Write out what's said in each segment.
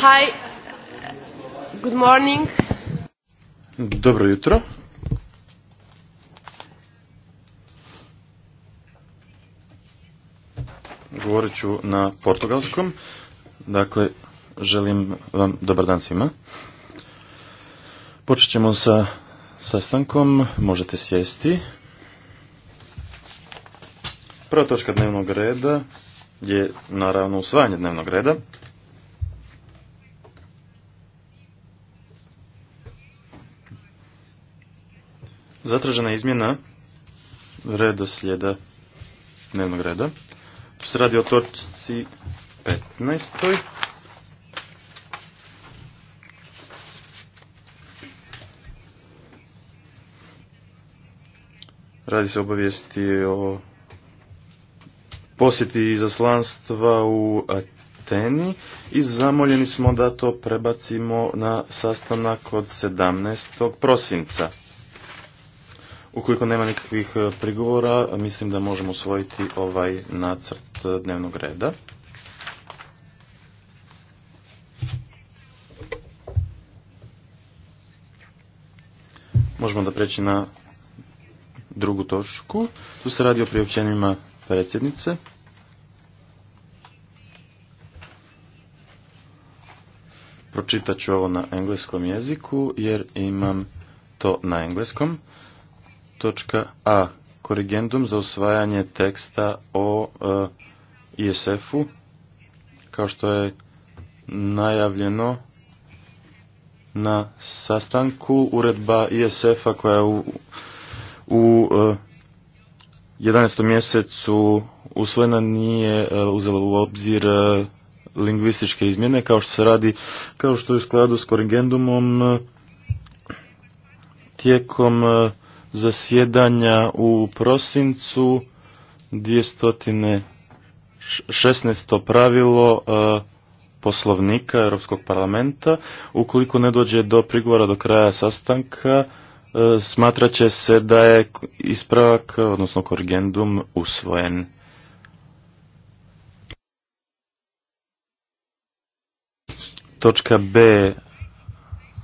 Hi. Good morning. Dobro jutro. Govorit ću na portugalskom. Dakle, želim vam dobar dan svima. Počet ćemo sa sastankom. Možete sjesti. Prva točka dnevnog reda je naravno usvajanje dnevnog reda. zatražena izmjena redoslijeda dnevnog reda. Tu se radi o točci 15. Radi se obavijesti o posjeti izaslanstva u Ateni i zamoljeni smo da to prebacimo na sastanak od 17. prosinca. Ukoliko nema nikakvih e, prigovora, mislim da možemo usvojiti ovaj nacrt e, dnevnog reda. Možemo da preći na drugu točku. Tu se radi o priopćenjima predsjednice. Pročitaću ovo na engleskom jeziku jer imam to na engleskom. Točka A. Korigendum za usvajanje teksta o e, ISF-u. Kao što je najavljeno na sastanku uredba ISF-a koja je u, u 11. E, mjesecu usvojena nije e, uzela u obzir lingvističke izmjene kao što se radi kao što je u skladu s korigendumom tijekom zasjedanja u prosincu 216. pravilo e, poslovnika Europskog parlamenta. Ukoliko ne dođe do prigovora do kraja sastanka, e, smatrat će se da je ispravak, odnosno korigendum, usvojen. Točka B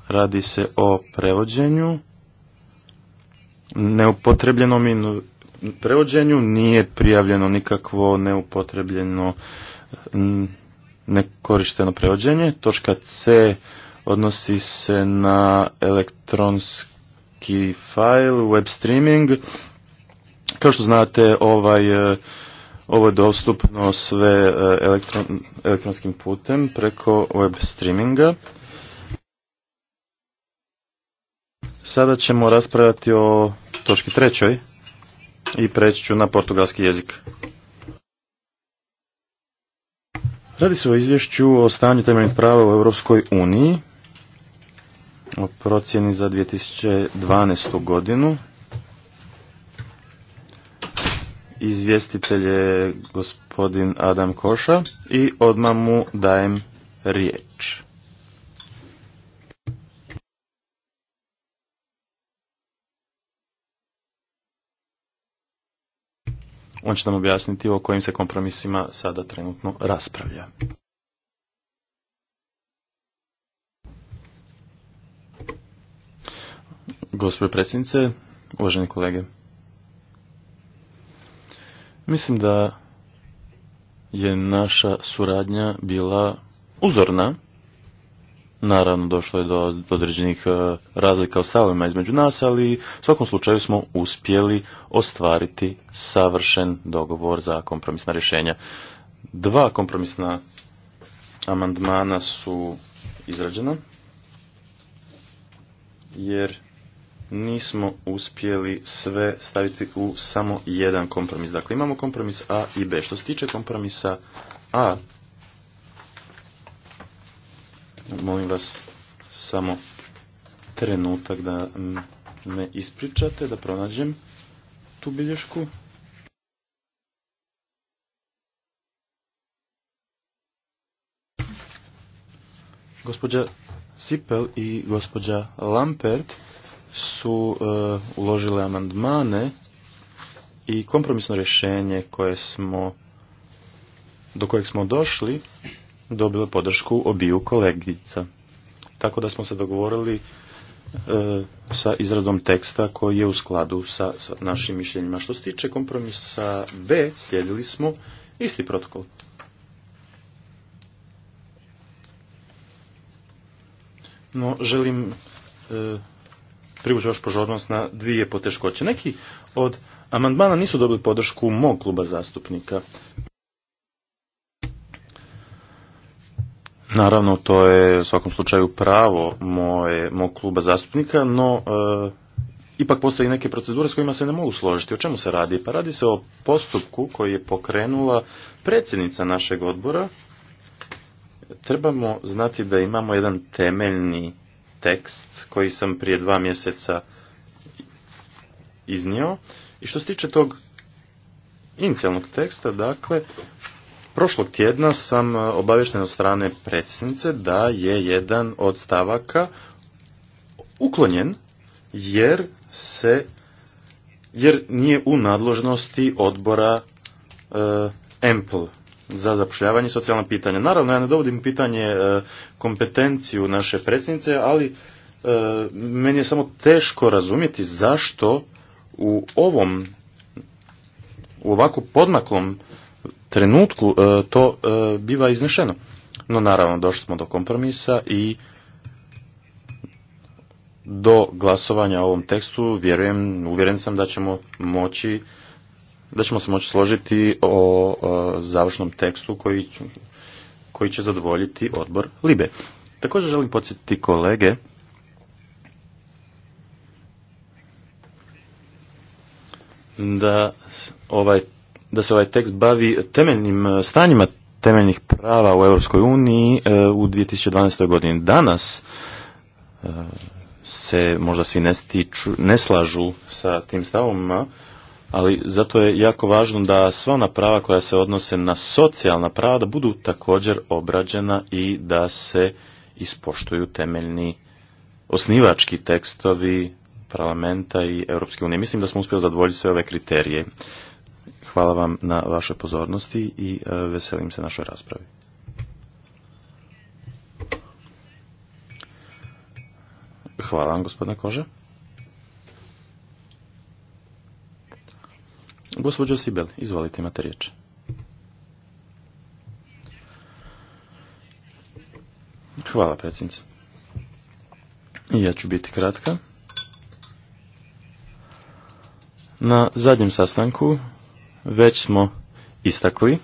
radi se o prevođenju neupotrebljenom prevođenju nije prijavljeno nikakvo neupotrebljeno nekorišteno prevođenje. Točka C odnosi se na elektronski file, web streaming. Kao što znate, ovaj, e, ovo je dostupno sve e, elektronskim putem preko web streaminga. Sada ćemo raspravljati o točki trećoj i preći ću na portugalski jezik. Radi se o izvješću o stanju temeljnih prava u Europskoj uniji, o procjeni za 2012. godinu. Izvjestitelj je gospodin Adam Koša i odmah mu dajem riječ. On će nam objasniti o kojim se kompromisima sada trenutno raspravlja. Gospodine predsjednice, uvaženi kolege. Mislim da je naša suradnja bila uzorna Naravno, došlo je do određenih e, razlika u stavovima između nas, ali u svakom slučaju smo uspjeli ostvariti savršen dogovor za kompromisna rješenja. Dva kompromisna amandmana su izrađena, jer nismo uspjeli sve staviti u samo jedan kompromis. Dakle, imamo kompromis A i B. Što se tiče kompromisa A, Molim vas samo trenutak da me ispričate, da pronađem tu bilješku. Gospođa Sipel i gospođa Lampert su e, uložile amandmane i kompromisno rješenje koje smo do kojeg smo došli dobile podršku obiju kolegica. Tako da smo se dogovorili e, sa izradom teksta koji je u skladu sa, sa našim mišljenjima. Što se tiče kompromisa B, slijedili smo isti protokol. No, želim e, privući još požornost na dvije poteškoće. Neki od amandmana nisu dobili podršku mog kluba zastupnika. Naravno, to je u svakom slučaju pravo moje, mog kluba zastupnika, no e, ipak postoje neke procedure s kojima se ne mogu složiti. O čemu se radi? Pa radi se o postupku koji je pokrenula predsjednica našeg odbora. Trebamo znati da imamo jedan temeljni tekst koji sam prije dva mjeseca iznio. I što se tiče tog inicijalnog teksta, dakle, Prošlog tjedna sam e, obavješten od strane predsjednice da je jedan od stavaka uklonjen jer se jer nije u nadložnosti odbora EMPL za zapošljavanje i socijalna pitanja. Naravno, ja ne dovodim pitanje e, kompetenciju naše predsjednice, ali e, meni je samo teško razumjeti zašto u ovom u ovako podmaklom trenutku e, to e, biva iznešeno. No naravno došli smo do kompromisa i do glasovanja o ovom tekstu vjerujem, uvjeren sam da ćemo moći da ćemo se moći složiti o, o završnom tekstu koji, koji će zadovoljiti odbor Libe. Također želim podsjetiti kolege da ovaj da se ovaj tekst bavi temeljnim e, stanjima temeljnih prava u Europskoj uniji e, u 2012. godini. Danas e, se možda svi ne, stiču, ne slažu sa tim stavom, ali zato je jako važno da sva ona prava koja se odnose na socijalna prava da budu također obrađena i da se ispoštuju temeljni osnivački tekstovi parlamenta i Europske unije. Mislim da smo uspjeli zadovoljiti sve ove kriterije. Hvala vam na vašoj pozornosti i e, veselim se našoj raspravi. Hvala vam, gospodine Kože. Gospodin Sibel, izvolite, imate riječ. Hvala, predsjednice. Ja ću biti kratka. Na zadnjem sastanku već smo istakli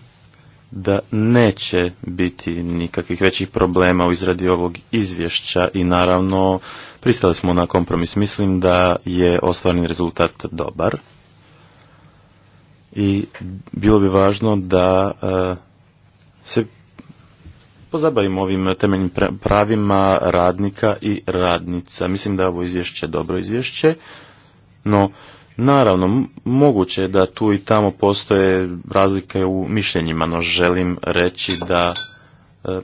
da neće biti nikakvih većih problema u izradi ovog izvješća i naravno pristali smo na kompromis. Mislim da je ostvarni rezultat dobar i bilo bi važno da e, se pozabavimo ovim temeljnim pravima radnika i radnica. Mislim da je ovo izvješće dobro izvješće, no Naravno, moguće je da tu i tamo postoje razlike u mišljenjima, no želim reći da e,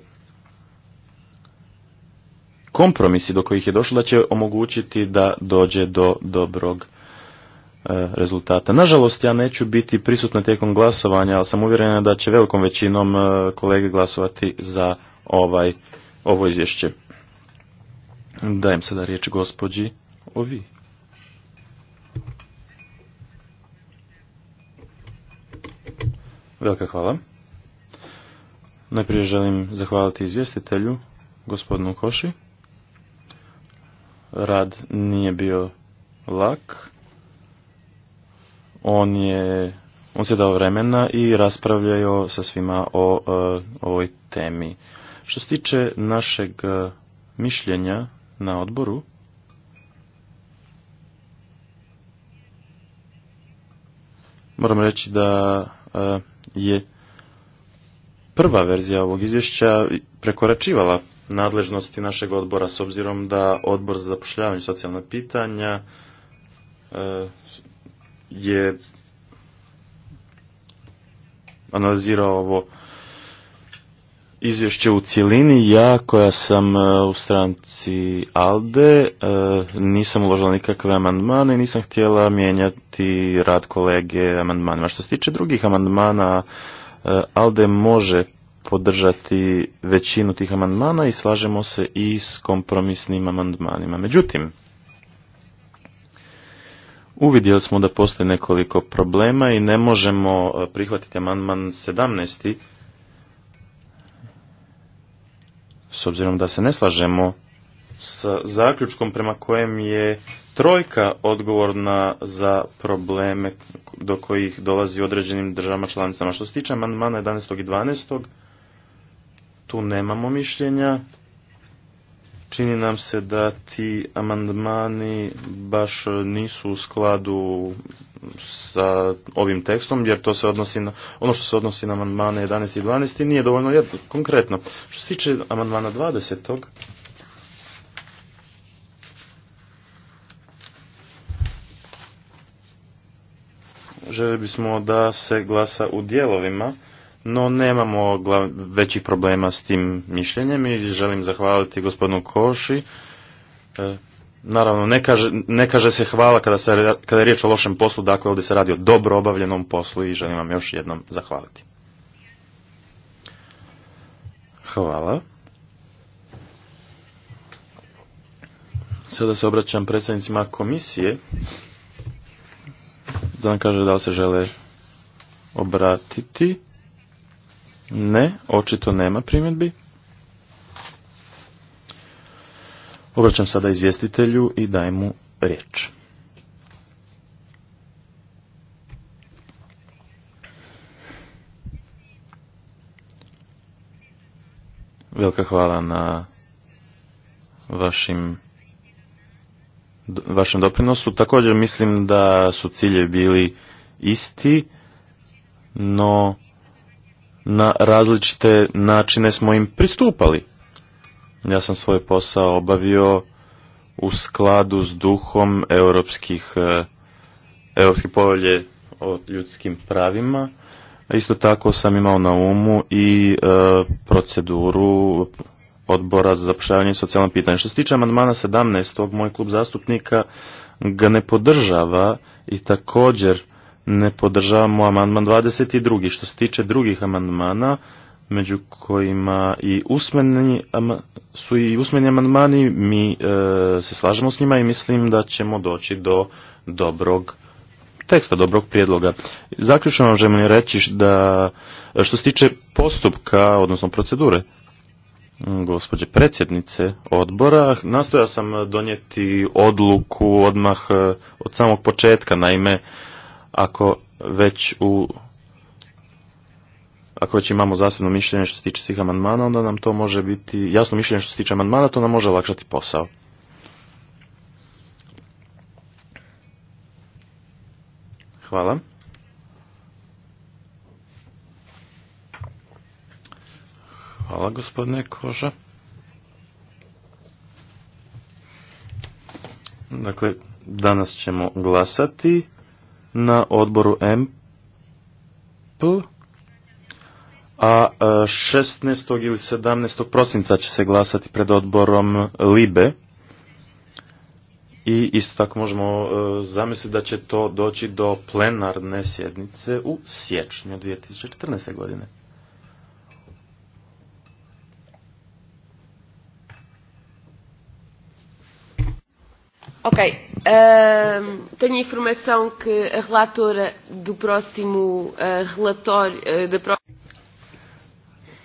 kompromisi do kojih je došlo da će omogućiti da dođe do dobrog e, rezultata. Nažalost, ja neću biti prisutna tijekom glasovanja, ali sam uvjerena da će velikom većinom e, kolege glasovati za ovaj, ovo izvješće. Dajem sada riječ gospođi Ovi. Velika hvala. Najprije želim zahvaliti izvjestitelju, gospodinu Koši. Rad nije bio lak. On je on se dao vremena i raspravljao sa svima o, o e, ovoj temi. Što se tiče našeg e, mišljenja na odboru, moram reći da e, je prva verzija ovog izvješća prekoračivala nadležnosti našeg odbora s obzirom da odbor za zapošljavanje socijalna pitanja e, je analizirao ovo izvješće u cjelini. Ja koja sam e, u stranci ALDE e, nisam uložila nikakve amandmane i nisam htjela mijenjati rad kolege amandmanima. Što se tiče drugih amandmana, e, ALDE može podržati većinu tih amandmana i slažemo se i s kompromisnim amandmanima. Međutim, uvidjeli smo da postoji nekoliko problema i ne možemo prihvatiti amandman 17 s obzirom da se ne slažemo s zaključkom prema kojem je trojka odgovorna za probleme do kojih dolazi u određenim državama članicama. Što se tiče amandmana 11. i 12. tu nemamo mišljenja čini nam se da ti amandmani baš nisu u skladu sa ovim tekstom, jer to se odnosi na, ono što se odnosi na amandmane 11 i 12 nije dovoljno jedno, konkretno. Što se tiče amandmana 20. Želi bismo da se glasa u dijelovima no nemamo većih problema s tim mišljenjem i želim zahvaliti gospodinu Koši. E, naravno, ne kaže, ne kaže se hvala kada, se, kada je riječ o lošem poslu, dakle ovdje se radi o dobro obavljenom poslu i želim vam još jednom zahvaliti. Hvala. Sada se obraćam predstavnicima komisije da nam kaže da li se žele obratiti. Ne, očito nema primjedbi. Obraćam sada izvjestitelju i dajem mu riječ. Velika hvala na vašim vašem doprinosu. Također mislim da su cilje bili isti, no na različite načine smo im pristupali. Ja sam svoj posao obavio u skladu s duhom europskih, e, europske povelje o ljudskim pravima. Isto tako sam imao na umu i e, proceduru odbora za zapošljavanje i socijalno pitanje. Što se tiče amandmana 17. moj klub zastupnika ga ne podržava i također ne podržavamo amandman 22. Što se tiče drugih amandmana, među kojima i usmeni, su i usmeni amandmani, mi e, se slažemo s njima i mislim da ćemo doći do dobrog teksta, dobrog prijedloga. Zaključno vam želim reći da e, što se tiče postupka, odnosno procedure, gospođe predsjednice odbora, nastoja sam donijeti odluku odmah e, od samog početka, naime ako već u ako već imamo zasebno mišljenje što se tiče svih amandmana, onda nam to može biti, jasno mišljenje što se tiče amandmana, to nam može olakšati posao. Hvala. Hvala gospodine Koža. Dakle, danas ćemo glasati na odboru MP, a 16. E, ili 17. prosinca će se glasati pred odborom LIBE. I isto tako možemo e, zamisliti da će to doći do plenarne sjednice u siječnju 2014. godine. Ok, Uh, tenho a informação que a relatora do próximo ah, relatório ah, da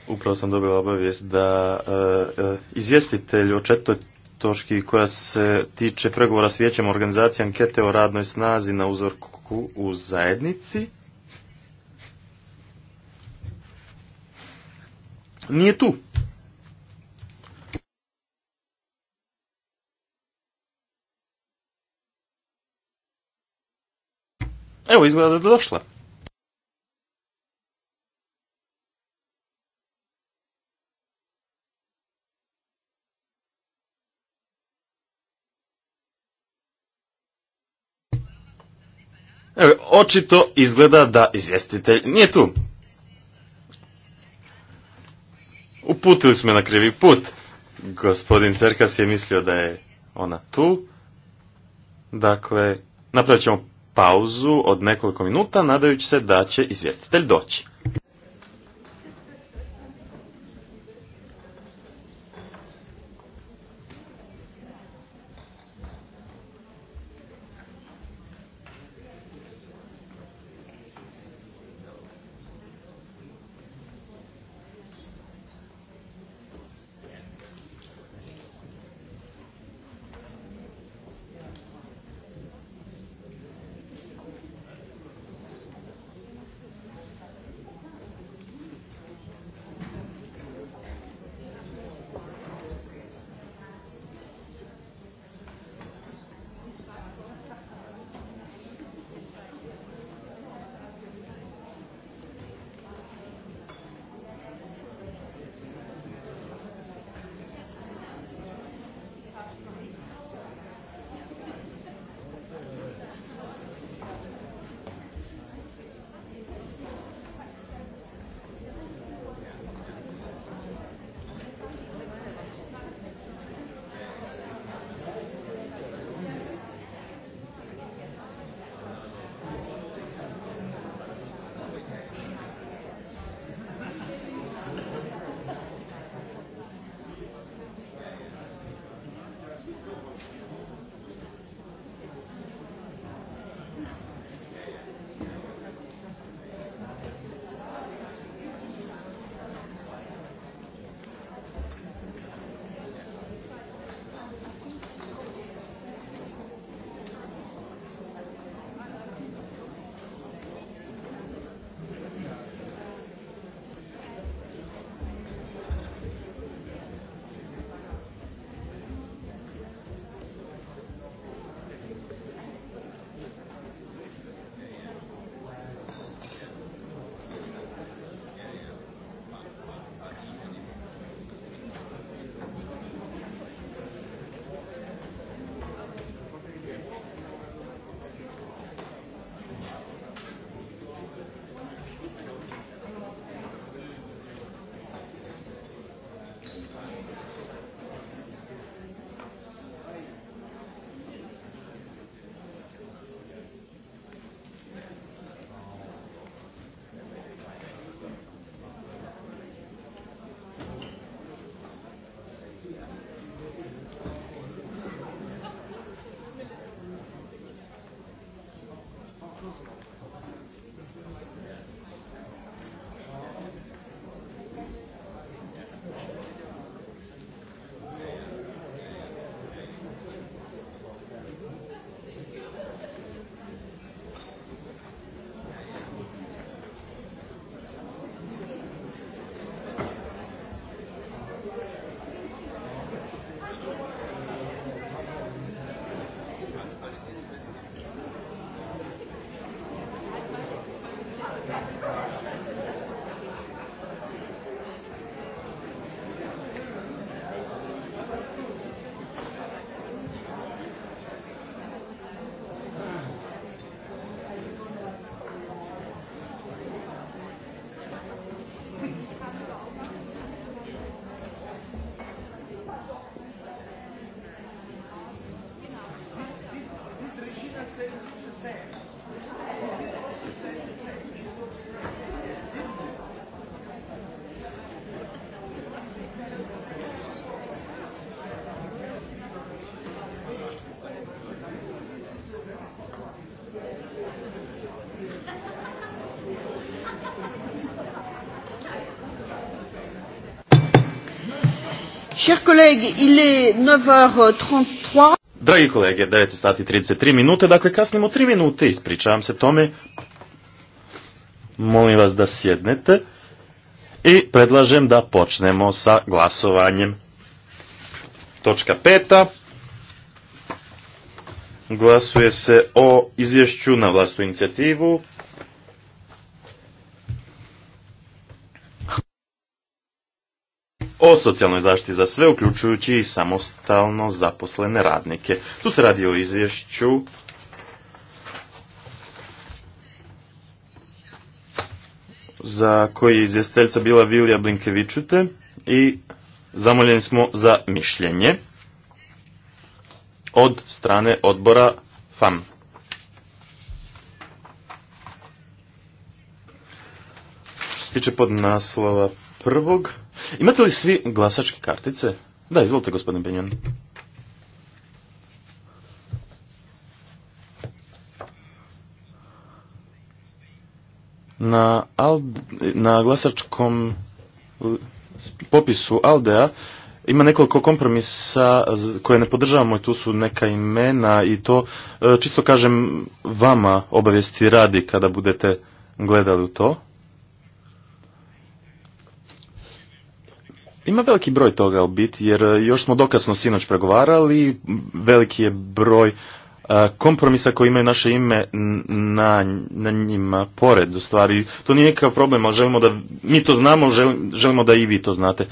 Upravo sam dobila obavijest da ah, izvjestitelj o točki koja se tiče pregovora s vijećem organizacije ankete o radnoj snazi na uzorku u zajednici nije tu. Evo, izgleda da je došla. Evo, očito izgleda da izvjestitelj nije tu. Uputili smo na krivi put. Gospodin Cerkas je mislio da je ona tu. Dakle, napravit ćemo pauzu od nekoliko minuta nadajući se da će izvjestitelj doći. Dragi kolege, 9 sati 33 minute, dakle kasnimo 3 minute, ispričavam se tome. Molim vas da sjednete i predlažem da počnemo sa glasovanjem. Točka peta. Glasuje se o izvješću na vlastu inicijativu socijalnoj zaštiti za sve, uključujući i samostalno zaposlene radnike. Tu se radi o izvješću za koji je izvjestiteljica bila Vilija Blinkevičute i zamoljeni smo za mišljenje od strane odbora FAM. Što se tiče podnaslova prvog, Imate li svi glasačke kartice? Da, izvolite gospodine Benjon. Na, na glasačkom popisu Aldea ima nekoliko kompromisa koje ne podržavamo i tu su neka imena i to e, čisto kažem vama obavijesti radi kada budete gledali u to. Ima veliki broj toga u biti, jer e, još smo dokasno sinoć pregovarali, veliki je broj e, kompromisa koji imaju naše ime na, na njima pored, u stvari. To nije nikakav problem, ali želimo da mi to znamo, želimo da i vi to znate.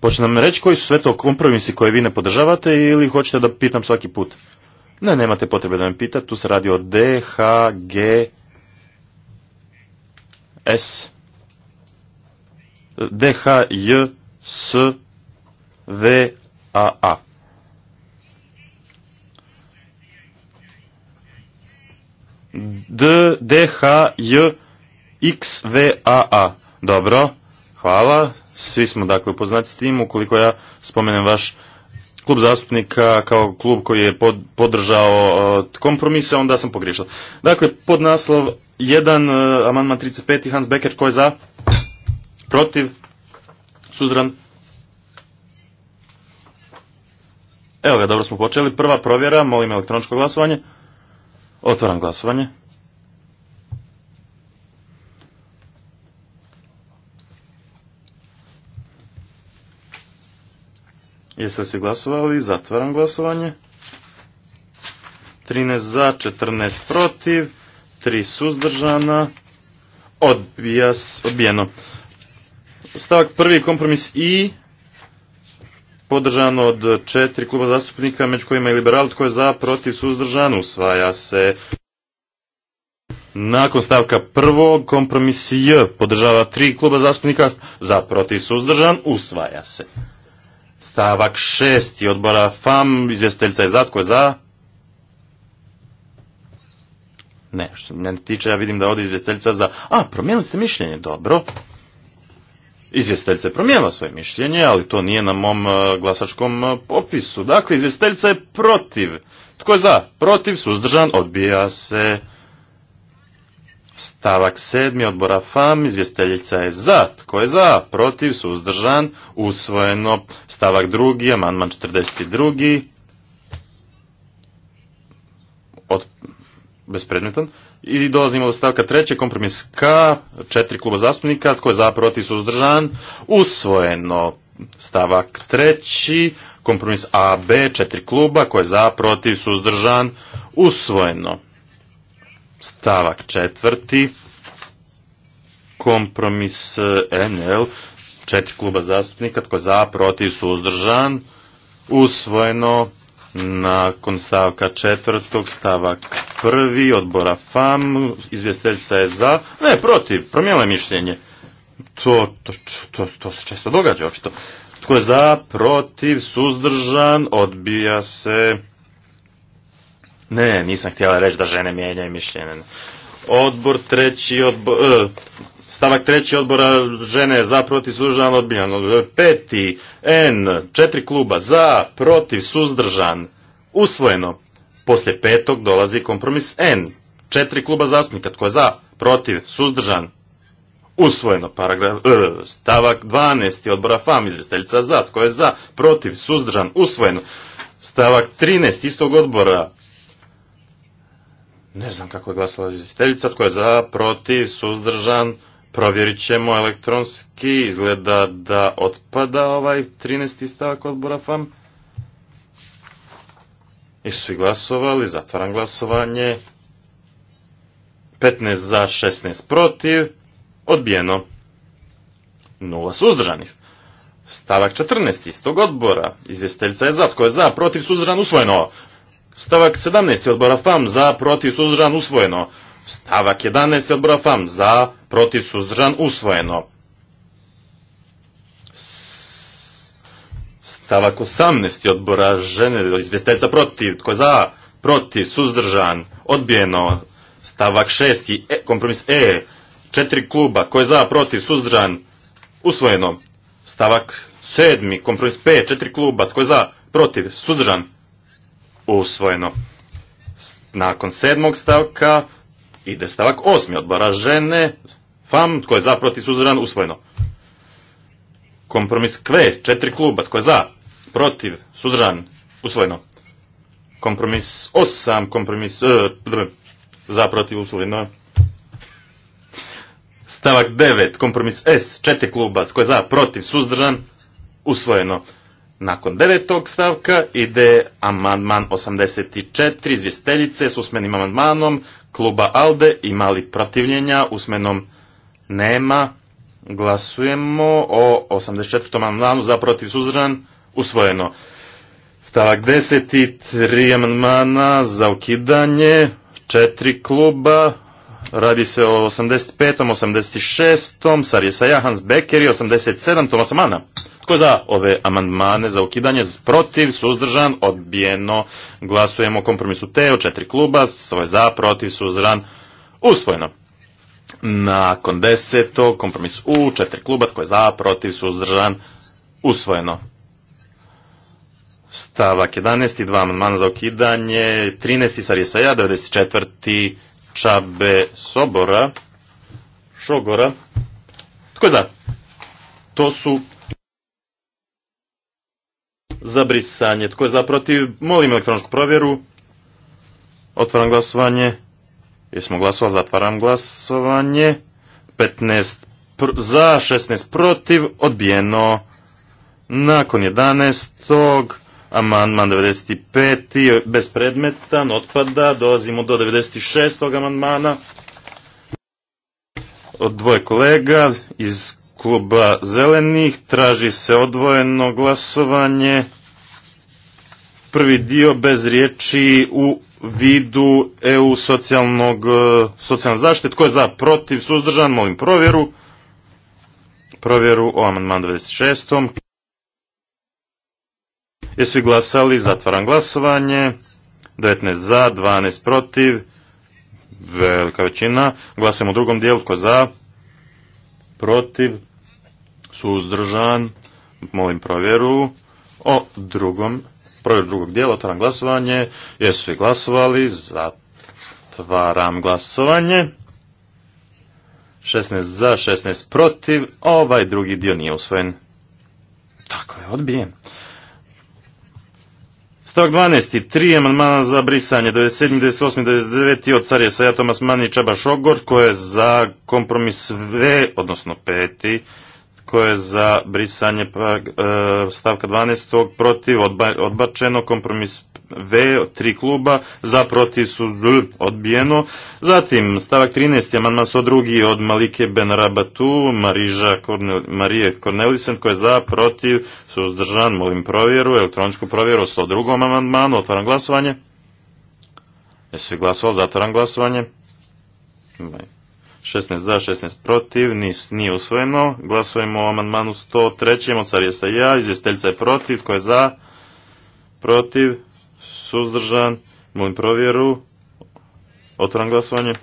Hoćete nam reći koji su sve to kompromisi koje vi ne podržavate ili hoćete da pitam svaki put? Ne, nemate potrebe da me pitati, tu se radi o D, H, G, S, D, H, J, s V A A. D D H J X V A A. Dobro. Hvala. Svi smo dakle upoznati s tim. Ukoliko ja spomenem vaš klub zastupnika kao klub koji je podržao e, kompromise, onda sam pogriješio. Dakle, pod naslov 1, e, amandman 35, Hans Becker, tko je za? Protiv? Suzdržan? Evo ga, dobro smo počeli. Prva provjera, molim elektroničko glasovanje. Otvaram glasovanje. Jeste svi glasovali? Zatvaram glasovanje. 13 za, 14 protiv, 3 suzdržana. odbijeno. Stavak prvi, kompromis I, podržan od četiri kluba zastupnika, među kojima je liberal, tko je za, protiv, suzdržan, usvaja se. Nakon stavka prvog, kompromis J, podržava tri kluba zastupnika, za, protiv, suzdržan, usvaja se. Stavak šesti odbora FAM, izvjestiteljica je za, tko je za? Ne, što ne tiče, ja vidim da ovdje izvjestiteljica za... A, promijenili ste mišljenje, dobro. Izvjestiteljica je promijenila svoje mišljenje, ali to nije na mom e, glasačkom e, popisu. Dakle, izvjestiteljica je protiv. Tko je za? Protiv, suzdržan, odbija se. Stavak sedmi odbora FAM, izvjestiteljica je za. Tko je za? Protiv, suzdržan, usvojeno. Stavak drugi, amandman 42. Od... Bespredmetan. I dolazimo do stavka treće, kompromis K, četiri kluba zastupnika, tko je za, protiv, suzdržan, usvojeno stavak treći, kompromis A, B, četiri kluba, tko je za, protiv, suzdržan, usvojeno. Stavak četvrti, kompromis NL, četiri kluba zastupnika, tko je za, protiv, suzdržan, usvojeno. Nakon stavka četvrtog, stavak prvi, odbora FAM, izvjestiteljica je za, ne, protiv, promijenila je mišljenje. To, to, to, to se često događa, očito. Tko je za, protiv, suzdržan, odbija se... Ne, nisam htjela reći da žene mijenjaju mišljenje. Odbor treći, odbor, e, Stavak treći odbora žene za protiv suzdržan odbiljano. Peti N četiri kluba za protiv suzdržan usvojeno. Poslije petog dolazi kompromis N. Četiri kluba zastupnika tko je za protiv suzdržan usvojeno. Paragraf, stavak 12. odbora FAM izvjestiteljica za tko je za protiv suzdržan usvojeno. Stavak 13. istog odbora ne znam kako je glasala izvjestiteljica, tko je za, protiv, suzdržan, Provjerit ćemo elektronski, izgleda da otpada ovaj 13. stavak odbora FAM. I su za glasovali, zatvaram glasovanje. 15 za, 16 protiv, odbijeno. Nula suzdržanih. Stavak 14. istog odbora. Izvjestiteljica je za, tko je za, protiv, suzdržan, usvojeno. Stavak 17. odbora FAM, za, protiv, suzdržan, usvojeno. Stavak 11. odbora FAM za, protiv, suzdržan, usvojeno. Stavak 18. odbora žene, izvjestajca protiv, tko je za, protiv, suzdržan, odbijeno. Stavak 6. E, kompromis E, četiri kluba, tko je za, protiv, suzdržan, usvojeno. Stavak 7. kompromis P, četiri kluba, tko je za, protiv, suzdržan, usvojeno. Nakon sedmog stavka Ide stavak osmi odbora žene, fam, tko je za, protiv, suzdržan, usvojeno. Kompromis kve, četiri kluba, tko je za, protiv, suzdržan, usvojeno. Kompromis osam, kompromis, e, za, protiv, usvojeno. Stavak devet, kompromis S, četiri kluba, tko je za, protiv, suzdržan, usvojeno. Nakon devetog stavka ide amandman 84 izvjestiteljice s usmenim amandmanom kluba ALDE. Ima li protivljenja? Usmenom nema. Glasujemo o 84. amandmanu za protiv suzdržan. Usvojeno. Stavak 10. Tri amandmana za ukidanje. Četiri kluba. Radi se o 85. 86. Sarjesa Jahans Bekeri 87. Tomasa Mana. Tko za ove amandmane za ukidanje? Protiv, suzdržan, odbijeno. Glasujemo kompromisu T od četiri kluba. Svoje za, protiv, suzdržan, usvojeno. Nakon desetog, kompromis U, četiri kluba. Tko je za, protiv, suzdržan, usvojeno. Stavak 11. dva amandmana za ukidanje. 13. Sarjesaja, 94. Čabe Sobora. Šogora. Tko je za? To su za brisanje. Tko je zaprotiv? Molim elektroničku provjeru. Otvaram glasovanje. Jesmo glasovali, zatvaram glasovanje. 15 za, 16 protiv, odbijeno. Nakon 11. amandman 95. bez predmeta, otpada, dolazimo do 96. amandmana. Od dvoje kolega iz kluba zelenih, traži se odvojeno glasovanje, prvi dio bez riječi u vidu EU socijalnog, e, socijalne zaštite, tko je za, protiv, suzdržan, molim provjeru, provjeru o amandman 26. Jesu glasali, zatvaram glasovanje, 19 za, 12 protiv, velika većina, glasujemo u drugom dijelu, tko za, protiv, suzdržan, molim provjeru o drugom, provjeru drugog dijela, otvaram glasovanje, jesu svi glasovali, zatvaram glasovanje, 16 za, 16 protiv, ovaj drugi dio nije usvojen. Tako je, odbijen. Stavak 12. Tri amandmana za brisanje. 97, 98, 99 od Carije Sajatoma Tomas Mani, Šogor, koje je za kompromis V, odnosno peti, tko je za brisanje e, stavka 12. protiv odbačeno kompromis V tri kluba, za protiv su odbijeno. Zatim stavak 13. amandman 102. od Malike Ben Rabatu, Mariža Marije Kornelisen koja je za protiv suzdržan, molim provjeru, elektroničku provjeru sto 102. amandmanu, otvaram glasovanje. Jesi glasovali, zatvaram glasovanje. Bye. 16 za, 16 protiv, nis nije usvojeno. Glasujemo o amandmanu 103. od sa ja, izvjesteljca je protiv, tko je za, protiv, suzdržan, molim provjeru, otvoran glasovanje.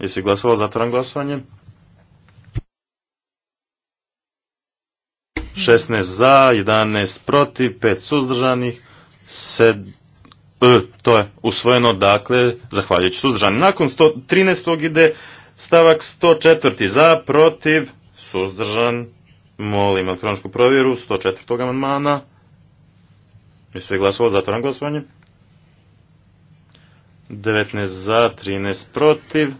Jesi glasovalo za otvoran glasovanje? 16 za, 11 protiv, 5 suzdržanih, 7 E, to je usvojeno, dakle, zahvaljujući suzdržani. Nakon 113. ide stavak 104. za, protiv, suzdržan, molim elektroničku provjeru, 104. amandmana. Mi je glasovo, zatvoram glasovanje. 19 za, 13 protiv.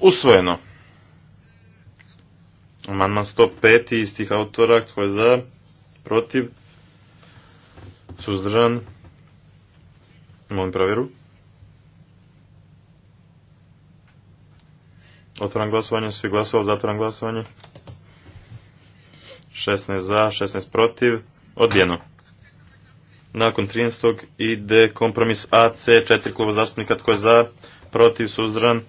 Usvojeno. Amandman 105. istih autora, tko je za, protiv, Suzdržan? Molim provjeru. Otvaram glasovanje, svi glasovali, zatvaram glasovanje. 16 za, 16 protiv, odbijeno. Nakon 13. ide kompromis AC, četiri kluba zastupnika, tko je za, protiv, suzdržan,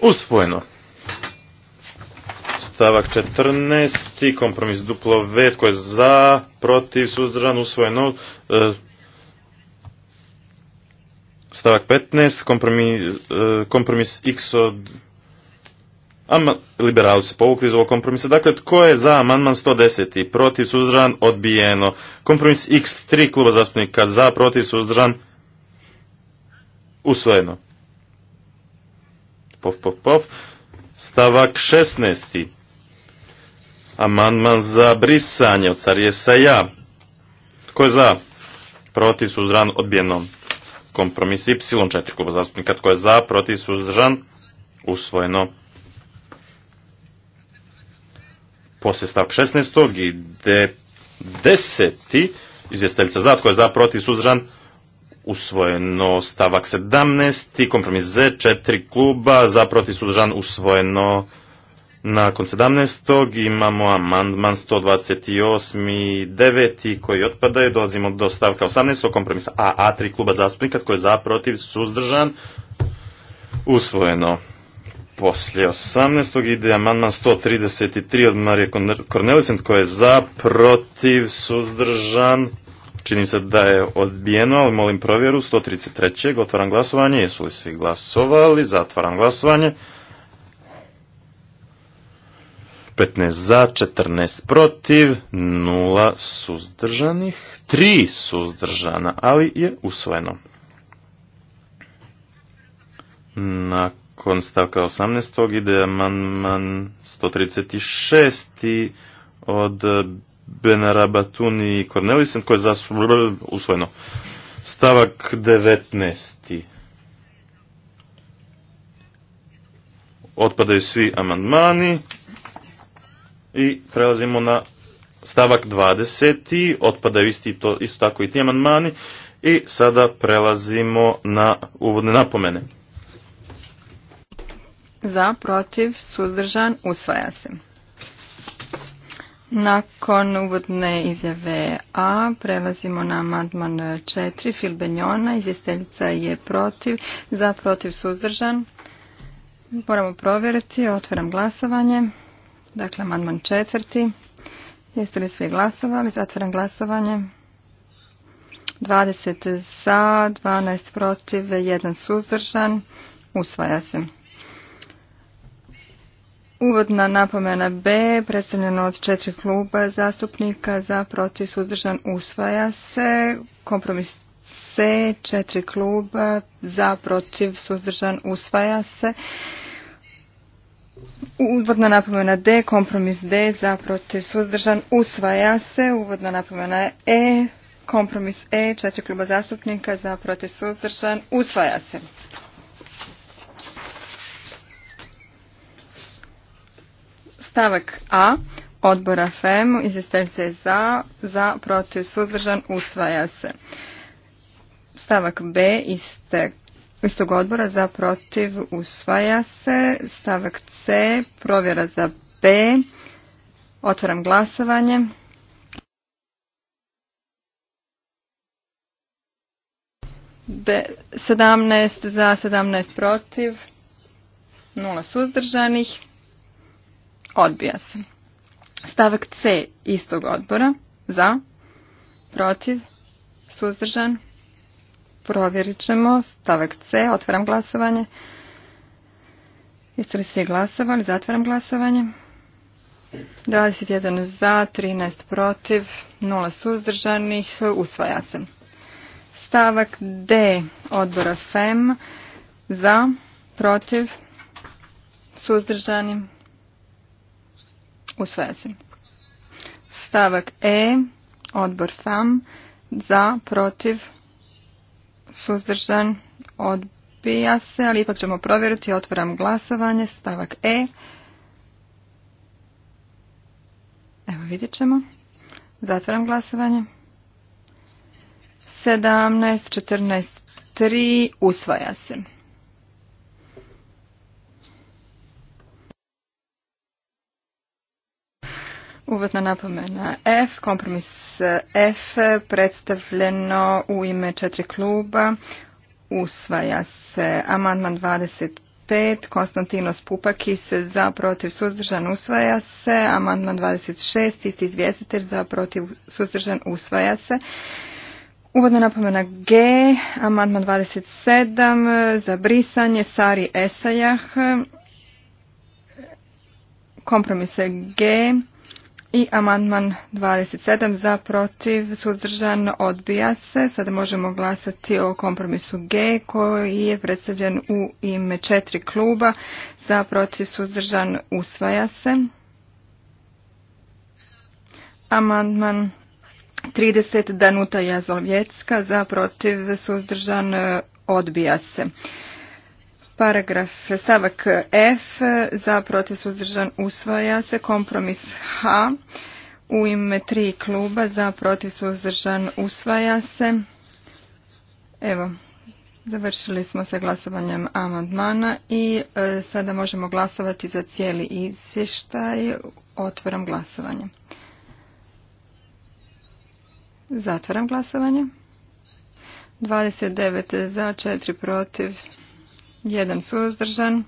usvojeno stavak 14. Kompromis duplo V. Tko je za, protiv, suzdržan, usvojeno. E, stavak 15. E, kompromis, X od Ama, liberali su povukli iz kompromisa. Dakle, tko je za amandman 110. Protiv suzdržan odbijeno. Kompromis X, tri kluba zastupnika za, protiv suzdržan usvojeno. Pov, Stavak 16. Amandman za brisanje od Sarijesa ja. Tko je za? Protiv suzdržan odbijeno. Kompromis Y, četiri kluba zastupnika. Tko je za? Protiv suzdržan usvojeno. Poslije stavka 16. ide 10. Izvjesteljica za, tko je za, protiv, suzdržan, usvojeno stavak 17. Kompromis Z, četiri kluba, za, protiv, suzdržan, usvojeno nakon 17. imamo amandman 128. i 9. koji otpadaju. Dolazimo do stavka 18. kompromisa A, A3 kluba zastupnika koji je za, protiv, suzdržan, usvojeno. Poslije 18. ide amandman 133 od Marije Kornelisen koji je za, protiv, suzdržan, čini se da je odbijeno, ali molim provjeru 133. Otvaram glasovanje, jesu li svi glasovali, zatvaram glasovanje. 15 za, 14 protiv, 0 suzdržanih, 3 suzdržana, ali je usvojeno. Nakon stavka 18. ide amandman 136. od Benara i Cornelisen koje je usvojeno. Stavak 19. Otpadaju svi amandmani. I prelazimo na stavak 20. Otpadaju isti to, isto tako i ti amandmani. I sada prelazimo na uvodne napomene. Za, protiv, suzdržan, usvaja se. Nakon uvodne izjave A prelazimo na amandman 4 Filbenjona. Izvjesteljica je protiv. Za protiv suzdržan. Moramo provjeriti. Otvaram glasovanje. Dakle, amandman četvrti. Jeste li svi glasovali? Zatvaram glasovanje. 20 za, 12 protiv, 1 suzdržan. Usvaja se. Uvodna napomena B, predstavljena od četiri kluba zastupnika za protiv suzdržan usvaja se. Kompromis C, četiri kluba za protiv suzdržan usvaja se. Uvodna napomena D, kompromis D, za protiv suzdržan, usvaja se. Uvodna napomena E, kompromis E, četiri kluba zastupnika, za protiv suzdržan, usvaja se. Stavak A, odbora FEM, izistencija je za, za protiv suzdržan, usvaja se. Stavak B, istek istog odbora za protiv usvaja se. Stavak C, provjera za B. Otvaram glasovanje. Be, 17 za, 17 protiv, 0 suzdržanih, odbija se. Stavak C istog odbora, za, protiv, suzdržan, Provjerit ćemo. Stavak C. Otvaram glasovanje. Jeste li svi glasovali? Zatvaram glasovanje. 21 za, 13 protiv, 0 suzdržanih. Usvaja se. Stavak D. Odbora FEM. Za, protiv, suzdržani. Usvaja se. Stavak E. Odbor FAM. Za, protiv, suzdržan, odbija se, ali ipak ćemo provjeriti. Otvaram glasovanje, stavak E. Evo vidjet ćemo. Zatvaram glasovanje. 17, 14, 3, usvaja se. Uvodna napomena F, kompromis eh, F predstavljeno u ime četiri kluba. Usvaja se amandman 25, Konstantinos Pupakis za protiv suzdržan usvaja se, amandman 26, isti izvjestitelj za protiv suzdržan usvaja se. Uvodna napomena G, amandman 27, za brisanje Sari Esajah, kompromise G, i amandman 27 za protiv suzdržan odbija se. Sada možemo glasati o kompromisu G koji je predstavljen u ime četiri kluba. Za protiv suzdržan usvaja se. Amandman 30 Danuta Jazovjecka za protiv suzdržan odbija se. Paragraf stavak F za protiv suzdržan usvaja se kompromis H u ime tri kluba za protiv suzdržan usvaja se. Evo, završili smo sa glasovanjem amandmana i e, sada možemo glasovati za cijeli izvještaj. Otvoram glasovanje. Zatvaram glasovanje. 29 za, 4 protiv, jedan suzdržan.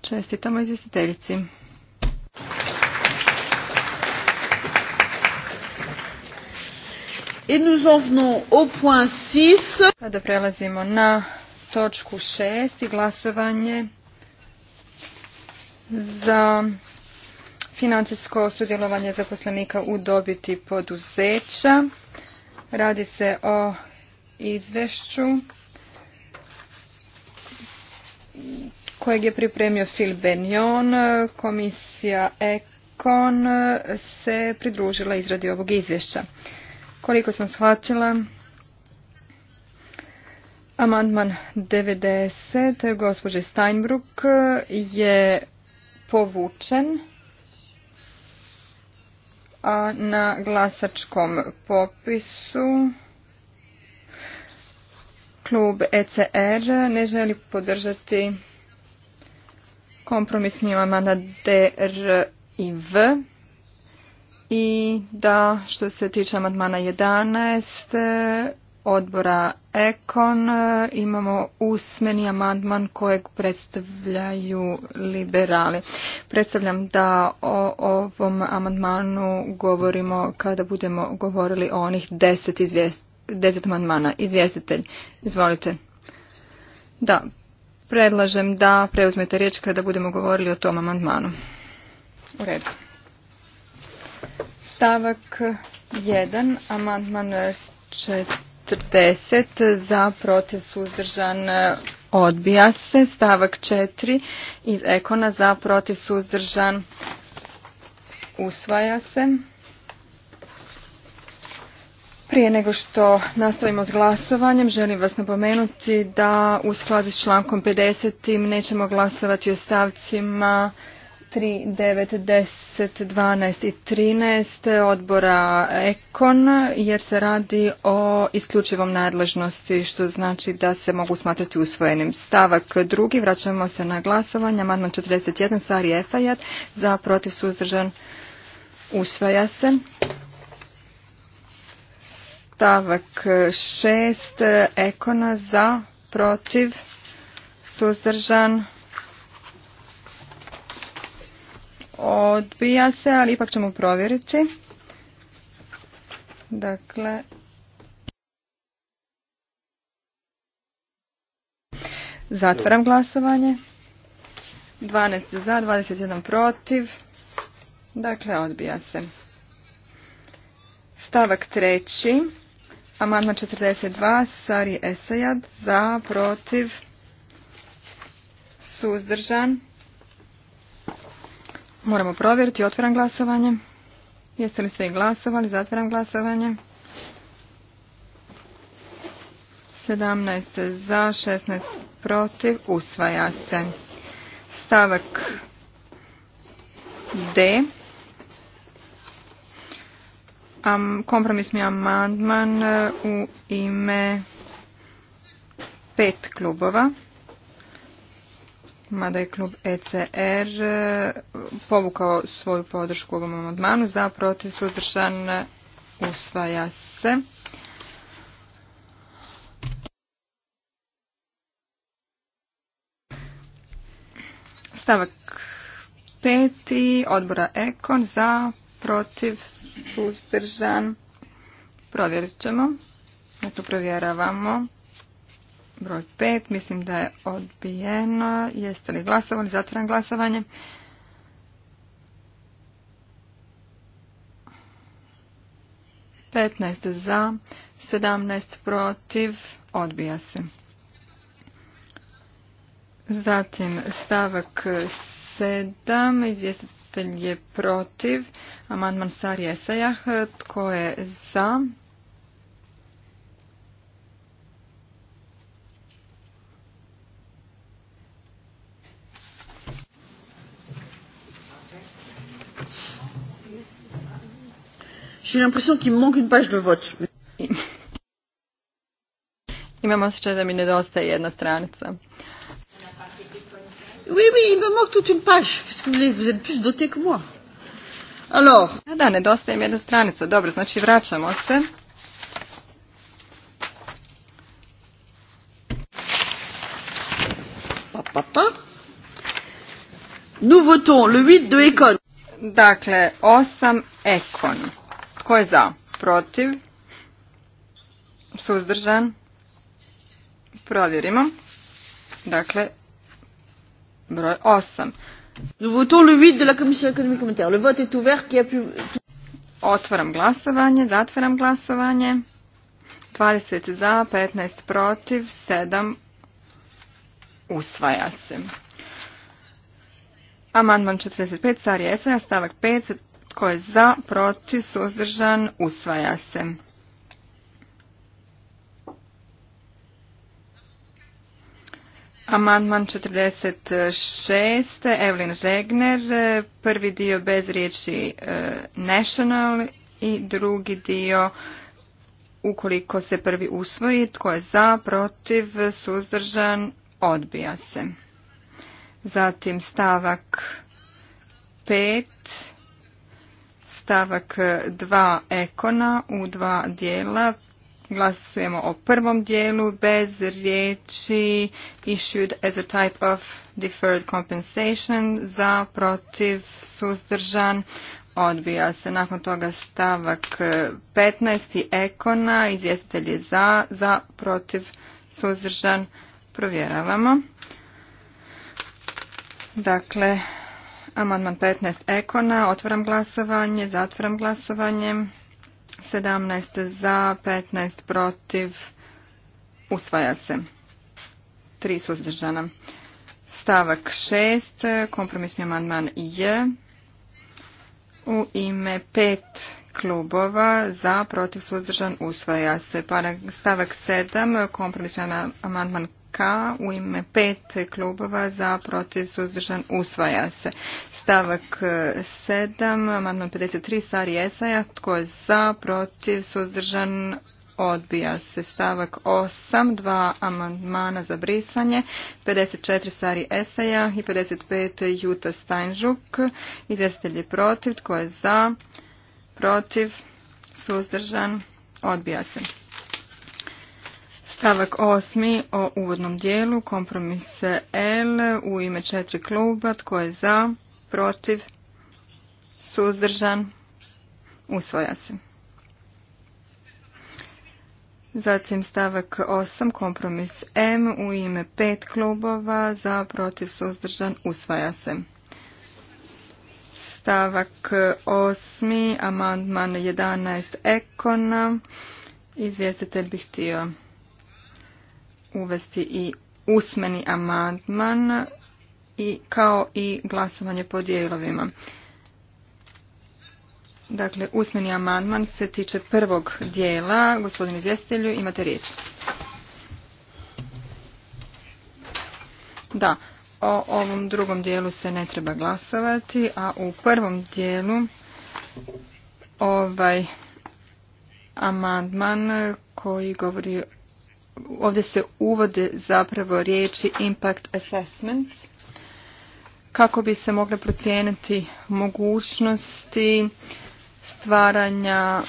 Čestitamo izvjestiteljici. I nous en au point Sada prelazimo na točku šest i glasovanje za financijsko sudjelovanje zaposlenika u dobiti poduzeća. Radi se o izvešću kojeg je pripremio Phil Benjon, komisija Econ se pridružila izradi ovog izvješća. Koliko sam shvatila, amandman 90 gospođe Steinbruck je povučen a na glasačkom popisu Klub ECR ne želi podržati kompromisni na DR i V i da što se tiče amandmana 11 odbora Ekon imamo usmeni amandman kojeg predstavljaju liberali. Predstavljam da o ovom amandmanu govorimo kada budemo govorili o onih deset izvijesti deset manmana. Izvjestitelj, izvolite. Da, predlažem da preuzmete riječ kada budemo govorili o tom amandmanu. U redu. Stavak 1, amandman 40 za protiv suzdržan odbija se. Stavak 4 iz ekona za protiv suzdržan usvaja se. Prije nego što nastavimo s glasovanjem, želim vas napomenuti da u skladu s člankom 50. nećemo glasovati o stavcima 3, 9, 10, 12 i 13 odbora Ekon jer se radi o isključivom nadležnosti što znači da se mogu smatrati usvojenim. Stavak drugi, vraćamo se na glasovanje, amandman 41, Sari Efajat, za protiv suzdržan usvaja se. Stavak 6 ekona za, protiv, suzdržan, odbija se, ali ipak ćemo provjeriti. Dakle, zatvaram glasovanje. 12 za, 21 protiv. Dakle, odbija se. Stavak treći. Amandman 42, Sari Esajad, za, protiv, suzdržan. Moramo provjeriti, otvaram glasovanje. Jeste li svi glasovali? Zatvaram glasovanje. 17 za, 16 protiv, usvaja se. Stavak D kompromisni amandman e, u ime pet klubova. Mada je klub ECR e, povukao svoju podršku ovom amandmanu za protiv suzdržan e, usvaja se. Stavak peti odbora Ekon za protiv, uzdržan. Provjerit ćemo. Eto, provjeravamo. Broj 5, mislim da je odbijeno. Jeste li glasovali? Zatvaram glasovanje. Petnaest za, sedamnaest protiv, odbija se. Zatim stavak sedam, izvjestitelj je protiv, Amandman Sari Esaja. Tko je za? J'ai l'impression qu'il manque une page de vote. Imam osjećaj da mi nedostaje jedna stranica. Oui, oui, il me manque toute une page. Qu'est-ce que vous voulez Vous êtes plus doté que moi. Alo. Da, da, nedostaje mi jedna stranica. Dobro, znači vraćamo se. Pa, pa, pa. Nous votons le 8 de Econ. Dakle, 8 Ekon. Tko je za? Protiv? Suzdržan? Provjerimo. Dakle, broj 8. Nous votons le 8 de la Commission économique monétaire. Le vote est ouvert. Qui a pu... Otvaram glasovanje, zatvaram glasovanje. 20 za, 15 protiv, 7 usvaja se. Amandman 45, Sari Esaja, stavak 5, tko je za, protiv, suzdržan, usvaja se. Amandman 46. Evelyn Regner. Prvi dio bez riječi e, national i drugi dio ukoliko se prvi usvoji. Tko je za, protiv, suzdržan, odbija se. Zatim stavak 5. Stavak 2 ekona u dva dijela. Glasujemo o prvom dijelu bez riječi issued as a type of deferred compensation za protiv suzdržan odbija se. Nakon toga stavak 15. E, ekona izvjestitelj je za, za protiv suzdržan provjeravamo. Dakle, amandman 15 ekona, otvaram glasovanje, zatvaram glasovanje. 17 za, 15 protiv, usvaja se. 3 suzdržana. Stavak 6, kompromisni amandman je u ime 5 klubova za protiv suzdržan usvaja se. Stavak 7, kompromisni amandman u ime pet klubova za protiv suzdržan usvaja se. Stavak 7, e, amandman 53, Sari Esaja, tko je za, protiv, suzdržan, odbija se. Stavak 8, dva amandmana za brisanje, 54, Sari esaja i 55, Juta Steinžuk, izvjestitelj je protiv, tko je za, protiv, suzdržan, odbija se. Stavak osmi o uvodnom dijelu, kompromis L u ime četiri kluba, tko je za, protiv, suzdržan, usvoja se. Zatim stavak osam kompromis M u ime pet klubova, za, protiv, suzdržan, usvaja se. Stavak 8, amandman 11 ekona, izvjestitelj bih htio uvesti i usmeni amandman i kao i glasovanje po dijelovima. Dakle, usmeni amandman se tiče prvog dijela. Gospodin izvjestitelju, imate riječ. Da, o ovom drugom dijelu se ne treba glasovati, a u prvom dijelu ovaj amandman koji govori ovdje se uvode zapravo riječi impact assessment kako bi se mogle procijeniti mogućnosti stvaranja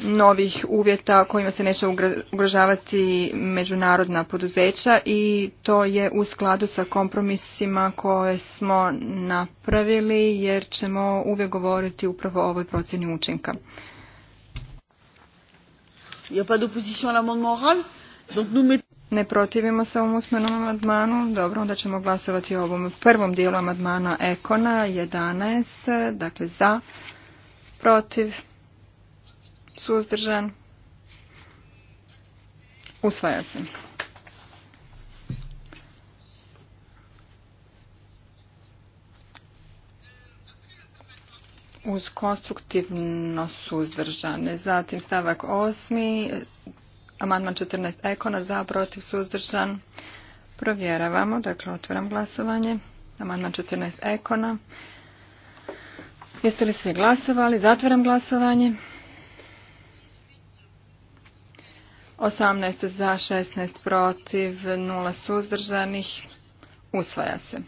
novih uvjeta kojima se neće ugrožavati međunarodna poduzeća i to je u skladu sa kompromisima koje smo napravili jer ćemo uvijek govoriti upravo o ovoj procjeni učinka. Ne protivimo se ovom usmenom amandmanu. Dobro, onda ćemo glasovati o ovom prvom dijelu amandmana Ekona 11. Dakle, za, protiv, suzdržan, usvaja se. uz konstruktivno suzdržane. Zatim stavak 8. Amandman 14 ekona za protiv suzdržan. Provjeravamo, dakle otvaram glasovanje. Amandman 14 ekona. Jeste li svi glasovali? Zatvaram glasovanje. 18 za, 16 protiv, 0 suzdržanih. Usvaja se.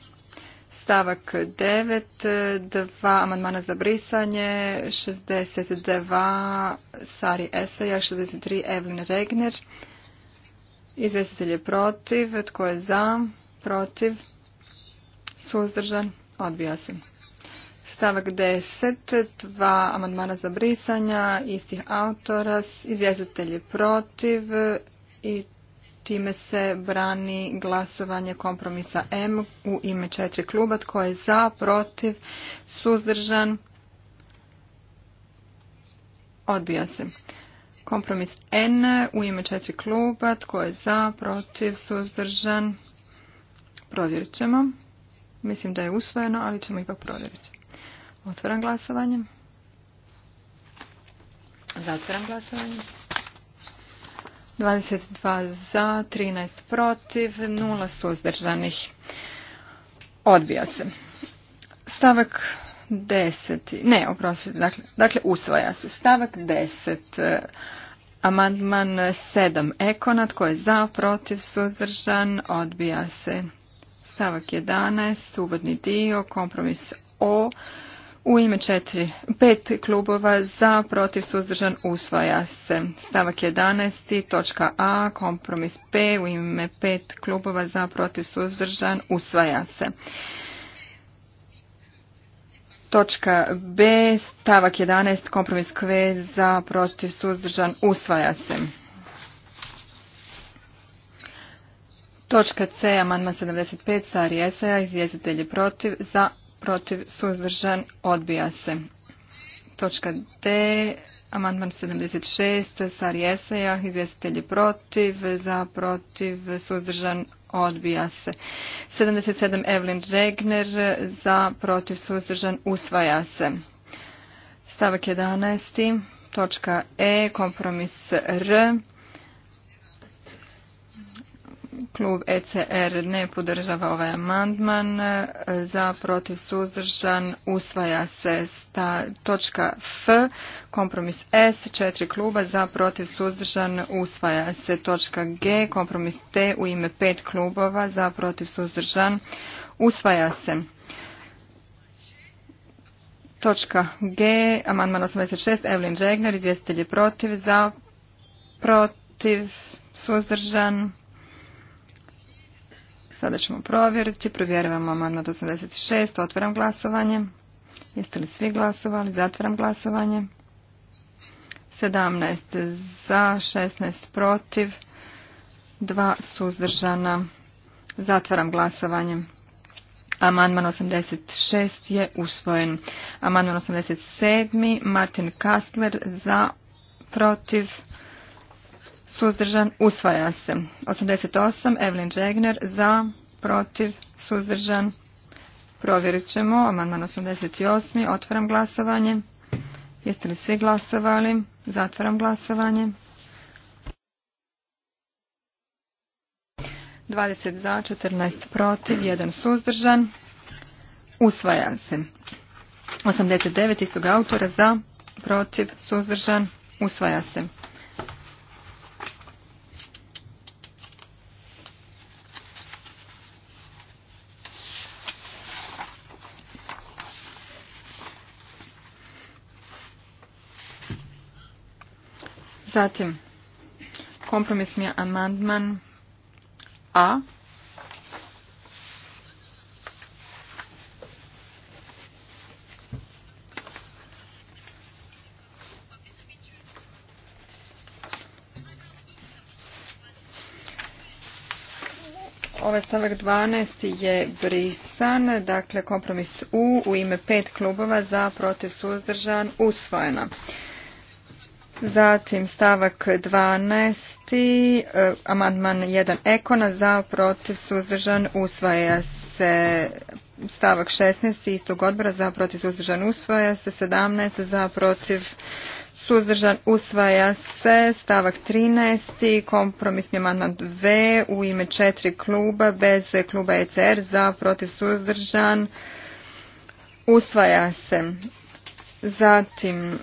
Stavak 9, dva amandmana za brisanje, 62 Sari Esaja, 63 Evelyn Regner. Izvjestitelj je protiv, tko je za, protiv, suzdržan, odbija se. Stavak 10, dva amandmana za brisanja, istih autora, izvjestitelj je protiv i Time se brani glasovanje kompromisa M u ime četiri kluba. Tko je za, protiv, suzdržan? Odbija se. Kompromis N u ime četiri kluba. Tko je za, protiv, suzdržan? Provjerit ćemo. Mislim da je usvojeno, ali ćemo ipak provjeriti. Otvaram glasovanje. Zatvaram glasovanje. 22 za, 13 protiv, 0 suzdržanih. Odbija se. Stavak 10. Ne, oprostite, dakle, dakle usvaja se. Stavak 10. E, amandman 7. ekonat koji je za, protiv, suzdržan, odbija se. Stavak 11. Uvodni dio, kompromis O u ime četiri, pet klubova za protiv suzdržan usvaja se. Stavak 11. točka A, kompromis P u ime pet klubova za protiv suzdržan usvaja se. Točka B, stavak 11. kompromis Q za protiv suzdržan usvaja se. Točka C, amandman 75, Sari SA, izvjestitelji protiv, za protiv, suzdržan, odbija se. Točka D, amandman 76, Sari Esejah, izvjestitelj protiv, za, protiv, suzdržan, odbija se. 77, Evelyn Regner, za, protiv, suzdržan, usvaja se. Stavak 11, točka E, kompromis R, klub ECR ne podržava ovaj amandman. Za protiv suzdržan usvaja se sta, točka F, kompromis S, četiri kluba. Za protiv suzdržan usvaja se točka G, kompromis T u ime pet klubova. Za protiv suzdržan usvaja se. Točka G, amandman 86, Evelyn Regner, izvjestitelj je protiv, za protiv, suzdržan, Sada ćemo provjeriti. Provjerujemo amandman 86. Otvaram glasovanje. Jeste li svi glasovali? Zatvaram glasovanje. 17 za, 16 protiv, 2 suzdržana. Zatvaram glasovanje. Amandman 86 je usvojen. Amandman 87. Martin Kastler za, protiv, suzdržan, usvaja se. 88, Evelyn Džegner, za, protiv, suzdržan, provjerit ćemo. Amandman 88, otvaram glasovanje. Jeste li svi glasovali? Zatvaram glasovanje. 20 za, 14 protiv, 1 suzdržan. Usvaja se. 89 istog autora za, protiv, suzdržan. Usvaja se. Zatim, kompromisni amandman A. Ovaj stavak 12 je brisan, dakle kompromis U u ime pet klubova za protiv suzdržan usvojena. Zatim stavak 12. E, amandman 1 ekona za protiv suzdržan usvaja se stavak 16. istog odbora za protiv suzdržan usvaja se 17. za protiv suzdržan usvaja se stavak 13. kompromisni amandman 2. u ime četiri kluba bez kluba ECR za protiv suzdržan usvaja se. Zatim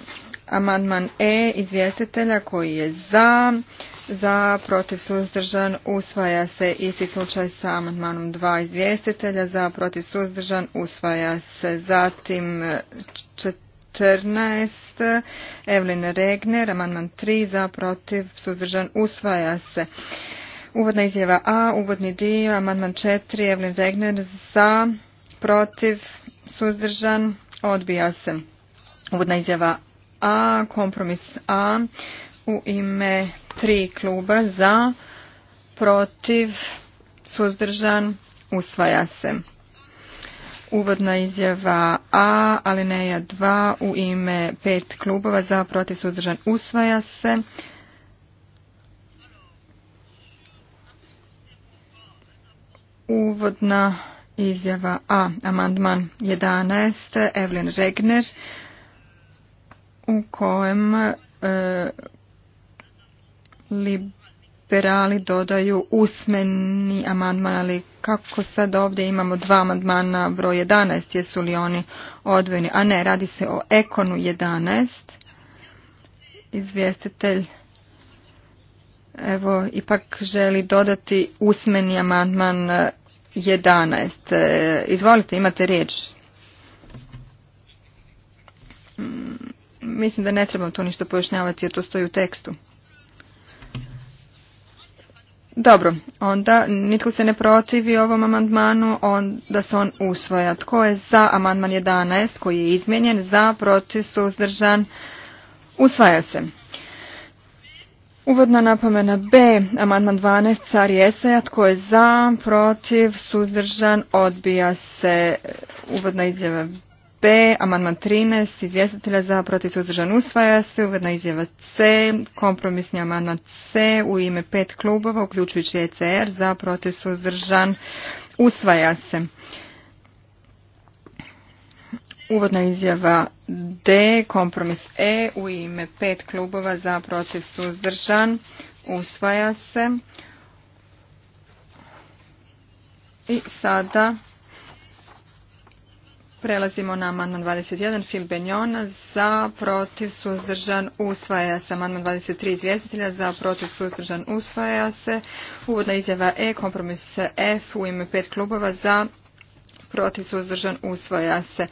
Amandman E izvjestitelja koji je za, za protiv suzdržan usvaja se isti slučaj sa amandmanom 2 izvjestitelja, za protiv suzdržan usvaja se zatim 14 Evelin Regner, amandman 3 za protiv suzdržan usvaja se. Uvodna izjava A, uvodni dio, amandman 4 Evelin Regner za protiv suzdržan odbija se. Uvodna izjava a, kompromis A u ime tri kluba za, protiv, suzdržan, usvaja se. Uvodna izjava A, alineja 2 u ime pet klubova za, protiv, suzdržan, usvaja se. Uvodna izjava A, amandman 11, Evelyn Regner u kojem e, liberali dodaju usmeni amandman, ali kako sad ovdje imamo dva amandmana broj 11, jesu li oni odvojeni? A ne, radi se o ekonu 11. Izvjestitelj evo ipak želi dodati usmeni amandman 11. E, e, izvolite, imate riječ. Mm. Mislim da ne trebam tu ništa pojašnjavati jer to stoji u tekstu. Dobro, onda nitko se ne protivi ovom amandmanu, onda se on usvaja. Tko je za amandman 11 koji je izmijenjen, za, protiv, suzdržan, usvaja se. Uvodna napomena B, amandman 12, car Jesaja, tko je za, protiv, suzdržan, odbija se. Uvodna izjava B, amandman 13, izvjestitelja za protiv suzdržan usvaja se, uvedna izjava C, kompromisni amandman C u ime pet klubova, uključujući ECR, za protiv suzdržan usvaja se. Uvodna izjava D, kompromis E u ime pet klubova za protiv suzdržan usvaja se. I sada Prelazimo na amandman 21. Fil Benjona. Za, protiv, suzdržan, usvaja se. Amandman 23. Izvjestitelja. Za, protiv, suzdržan, usvaja se. Uvodna izjava E. Kompromis F. U ime pet klubova. Za, protiv, suzdržan, usvaja se.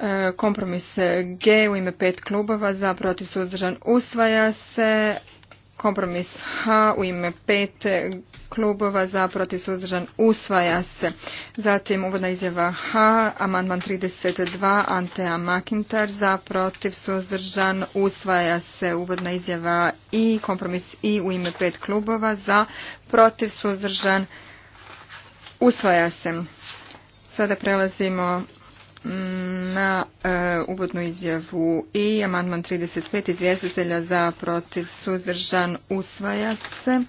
E, kompromis G. U ime pet klubova. Za, protiv, suzdržan, usvaja se. Kompromis H u ime pet klubova za protiv suzdržan usvaja se. Zatim uvodna izjava H, amandman 32, Antea Makintar za protiv suzdržan usvaja se. Uvodna izjava I, kompromis I u ime pet klubova za protiv suzdržan usvaja se. Sada prelazimo na e, uvodnu izjavu i amandman 35 izvjestitelja za protiv suzdržan usvaja se.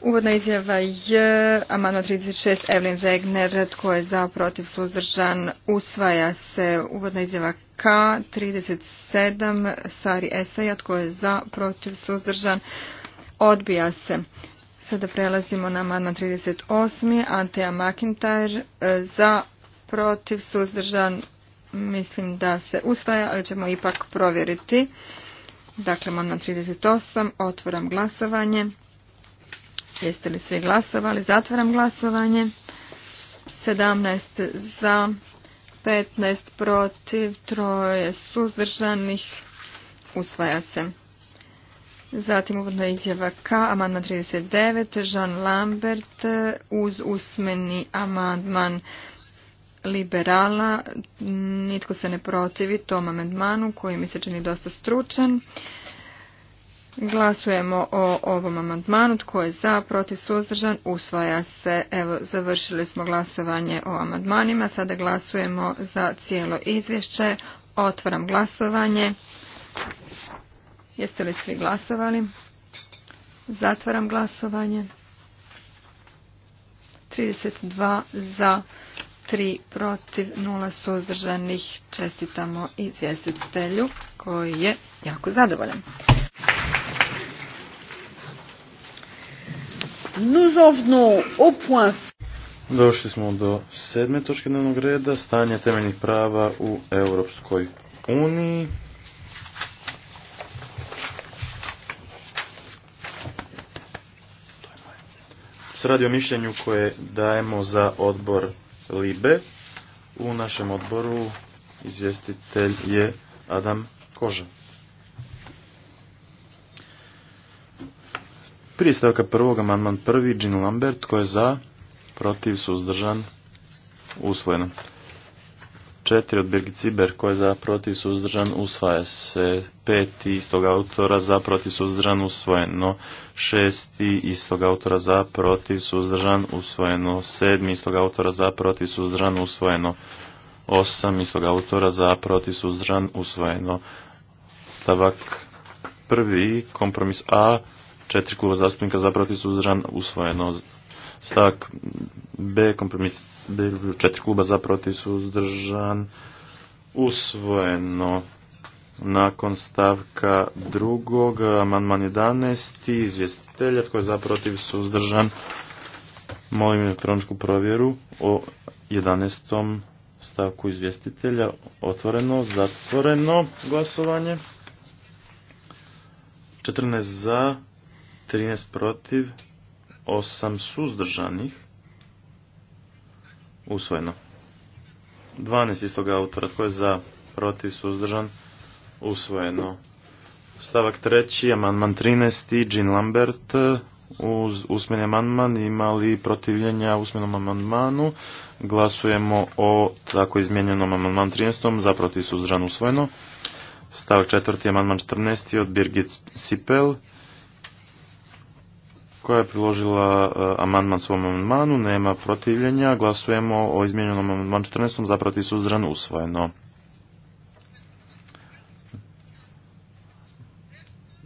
Uvodna izjava je amandman 36 Evelyn Regner tko je za protiv suzdržan usvaja se. Uvodna izjava K 37 Sari Esaja tko je za protiv suzdržan odbija se. Sada prelazimo na amandman 38. Anteja McIntyre e, za protiv, suzdržan, mislim da se usvaja, ali ćemo ipak provjeriti. Dakle, mam na 38, otvoram glasovanje. Jeste li svi glasovali? Zatvaram glasovanje. 17 za, 15 protiv, troje suzdržanih, usvaja se. Zatim uvodna izjava K, amandman 39, Jean Lambert uz usmeni amandman liberala, nitko se ne protivi tom amandmanu koji mi se čini dosta stručan. Glasujemo o ovom amandmanu. Tko je za, protiv, suzdržan, usvaja se. Evo, završili smo glasovanje o amandmanima. Sada glasujemo za cijelo izvješće. Otvaram glasovanje. Jeste li svi glasovali? Zatvaram glasovanje. 32 za 3 protiv, 0 suzdržanih. Čestitamo izvjestitelju koji je jako zadovoljan. Došli smo do sedme točke dnevnog reda, stanje temeljnih prava u Europskoj uniji. radi o mišljenju koje dajemo za odbor Libe. U našem odboru izvjestitelj je Adam Koža. Prije stavka prvog, amandman prvi, Jean Lambert, tko je za, protiv, suzdržan, usvojeno. Četiri od Birgit Ciber, koji je za protiv suzdržan usvaja se. Peti istog autora za protiv suzdržan usvojeno. Šesti istog autora za protiv suzdržan usvojeno. 7 istog autora za protiv suzdržan usvojeno. Osam istog autora za protiv suzdržan usvojeno. Stavak prvi kompromis A. Četiri kluba zastupnika za protiv suzdržan usvojeno. Stavak B, kompromis B, četiri kluba za protiv suzdržan, usvojeno. Nakon stavka drugog, amandman 11. Izvjestitelja, tko je za protiv suzdržan, molim elektroničku provjeru o 11. stavku izvjestitelja. Otvoreno, zatvoreno glasovanje. 14 za, 13 protiv, Osam suzdržanih. Usvojeno. 12 istog autora. Tko je za? Protiv suzdržan? Usvojeno. Stavak treći, Amandman 13. Jean Lambert uz usmeni amandman imali protivljenja usmenom amandmanu. Glasujemo o tako izmijenjenom amandman 13. za protiv suzdržan usvojeno. Stavak 4. amandman 14. od Birgit Sipel koja je priložila e, amandman svom amandmanu, nema protivljenja, glasujemo o izmijenjenom amandman 14. zaprati suzdržan usvojeno.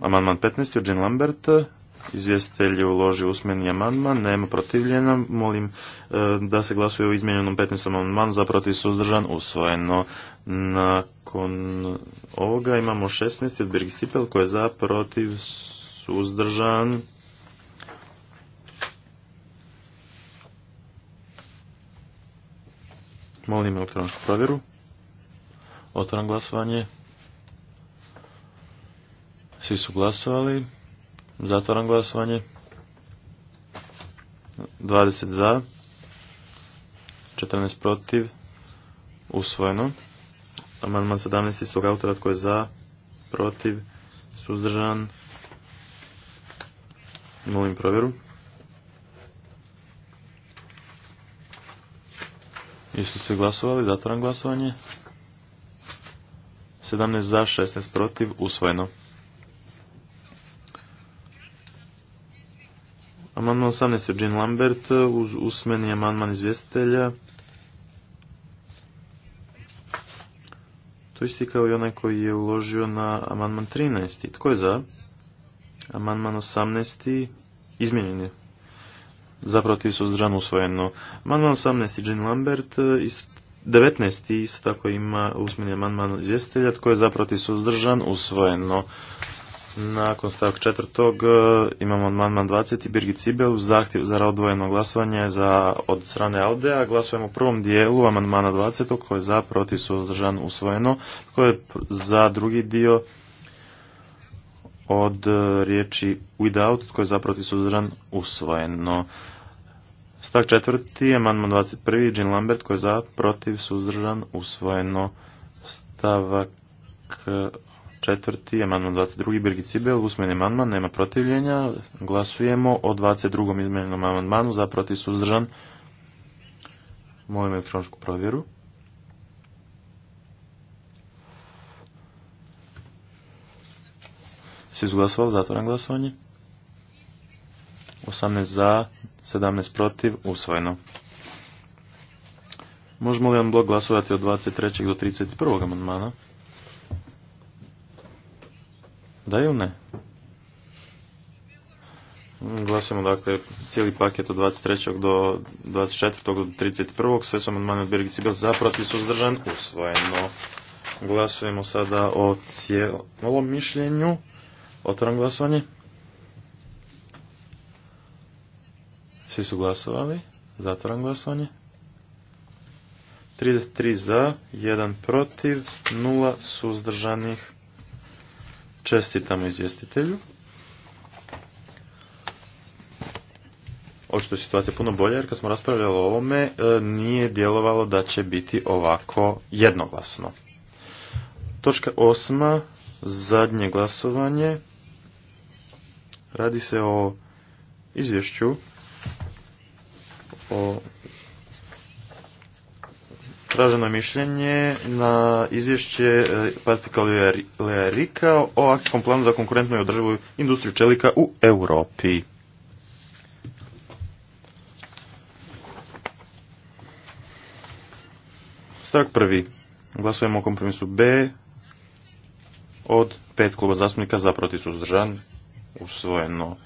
Amandman 15. Jean Lambert, izvjestitelj je uložio usmeni amandman, nema protivljenja, molim e, da se glasuje o izmijenjenom 15. amandmanu, za protiv suzdržan usvojeno. Nakon ovoga imamo 16. od Birgisipel koji je za protiv suzdržan Molim elektroničku provjeru. Otvaram glasovanje. Svi su glasovali. Zatvaram glasovanje. 20 za. 14 protiv. Usvojeno. Amandman 17 istog autora tko je za, protiv, suzdržan. Molim provjeru. Jesu se glasovali? Zatvoram glasovanje. 17 za, 16 protiv, usvojeno. Amandman 18 je Jean Lambert usmeni amandman izvjestitelja. To isti kao i onaj koji je uložio na amandman 13. Tko je za? Amandman 18. Izmijenjen je za protiv su usvojeno. Manman 18. Jean Lambert, 19. E, isto tako ima usmjeni amandman izvjestitelja, tko je zapravo ti suzdržan, usvojeno. Nakon stavak četvrtog e, imamo amandman 20. Birgit Cibel, zahtjev za odvojeno glasovanje za, od strane Aldea. Glasujemo u prvom dijelu amandmana 20. koji je za, protiv, suzdržan, usvojeno. Tko je za drugi dio, od e, riječi without, koji je zaprotiv suzdržan, usvojeno. Stak četvrti, amandman 21. Jean Lambert, koji je za, protiv, suzdržan, usvojeno. Stavak e, četvrti, amandman 22. Birgit Sibel, usmeni amandman, nema protivljenja. Glasujemo o 22. izmenjenom amandmanu, za, protiv, suzdržan. Molim elektroničku provjeru. Svi izglasovali, zatvoram glasovanje. 18 za, 17 protiv, usvojeno. Možemo li vam blok glasovati od 23. do 31. amandmana? Da ili ne? Glasujemo dakle cijeli paket od 23. do 24. do 31. Sve su amandmane od Birgit Sibel za protiv suzdržan usvojeno. Glasujemo sada o cijelom mišljenju. Otvaram glasovanje. Svi su glasovali. Zatvaram glasovanje. 33 za, 1 protiv, 0 suzdržanih. Čestitamo izvjestitelju. Očito je situacija puno bolja jer kad smo raspravljali o ovome e, nije djelovalo da će biti ovako jednoglasno. Točka osma, zadnje glasovanje Radi se o izvješću o traženo mišljenje na izvješće e, Patika Learika o akcijskom planu za konkurentnu i održivu industriju čelika u Europi. Stavak prvi. Glasujemo o kompromisu B od pet kluba zastupnika za protiv suzdržan usvojeno.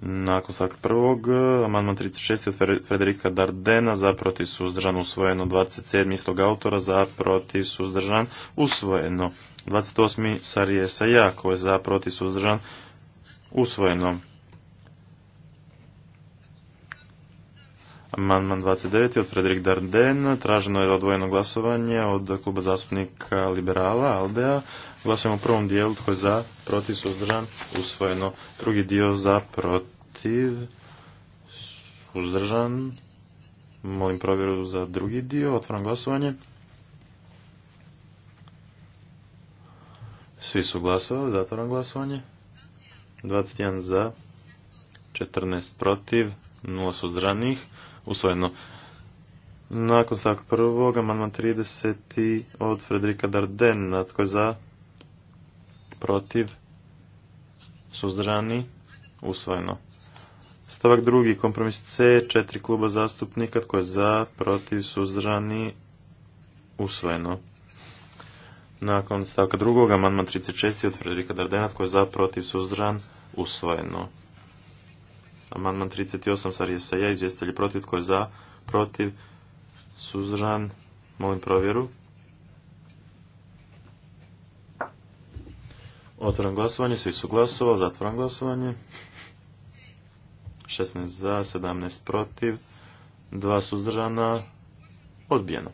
Nakon stavak prvog, eh, amandman 36 od Frederika Dardena, za protiv suzdržan usvojeno, 27 istog autora, za protiv suzdržan usvojeno, 28 Sarijesa Jako je za protiv suzdržan usvojeno. Amandman 29. od Frederik Darden. Traženo je odvojeno glasovanje od kluba zastupnika liberala Aldea. Glasujemo u prvom dijelu tko je za, protiv, suzdržan, usvojeno. Drugi dio za, protiv, suzdržan. Molim provjeru za drugi dio. Otvaram glasovanje. Svi su glasovali. Zatvaram glasovanje. 21 za, 14 protiv, 0 suzdržanih usvojeno. Nakon stavka prvog, amandman 30. od Frederika Dardena. Tko je za? Protiv? Suzdržani? Usvojeno. Stavak drugi, kompromis C, četiri kluba zastupnika. Tko je za? Protiv? Suzdržani? Usvojeno. Nakon stavka drugog, amandman 36. od Frederika Dardena. Tko je za? Protiv? Suzdržan? Usvojeno. Amandman 38 Sarjesa ja, izvjestitelj protiv, tko je za, protiv, suzdržan, molim provjeru. Otvoram glasovanje, svi su glasovali, zatvoram glasovanje. 16 za, 17 protiv, dva suzdržana, odbijeno.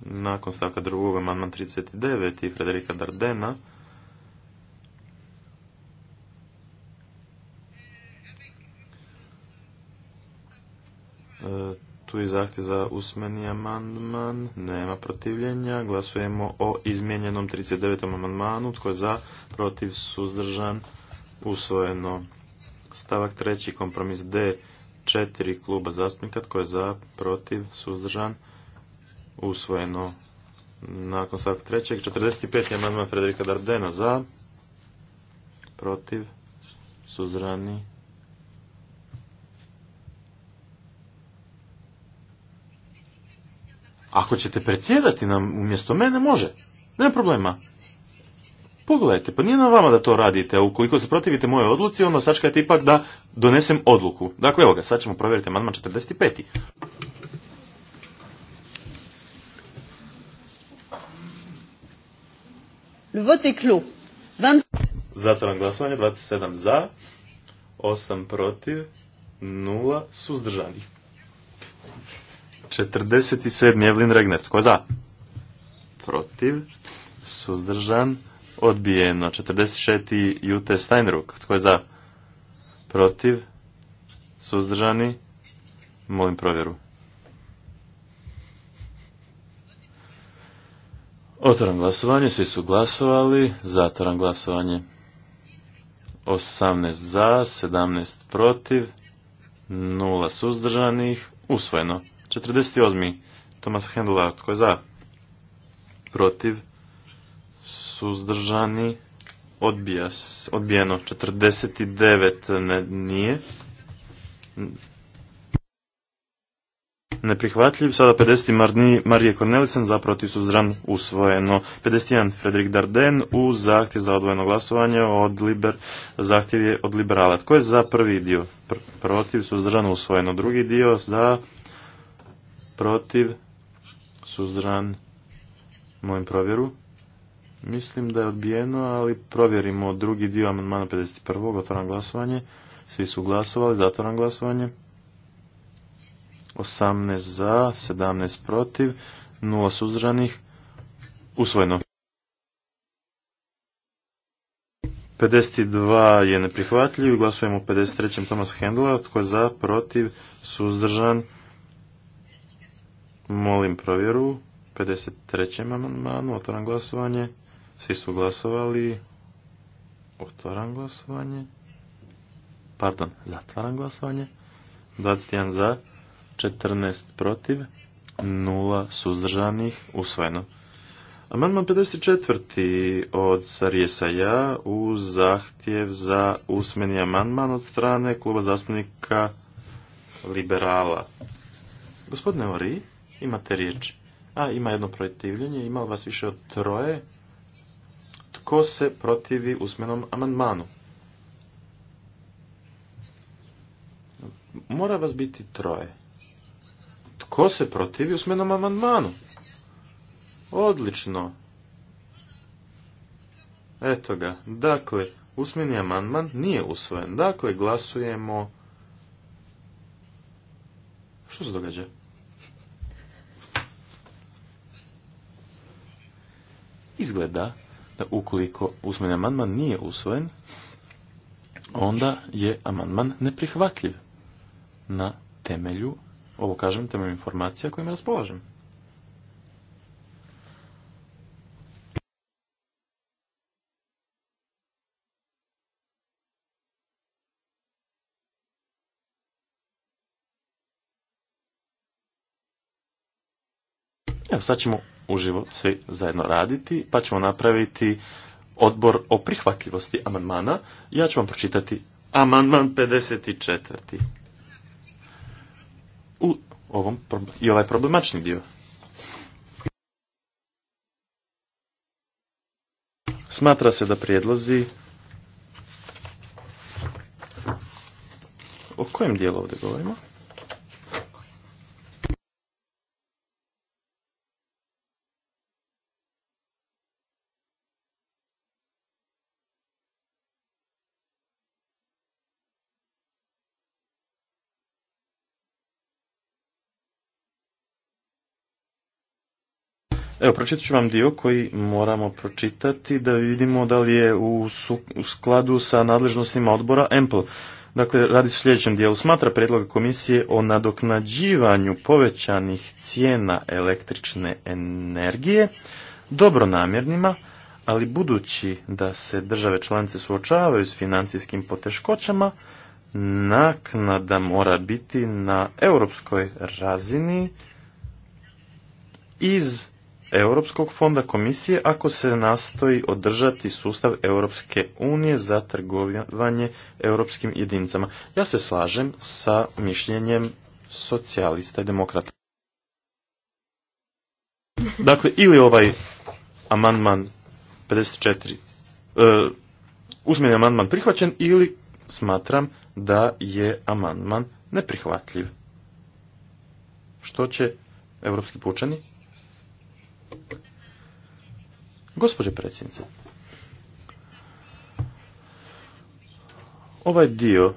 Nakon stavka drugog, amandman 39 i Frederika Dardena, zahtjev za usmeni amandman? Nema protivljenja. Glasujemo o izmijenjenom 39. amandmanu. Tko je za? Protiv? Suzdržan? Usvojeno. Stavak treći, kompromis D, četiri kluba zastupnika. Tko je za? Protiv? Suzdržan? Usvojeno. Nakon stavak trećeg, 45. amandman Frederika Dardena za, protiv, suzdržani, Ako ćete predsjedati nam umjesto mene, može. Nema problema. Pogledajte, pa nije na vama da to radite, a ukoliko se protivite moje odluci, onda sačekajte ipak da donesem odluku. Dakle, evo ga, sad ćemo provjeriti amandman 45. Le vote est clos. 20... glasovanje, 27 za, 8 protiv, 0 suzdržanih. 47. Evlin Regner. Tko za? Protiv. Suzdržan. Odbijeno. 46. Jute Steinruck. Tko je za? Protiv. Suzdržani. Molim provjeru. Otvaram glasovanje, svi su glasovali, zatvaram glasovanje. 18 za, 17 protiv, Nula suzdržanih, usvojeno. 48. Tomas Hendla, tko je za? Protiv. Suzdržani. Odbija, odbijeno. 49 ne, nije. Neprihvatljiv. Sada 50. Marni, Marije Cornelissen, za protiv suzdržan usvojeno. 51. Fredrik Darden u zahtjev za odvojeno glasovanje od liber, zahtjev je od liberala. Tko je za prvi dio? protiv suzdržan usvojeno. Drugi dio za protiv, suzdržan, molim provjeru. Mislim da je odbijeno, ali provjerimo drugi dio amandmana 51. Otvaram glasovanje. Svi su glasovali, zatvaram glasovanje. 18 za, 17 protiv, 0 suzdržanih, usvojeno. 52 je neprihvatljiv, glasujemo u 53. Thomas Hendela, tko je za, protiv, suzdržan, Molim provjeru. 53. amandmanu. Otvaram glasovanje. Svi su glasovali. Otvaram glasovanje. Pardon, zatvaram glasovanje. 21 za, 14 protiv, 0 suzdržanih, usvojeno. Amandman 54. od Sarijesa Ja uz zahtjev za usmeni amandman od strane kluba zastupnika liberala. Gospodine Ori, Imate riječ. A, ima jedno protivljenje, ima vas više od troje. Tko se protivi usmenom amandmanu? Mora vas biti troje. Tko se protivi usmenom amandmanu? Odlično. Eto ga. Dakle, usmeni amandman nije usvojen. Dakle, glasujemo... Što se događa? Izgleda da ukoliko usmeni amandman nije usvojen, onda je amandman neprihvatljiv na temelju, ovo kažem, temelju informacija kojima raspolažem. Evo sad ćemo uživo svi zajedno raditi, pa ćemo napraviti odbor o prihvatljivosti amandmana. Ja ću vam pročitati amandman 54. U ovom i ovaj problemačni dio. Smatra se da prijedlozi o kojem dijelu ovdje govorimo? Evo, pročitat ću vam dio koji moramo pročitati da vidimo da li je u skladu sa nadležnostima odbora EMPL. Dakle, radi se o sljedećem dijelu. Smatra predloga komisije o nadoknađivanju povećanih cijena električne energije dobronamjernima, ali budući da se države članice suočavaju s financijskim poteškoćama, naknada mora biti na europskoj razini iz Europskog fonda komisije ako se nastoji održati sustav Europske unije za trgovanje europskim jedinicama. Ja se slažem sa mišljenjem socijalista i demokrata. Dakle, ili ovaj amandman 54, četiri e, amandman prihvaćen, ili smatram da je amandman neprihvatljiv. Što će europski pučani? Gospođo predsjednice, ovaj dio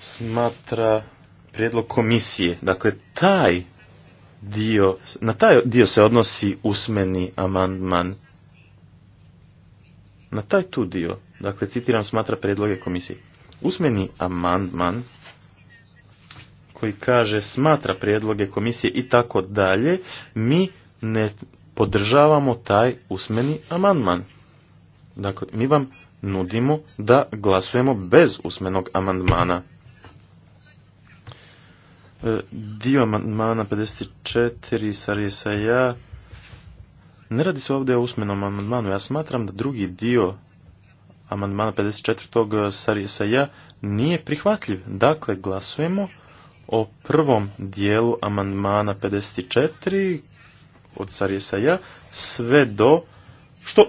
smatra prijedlog komisije. Dakle, taj dio, na taj dio se odnosi usmeni amandman. Na taj tu dio, dakle, citiram, smatra prijedloge komisije. Usmeni amandman koji kaže smatra prijedloge komisije i tako dalje, mi ne podržavamo taj usmeni amandman. Dakle, mi vam nudimo da glasujemo bez usmenog amandmana. E, dio amandmana 54 Sarisa ja ne radi se ovdje o usmenom amandmanu. Ja smatram da drugi dio amandmana 54. Sarisa ja nije prihvatljiv. Dakle, glasujemo o prvom dijelu amandmana 54 od Sarjesaja sve do što,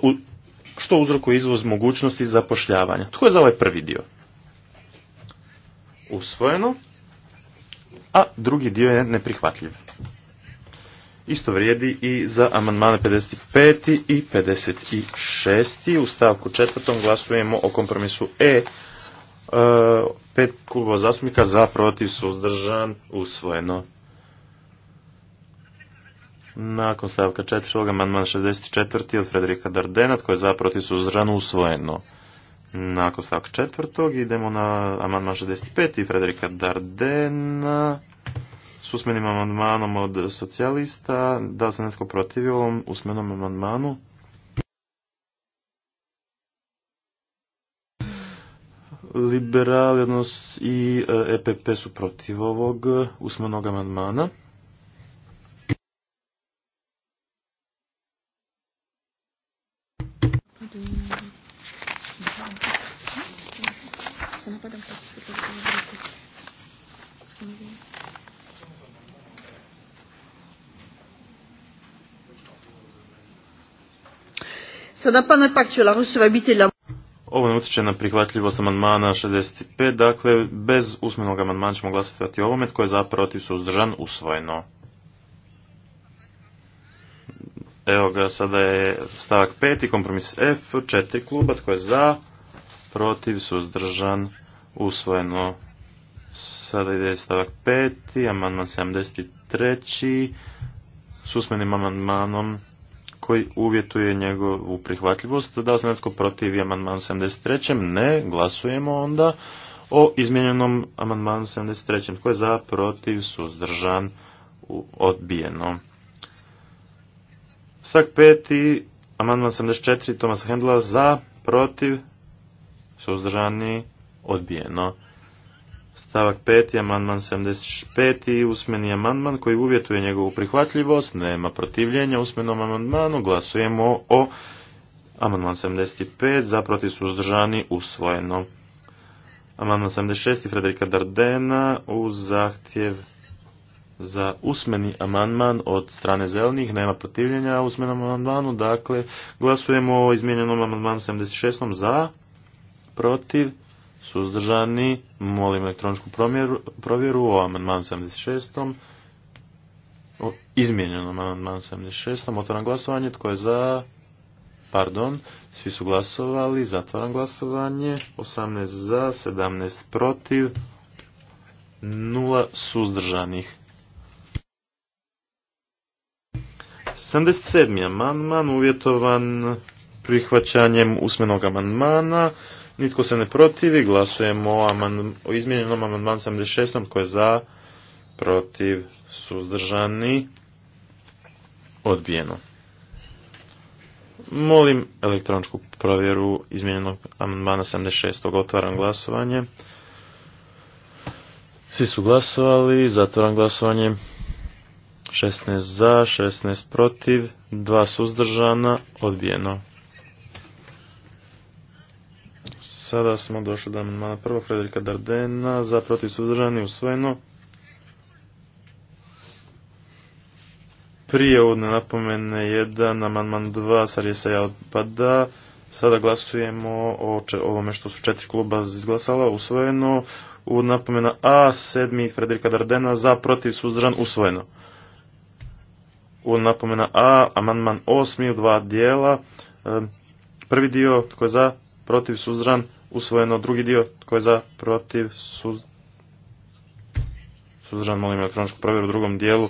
što uzrokuje izvoz mogućnosti zapošljavanja. Tko je za ovaj prvi dio? Usvojeno, a drugi dio je neprihvatljiv. Isto vrijedi i za amandmane 55. i 56. U stavku četvrtom glasujemo o kompromisu e. e. Pet klubova zastupnika za, protiv, suzdržan, usvojeno. Nakon stavka 4. amandman 64. od Frederika Dardena, tko je za protiv usvojeno. Nakon stavka četvrtog, idemo na amandman 65. Frederika Dardena s usmenim amandmanom od socijalista. Da se netko protivi ovom usmenom amandmanu? Liberali, i EPP e su protiv ovog usmenog amandmana. n'a la Ovo ne utječe na prihvatljivost amandmana 65, dakle bez usmenog amandmana ćemo glasovati o ovome, tko je za, protiv, suzdržan, usvojeno. Evo ga, sada je stavak 5 i kompromis F, četiri kluba, tko je za, protiv, suzdržan, usvojeno. Sada ide stavak 5, amandman 73, s usmenim amandmanom koji uvjetuje njegovu prihvatljivost. Da se netko protivi amandman 73. Ne, glasujemo onda o izmijenjenom amandmanu 73. Tko je za, protiv, suzdržan, odbijeno. Stak peti, amandman 74. Tomasa Hendla za, protiv, suzdržani, odbijeno. Stavak 5. amandman 75. i usmeni amandman koji uvjetuje njegovu prihvatljivost. Nema protivljenja usmenom amandmanu. Glasujemo o amandman 75. Za protiv suzdržani usvojeno. Amandman 76. Frederika Dardena u zahtjev za usmeni amandman od strane zelnih, Nema protivljenja usmenom amandmanu. Dakle, glasujemo o izmijenjenom amandmanu 76. Za protiv suzdržani, molim elektroničku provjeru o amandmanu 76. O izmijenjenom amandmanu 76. Otvaram glasovanje. Tko je za? Pardon. Svi su glasovali. Zatvaram glasovanje. 18 za, 17 protiv, 0 suzdržanih. 77. amandman uvjetovan prihvaćanjem usmenog amandmana. Nitko se ne protivi, glasujemo o, aman, o izmjenjenom amandman 76. koje je za, protiv, suzdržani, odbijeno. Molim elektroničku provjeru izmjenjenog amandmana 76. Otvaram glasovanje. Svi su glasovali, zatvaram glasovanje. 16 za, 16 protiv, 2 suzdržana, odbijeno. sada smo došli do amandmana prvo. Frederika Dardena za protiv suzdržani usvojeno. Prije uvodne napomene 1, amandman 2, se ja odpada. Sada glasujemo o ovome što su četiri kluba izglasala, usvojeno. U napomena A, sedmi Frederika Dardena za protiv suzdržan usvojeno. U napomena A, amandman osmi u dva dijela. Ehm, prvi dio tko je za, protiv suzdržan usvojeno. Drugi dio tko je za, protiv, suzdržan. Molim elektroničku provjeru u drugom dijelu.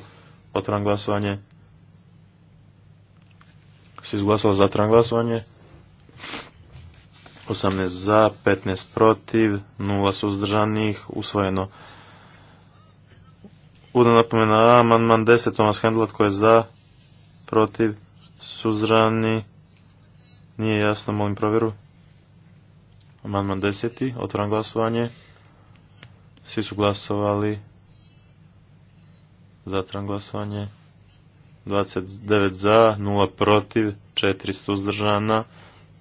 Otvaram glasovanje. Si izglasalo za otvoran glasovanje. 18 za, 15 protiv, 0 suzdržanih, usvojeno. udan napomena A, man man 10, Tomas Hendla, tko je za, protiv, suzdržani, nije jasno, molim provjeru. Amandman deseti, otvoram glasovanje. Svi su glasovali. Zatvoram glasovanje. 29 za, 0 protiv, 4 suzdržana.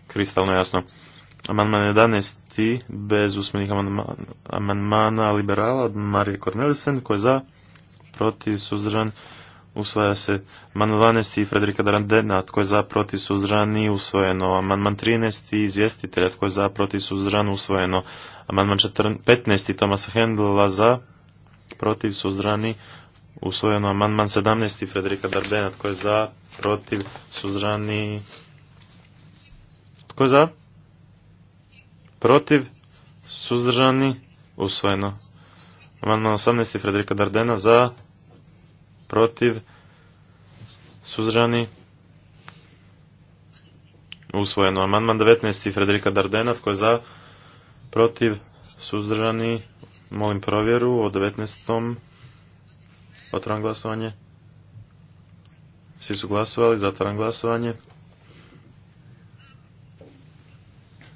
Kristalno jasno. Amandman 11. bez usmenih amandmana liberala od Marije Kornelisen. Ko je za? Protiv, suzdržan. Usvaja se man 12. Frederika Darandena, tko je za protiv nije usvojeno. Amandman 13. izvjestitelja, tko je za protiv suzdržan, usvojeno. Amandman 15. Tomasa Hendlova, za protiv suzdržani, usvojeno. Amandman 17. Frederika Dardena, tko je za protiv suzdržani, tko je za protiv suzdržani, usvojeno. Amandman 18. Frederika Dardena za protiv, suzdržani, usvojeno. Amandman 19. Frederika Dardena, tko je za, protiv, suzdržani, molim provjeru o 19. Otvaram glasovanje. Svi su glasovali, zatvaram glasovanje.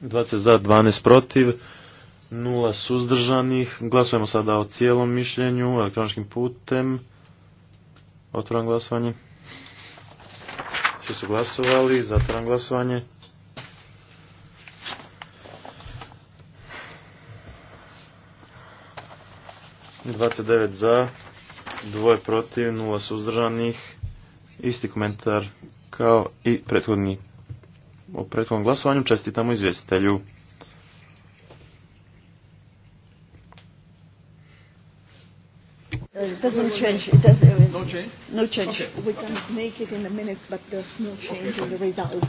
20 za, 12 protiv, Nula suzdržanih. Glasujemo sada o cijelom mišljenju elektroničkim putem. Otvoram glasovanje. Svi su glasovali, zatvoram glasovanje. Dvadeset devet za, dvoje protiv, nula suzdržanih, isti komentar kao i prethodni o prethodnom glasovanju. Čestitamo izvjestitelju. doesn't change. It doesn't, no change? No change. Okay. We can okay. make it in the minutes, but there's no change okay. in the result.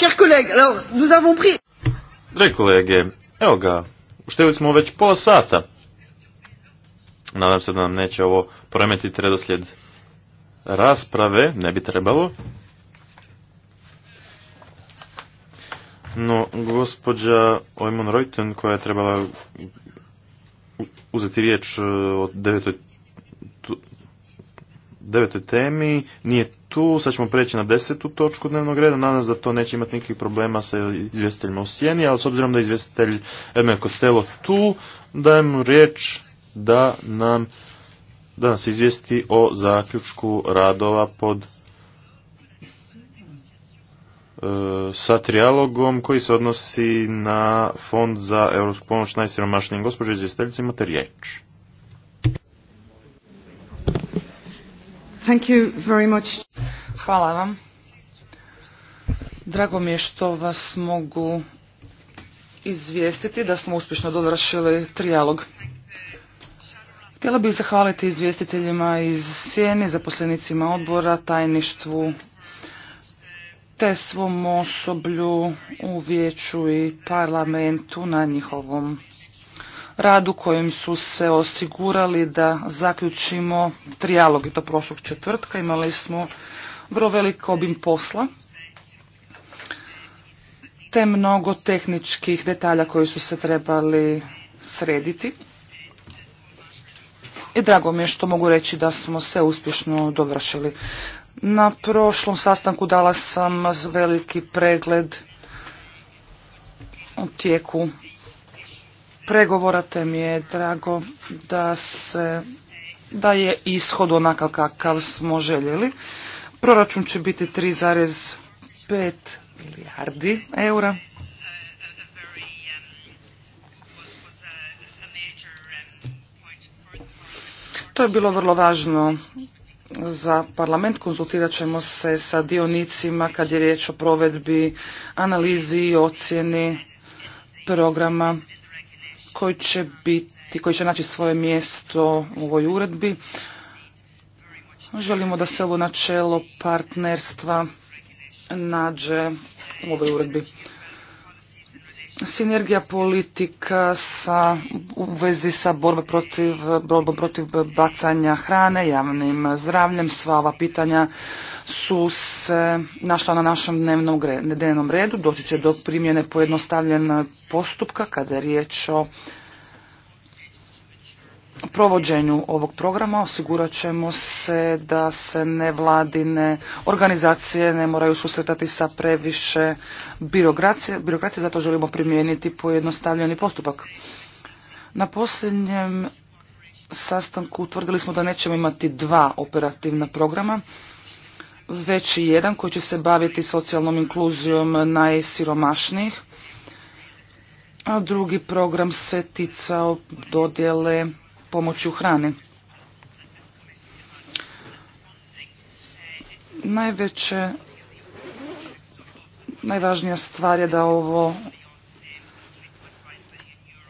Chers collègues, alors nous avons pris... kolege, evo ga, uštili smo već pola sata. Nadam se da nam neće ovo poremetiti redoslijed rasprave, ne bi trebalo. No, gospođa Oymon Reuten, koja je trebala uzeti riječ e, o devetoj, devetoj temi, nije tu. Sad ćemo preći na desetu točku dnevnog reda. Nadam se da to neće imati nikakvih problema sa izvjestiteljima u sjeni, ali s obzirom da je izvjestitelj Kostelo tu, dajem mu riječ da nam da nas izvijesti o zaključku radova pod e, sa trijalogom koji se odnosi na fond za europsku pomoć najsiromašnijim. gospođe izvjestiteljice, imate riječ. Thank you very much. Hvala vam. Drago mi je što vas mogu izvijestiti da smo uspješno dovršili trijalog. Htjela bih zahvaliti izvjestiteljima iz Sjeni, zaposlenicima odbora, tajništvu, te svom osoblju u vijeću i parlamentu na njihovom radu kojim su se osigurali da zaključimo trijalog i to prošlog četvrtka. Imali smo vrlo velik obim posla te mnogo tehničkih detalja koji su se trebali srediti. I drago mi je što mogu reći da smo sve uspješno dovršili. Na prošlom sastanku dala sam veliki pregled u tijeku pregovora, te mi je drago da, se, da je ishod onakav kakav smo željeli. Proračun će biti 3,5 milijardi eura. To je bilo vrlo važno za parlament. Konzultirat ćemo se sa dionicima kad je riječ o provedbi, analizi i ocjeni programa koji će biti, koji će naći svoje mjesto u ovoj uredbi. Želimo da se ovo načelo partnerstva nađe u ovoj uredbi. Sinergija politika sa, u vezi sa borbom protiv, borbom protiv bacanja hrane, javnim zdravljem, sva ova pitanja su se našla na našem dnevnom, dnevnom redu. Doći će do primjene pojednostavljen postupka kada je riječ o provođenju ovog programa osigurat ćemo se da se nevladine organizacije ne moraju susretati sa previše birokracije, birokracije zato želimo primijeniti pojednostavljeni postupak. Na posljednjem sastanku utvrdili smo da nećemo imati dva operativna programa, već i jedan koji će se baviti socijalnom inkluzijom najsiromašnijih, a drugi program se ticao dodjele pomoći u hrani. Najveće, najvažnija stvar je da ovo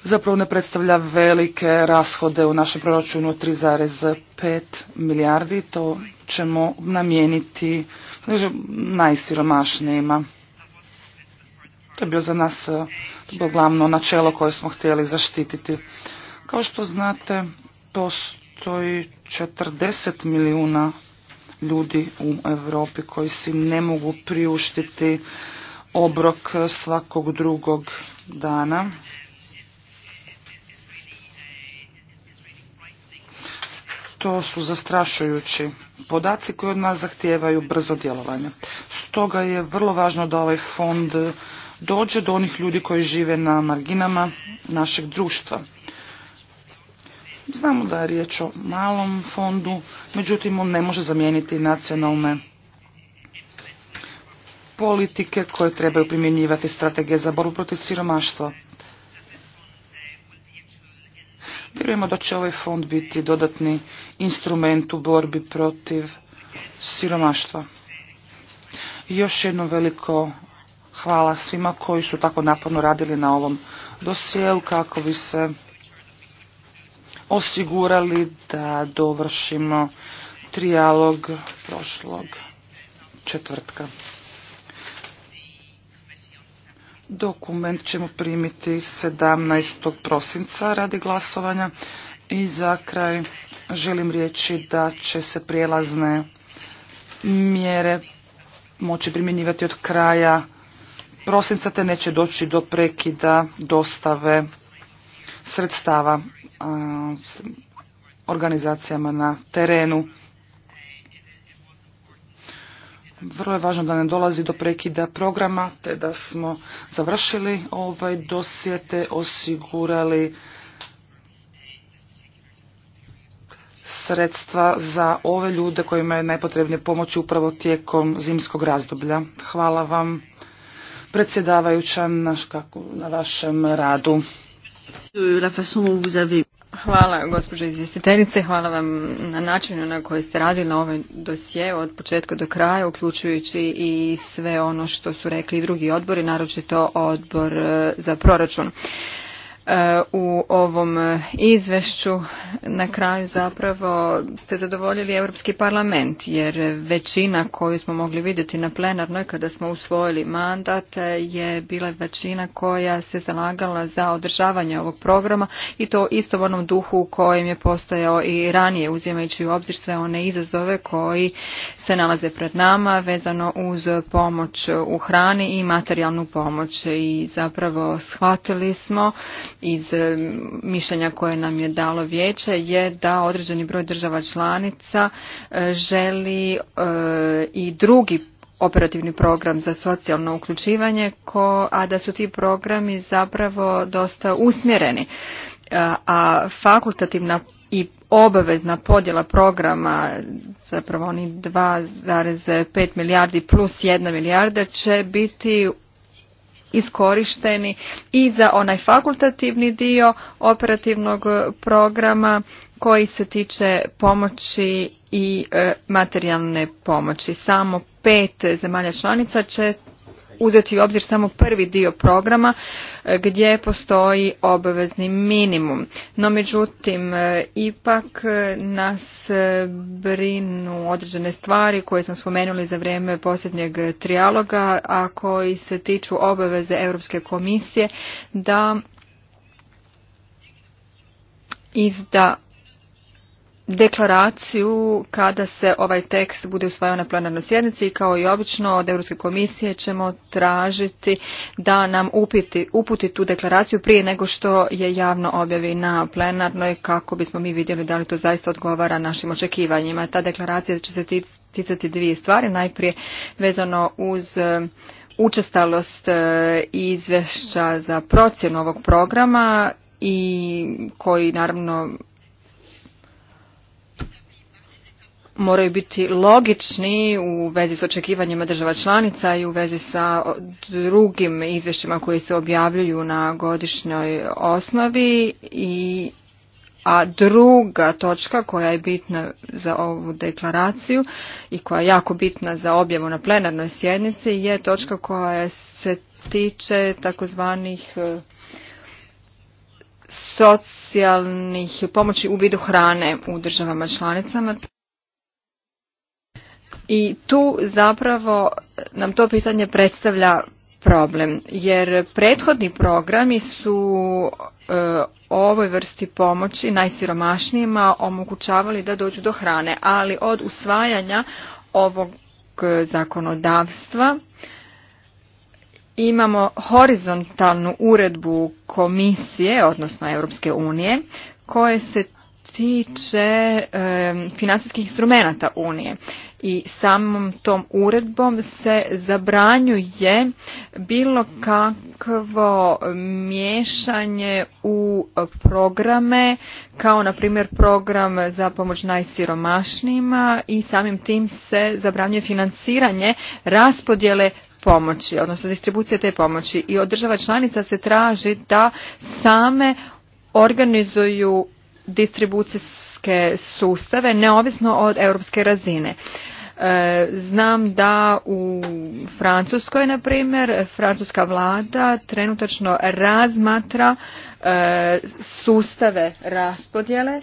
zapravo ne predstavlja velike rashode u našem proračunu od 3,5 milijardi. To ćemo namijeniti znači, najsiromašnijima. To je bio za nas to glavno načelo koje smo htjeli zaštititi. Kao što znate, postoji 40 milijuna ljudi u Europi koji si ne mogu priuštiti obrok svakog drugog dana. To su zastrašujući podaci koji od nas zahtijevaju brzo djelovanje. Stoga je vrlo važno da ovaj fond dođe do onih ljudi koji žive na marginama našeg društva. Znamo da je riječ o malom fondu, međutim on ne može zamijeniti nacionalne politike koje trebaju primjenjivati strategije za borbu protiv siromaštva. Vjerujemo da će ovaj fond biti dodatni instrument u borbi protiv siromaštva. još jedno veliko hvala svima koji su tako naporno radili na ovom dosijelu kako bi se osigurali da dovršimo trijalog prošlog četvrtka. Dokument ćemo primiti 17. prosinca radi glasovanja i za kraj želim reći da će se prijelazne mjere moći primjenjivati od kraja prosinca te neće doći do prekida dostave sredstava organizacijama na terenu. Vrlo je važno da ne dolazi do prekida programa, te da smo završili ovaj dosjete, osigurali sredstva za ove ljude kojima je najpotrebnije pomoć upravo tijekom zimskog razdoblja. Hvala vam predsjedavajuća na, na vašem radu. Hvala gospođo izvjestiteljice, hvala vam na načinu na koji ste radili na ovaj dosje od početka do kraja, uključujući i sve ono što su rekli i drugi odbori, naročito odbor eh, za proračun. E, u ovom e, izvešću na kraju zapravo ste zadovoljili Europski parlament jer većina koju smo mogli vidjeti na plenarnoj kada smo usvojili mandat je bila većina koja se zalagala za održavanje ovog programa i to isto u onom duhu u kojem je postojao i ranije uzimajući u obzir sve one izazove koji se nalaze pred nama vezano uz pomoć u hrani i materijalnu pomoć i zapravo shvatili smo iz e, mišljenja koje nam je dalo vijeće je da određeni broj država članica e, želi e, i drugi operativni program za socijalno uključivanje, a da su ti programi zapravo dosta usmjereni. A fakultativna i obavezna podjela programa, zapravo oni 2,5 milijardi plus 1 milijarda će biti iskorišteni i za onaj fakultativni dio operativnog programa koji se tiče pomoći i e, materijalne pomoći. Samo pet zemalja članica će uzeti u obzir samo prvi dio programa e, gdje postoji obavezni minimum. No međutim, e, ipak e, nas brinu određene stvari koje sam spomenuli za vrijeme posljednjeg trijaloga, a koji se tiču obaveze Europske komisije da izda deklaraciju kada se ovaj tekst bude usvajao na plenarnoj sjednici i kao i obično od Europske komisije ćemo tražiti da nam upiti, uputi tu deklaraciju prije nego što je javno objavi na plenarnoj kako bismo mi vidjeli da li to zaista odgovara našim očekivanjima. Ta deklaracija će se ticati dvije stvari, najprije vezano uz eh, učestalost eh, izvješća za procjenu ovog programa i koji naravno moraju biti logični u vezi s očekivanjima država članica i u vezi sa drugim izvješćima koji se objavljuju na godišnjoj osnovi i a druga točka koja je bitna za ovu deklaraciju i koja je jako bitna za objavu na plenarnoj sjednici je točka koja se tiče takozvanih e, socijalnih pomoći u vidu hrane u državama članicama. I tu zapravo eh, nam to pitanje predstavlja problem, jer prethodni programi su eh, ovoj vrsti pomoći najsiromašnijima omogućavali da dođu do hrane, ali od usvajanja ovog eh, zakonodavstva imamo horizontalnu uredbu komisije, odnosno Europske unije, koje se tiče financijskih instrumenata unije i samom tom uredbom se zabranjuje bilo kakvo miješanje u programe kao na primjer program za pomoć najsiromašnijima i samim tim se zabranjuje financiranje raspodjele pomoći, odnosno distribucije te pomoći i od država članica se traži da same organizuju distribucijske sustave neovisno od europske razine. E, znam da u Francuskoj, na primjer, francuska vlada trenutačno razmatra e, sustave raspodjele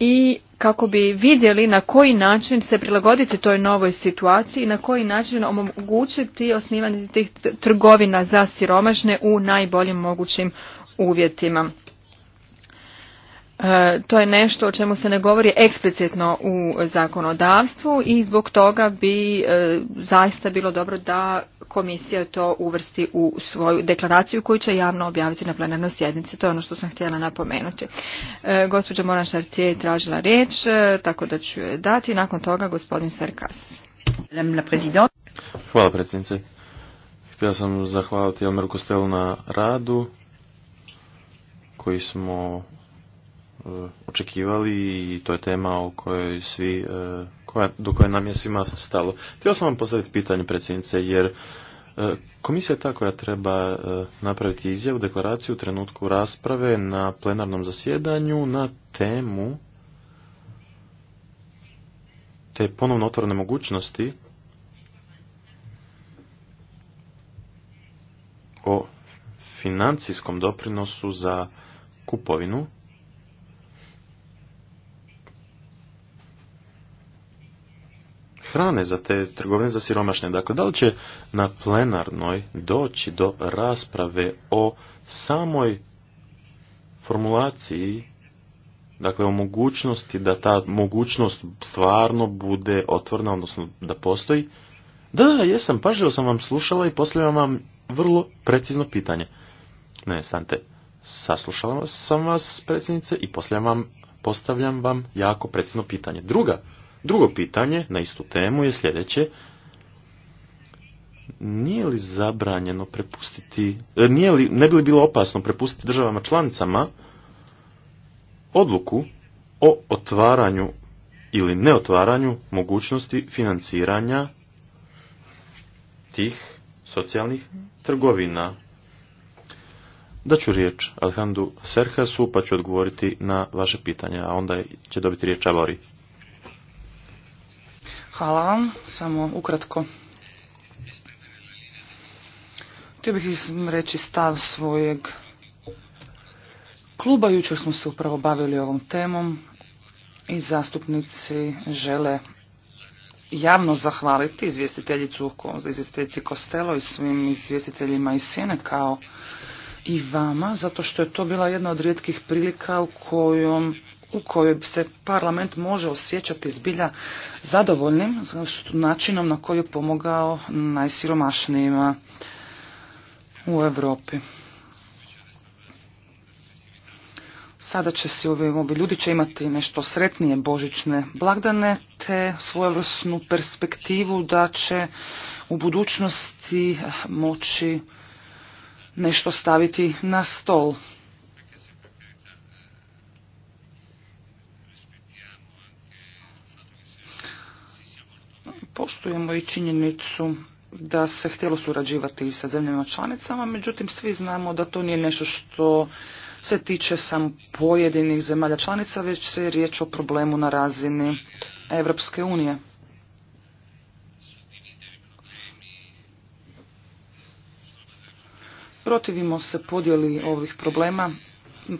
i kako bi vidjeli na koji način se prilagoditi toj novoj situaciji i na koji način omogućiti osnivanje tih trgovina za siromašne u najboljim mogućim uvjetima. E, to je nešto o čemu se ne govori eksplicitno u zakonodavstvu i zbog toga bi e, zaista bilo dobro da komisija to uvrsti u svoju deklaraciju koju će javno objaviti na plenarnoj sjednici. To je ono što sam htjela napomenuti. E, gospođa Mona Šartije je tražila riječ, tako da ću je dati. Nakon toga gospodin serkas Hvala predsjednice. Htio sam zahvaliti Elmeru Kostelu na radu koji smo E, očekivali i to je tema o kojoj svi, e, koja, do koje nam je svima stalo. Htio sam vam postaviti pitanje predsjednice jer e, Komisija je ta koja treba napraviti izjavu, deklaraciju u trenutku rasprave na plenarnom zasjedanju na temu te ponovno otvorene mogućnosti o financijskom doprinosu za kupovinu hrane za te trgovine za siromašne. Dakle, da li će na plenarnoj doći do rasprave o samoj formulaciji, dakle o mogućnosti da ta mogućnost stvarno bude otvorna, odnosno da postoji? Da, jesam, pažljivo sam vam slušala i postavljam vam vrlo precizno pitanje. Ne, stante, saslušala sam vas, predsjednice, i postavljam vam jako precizno pitanje. Druga Drugo pitanje na istu temu je sljedeće. Nije li zabranjeno prepustiti, e, nije li, ne bi li bilo opasno prepustiti državama članicama odluku o otvaranju ili neotvaranju mogućnosti financiranja tih socijalnih trgovina. Da ću riječ Alhandu Serhasu, pa ću odgovoriti na vaše pitanja, a onda će dobiti riječ Avori. Hvala vam, samo ukratko. Htio bih reći stav svojeg kluba. Jučer smo se upravo bavili ovom temom i zastupnici žele javno zahvaliti izvjestiteljicu izvjestiteljici Kostelo i svim izvjestiteljima iz Sjene kao i vama, zato što je to bila jedna od rijetkih prilika u kojom u kojoj se parlament može osjećati zbilja zadovoljnim načinom na koji je pomogao najsiromašnijima u Europi. Sada će se ovi, ovi ljudi će imati nešto sretnije božićne blagdane te svojevrsnu perspektivu da će u budućnosti moći nešto staviti na stol. poštujemo i činjenicu da se htjelo surađivati i sa zemljama članicama, međutim svi znamo da to nije nešto što se tiče sam pojedinih zemalja članica, već se je riječ o problemu na razini Evropske unije. Protivimo se podjeli ovih problema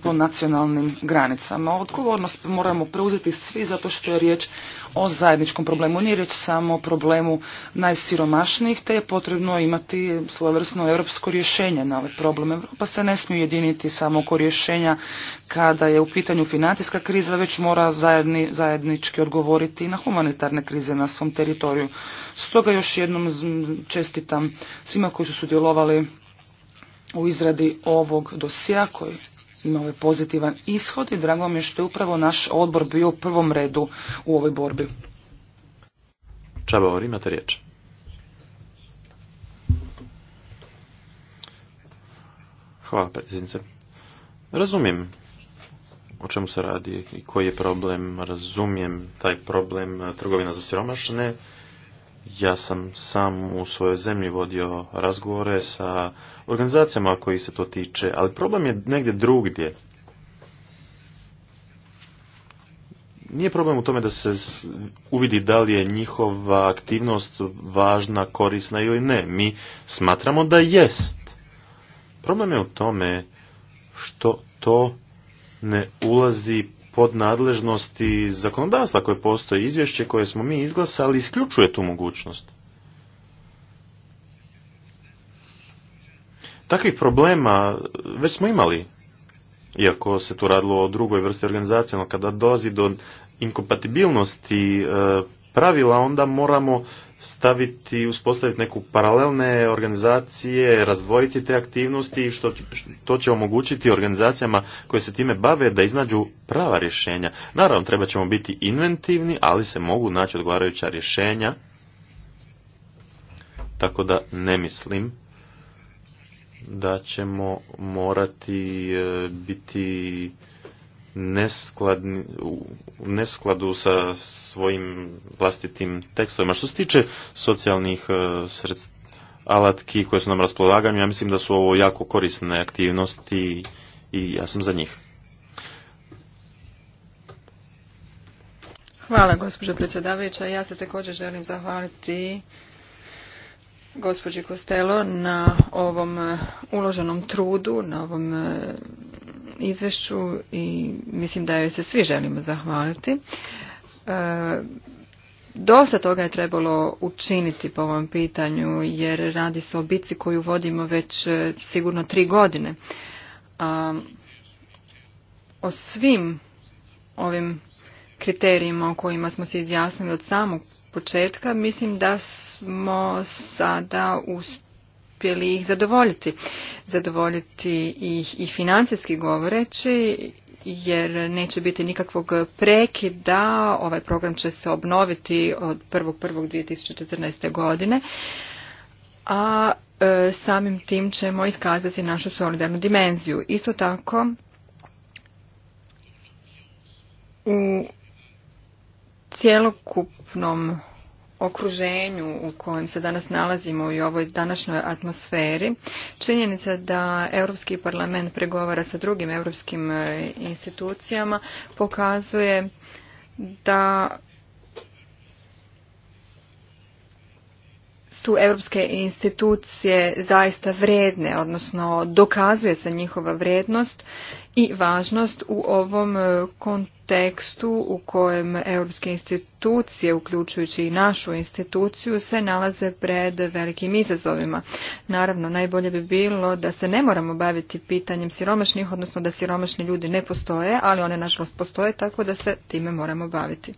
po nacionalnim granicama. Odgovornost moramo preuzeti svi zato što je riječ o zajedničkom problemu. Nije riječ samo o problemu najsiromašnijih, te je potrebno imati svojevrsno europsko rješenje na ovaj problem. Europa se ne smije jediniti samo oko rješenja kada je u pitanju financijska kriza, već mora zajednički odgovoriti na humanitarne krize na svom teritoriju. Stoga još jednom čestitam svima koji su sudjelovali u izradi ovog dosija koji ima je pozitivan ishod i drago mi je što je upravo naš odbor bio u prvom redu u ovoj borbi. Čabavar, imate riječ. Hvala, predsjednice. Razumijem o čemu se radi i koji je problem. Razumijem taj problem trgovina za siromašne ja sam sam u svojoj zemlji vodio razgovore sa organizacijama koji se to tiče, ali problem je negdje drugdje. Nije problem u tome da se uvidi da li je njihova aktivnost važna, korisna ili ne. Mi smatramo da jest. Problem je u tome što to ne ulazi pod nadležnosti zakonodavstva koje postoje, Izvješće koje smo mi izglasali isključuje tu mogućnost. Takvih problema već smo imali, iako se tu radilo o drugoj vrsti organizacije, ali kada dolazi do inkompatibilnosti e, pravila, onda moramo staviti, uspostaviti neku paralelne organizacije, razdvojiti te aktivnosti i što, to će omogućiti organizacijama koje se time bave da iznađu prava rješenja. Naravno, treba ćemo biti inventivni, ali se mogu naći odgovarajuća rješenja, tako da ne mislim da ćemo morati e, biti nesklad u neskladu sa svojim vlastitim tekstovima. Što se tiče socijalnih e, sredstva, alatki koje su nam raspolaganju, ja mislim da su ovo jako korisne aktivnosti i ja sam za njih. Hvala gospođo predsjedavajuća. Ja se također želim zahvaliti gospođi Kostelo na ovom e, uloženom trudu, na ovom e, izvješću i mislim da joj se svi želimo zahvaliti. E, dosta toga je trebalo učiniti po ovom pitanju jer radi se o bici koju vodimo već e, sigurno tri godine. o svim ovim kriterijima o kojima smo se izjasnili od samog početka, mislim da smo sada uspjeli ili ih zadovoljiti. Zadovoljiti ih i financijski govoreći jer neće biti nikakvog prekida. Ovaj program će se obnoviti od 1.1.2014. godine. A e, samim tim ćemo iskazati našu solidarnu dimenziju. Isto tako u cjelokupnom okruženju u kojem se danas nalazimo i ovoj današnjoj atmosferi, činjenica da Europski parlament pregovara sa drugim europskim e, institucijama pokazuje da su europske institucije zaista vredne, odnosno dokazuje se njihova vrednost i važnost u ovom e, kontekstu tekstu u kojem europske institucije, uključujući i našu instituciju, se nalaze pred velikim izazovima. Naravno, najbolje bi bilo da se ne moramo baviti pitanjem siromašnih, odnosno da siromašni ljudi ne postoje, ali one nažalost postoje, tako da se time moramo baviti.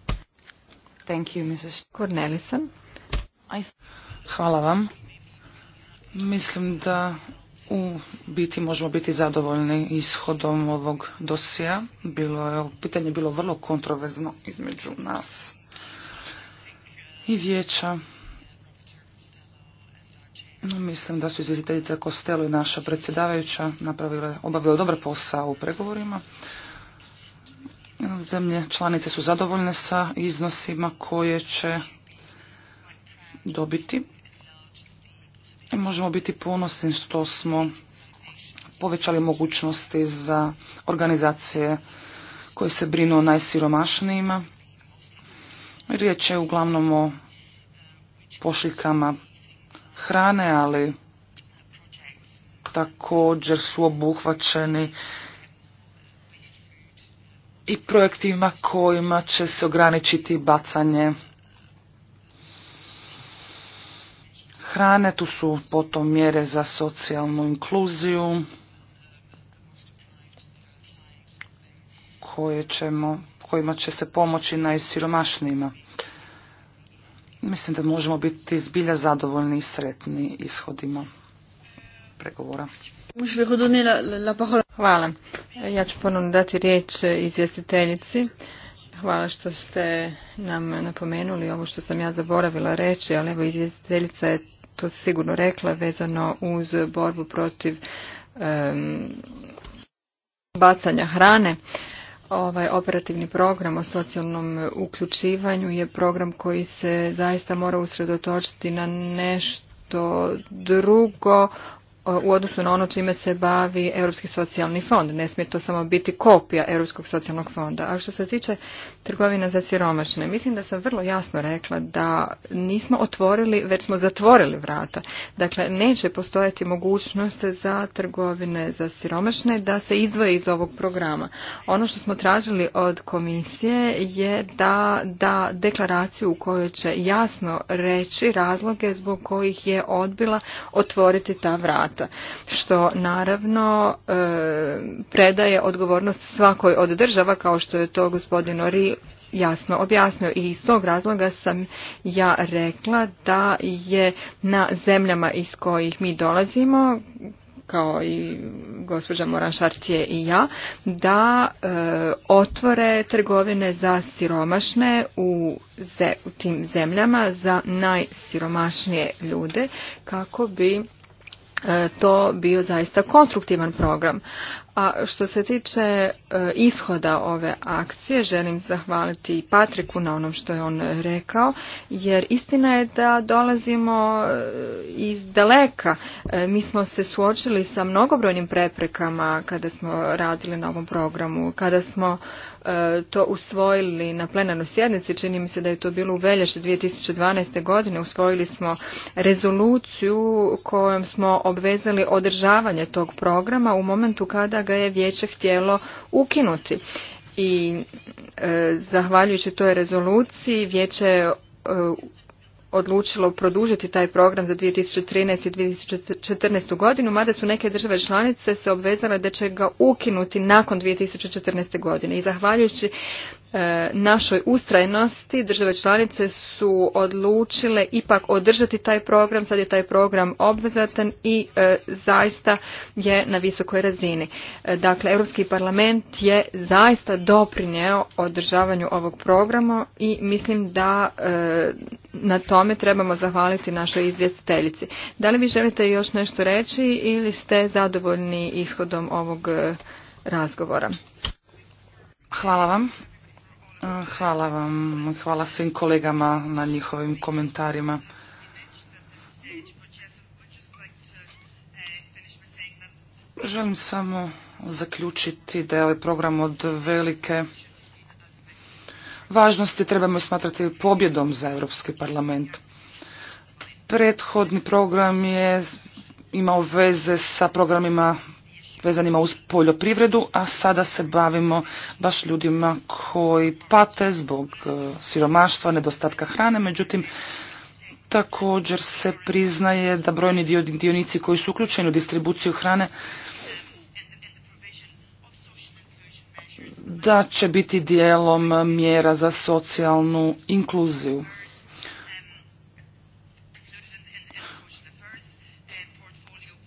Thank you, Mrs. Cornelison. Hvala vam. Mislim da u biti možemo biti zadovoljni ishodom ovog dosija. Bilo je, pitanje je bilo vrlo kontroverzno između nas i vijeća. No, mislim da su izvjestiteljica Kostelo i naša predsjedavajuća napravile, obavile dobar posao u pregovorima. Zemlje članice su zadovoljne sa iznosima koje će dobiti možemo biti ponosni što smo povećali mogućnosti za organizacije koje se brinu o najsiromašnijima. Riječ je uglavnom o pošiljkama hrane, ali također su obuhvaćeni i projektima kojima će se ograničiti bacanje hrane, tu su potom mjere za socijalnu inkluziju koje ćemo, kojima će se pomoći najsiromašnijima. Mislim da možemo biti zbilja zadovoljni i sretni ishodima pregovora. Hvala. Ja ću ponovno dati riječ izvjestiteljici. Hvala što ste nam napomenuli ovo što sam ja zaboravila reći, ali evo izvjestiteljica je to sigurno rekla vezano uz borbu protiv bacanja hrane. Ovaj operativni program o socijalnom uključivanju je program koji se zaista mora usredotočiti na nešto drugo u odnosu na ono čime se bavi Europski socijalni fond. Ne smije to samo biti kopija Europskog socijalnog fonda. A što se tiče trgovina za siromašne, mislim da sam vrlo jasno rekla da nismo otvorili, već smo zatvorili vrata. Dakle, neće postojati mogućnost za trgovine za siromašne da se izdvoje iz ovog programa. Ono što smo tražili od komisije je da da deklaraciju u kojoj će jasno reći razloge zbog kojih je odbila otvoriti ta vrata što naravno e, predaje odgovornost svakoj od država kao što je to gospodin Ori jasno objasnio i iz tog razloga sam ja rekla da je na zemljama iz kojih mi dolazimo kao i gospođa Moran Šartije i ja, da e, otvore trgovine za siromašne u, u tim zemljama, za najsiromašnije ljude, kako bi E, to bio zaista konstruktivan program. A što se tiče e, ishoda ove akcije, želim zahvaliti i Patriku na onom što je on rekao, jer istina je da dolazimo e, iz daleka. E, mi smo se suočili sa mnogobrojnim preprekama kada smo radili na ovom programu, kada smo to usvojili na plenarnoj sjednici, čini mi se da je to bilo u veljači 2012. godine, usvojili smo rezoluciju kojom smo obvezali održavanje tog programa u momentu kada ga je vijeće htjelo ukinuti. I e, zahvaljujući toj rezoluciji vijeće je e, odlučilo produžiti taj program za 2013. i 2014. godinu, mada su neke države članice se obvezale da će ga ukinuti nakon 2014. godine. I zahvaljujući E, našoj ustrajnosti države članice su odlučile ipak održati taj program, sad je taj program obvezatan i e, zaista je na visokoj razini. E, dakle, Europski parlament je zaista doprinjeo održavanju ovog programa i mislim da na tome trebamo zahvaliti našoj izvjestiteljici. Da li vi želite još nešto reći ili ste zadovoljni ishodom ovog razgovora? Hvala vam. Hvala vam. Hvala svim kolegama na njihovim komentarima. Želim samo zaključiti da je ovaj program od velike važnosti. Trebamo smatrati pobjedom za Europski parlament. Prethodni program je imao veze sa programima vezanima uz poljoprivredu, a sada se bavimo baš ljudima koji pate zbog e, siromaštva, nedostatka hrane, međutim također se priznaje da brojni dionici koji su uključeni u distribuciju hrane da će biti dijelom mjera za socijalnu inkluziju.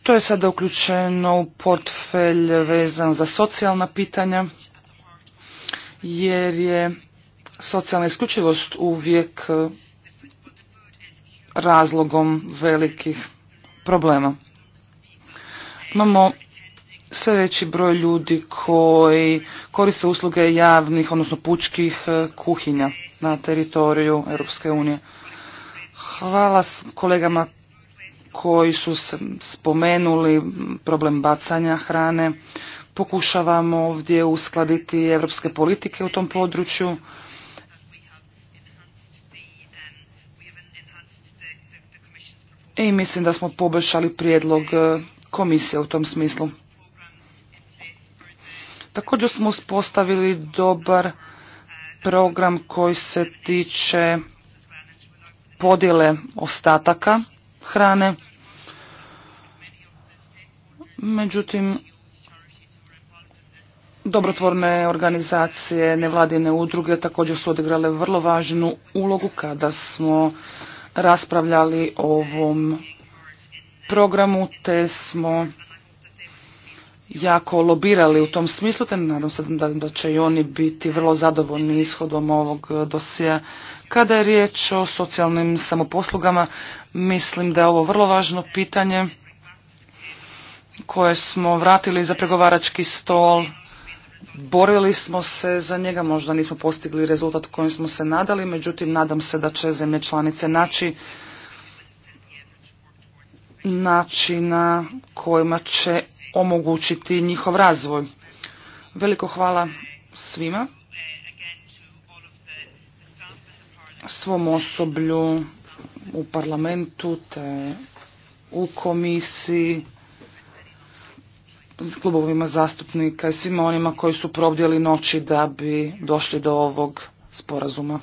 To je sada uključeno u portfelj vezan za socijalna pitanja, jer je socijalna isključivost uvijek razlogom velikih problema. Imamo sve veći broj ljudi koji koriste usluge javnih, odnosno pučkih e, kuhinja na teritoriju Europske unije. Hvala kolegama koji su spomenuli problem bacanja hrane. Pokušavamo ovdje uskladiti evropske politike u tom području. I mislim da smo poboljšali prijedlog e, komisije u tom smislu. Također smo uspostavili dobar program koji se tiče podjele ostataka hrane. Međutim, dobrotvorne organizacije, nevladine udruge također su odigrale vrlo važnu ulogu kada smo raspravljali o ovom programu, te smo jako lobirali u tom smislu, te nadam se da će i oni biti vrlo zadovoljni ishodom ovog eh, dosija. Kada je riječ o socijalnim samoposlugama, mislim da je ovo vrlo važno pitanje koje smo vratili za pregovarački stol. Borili smo se za njega, možda nismo postigli rezultat kojim smo se nadali, međutim nadam se da će zemlje članice naći načina kojima će omogućiti njihov razvoj. Veliko hvala svima, svom osoblju u parlamentu te u komisiji, klubovima zastupnika i svima onima koji su probdjeli noći da bi došli do ovog sporazuma.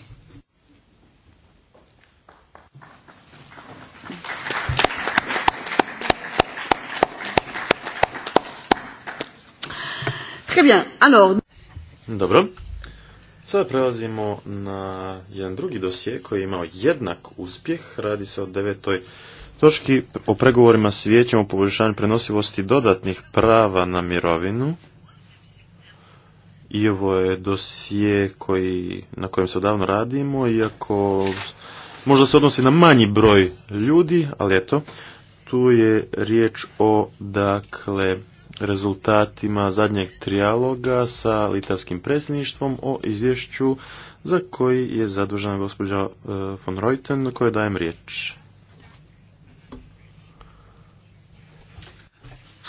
Dobro. Sada prelazimo na jedan drugi dosje koji je imao jednak uspjeh. Radi se o devetoj točki o pregovorima s vijećem o poboljšanju prenosivosti dodatnih prava na mirovinu. I ovo je dosije koji, na kojem se odavno radimo, iako možda se odnosi na manji broj ljudi, ali eto, tu je riječ o, dakle, rezultatima zadnjeg trijaloga sa litavskim predsjedništvom o izvješću za koji je zadužena gospođa e, von Reuten kojoj dajem riječ.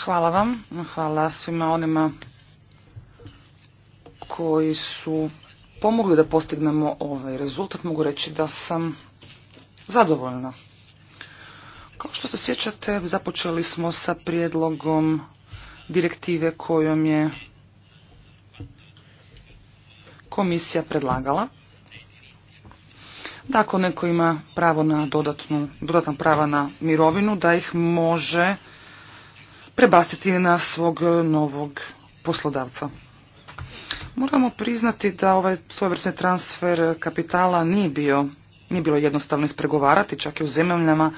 Hvala vam. Hvala svima onima koji su pomogli da postignemo ovaj rezultat. Mogu reći da sam zadovoljna. Kao što se sjećate, započeli smo sa prijedlogom direktive kojom je komisija predlagala. Da ako neko ima pravo na dodatnu, dodatna prava na mirovinu, da ih može prebaciti na svog novog poslodavca. Moramo priznati da ovaj svojevrsni transfer kapitala nije bio nije bilo jednostavno ispregovarati, čak i u zemljama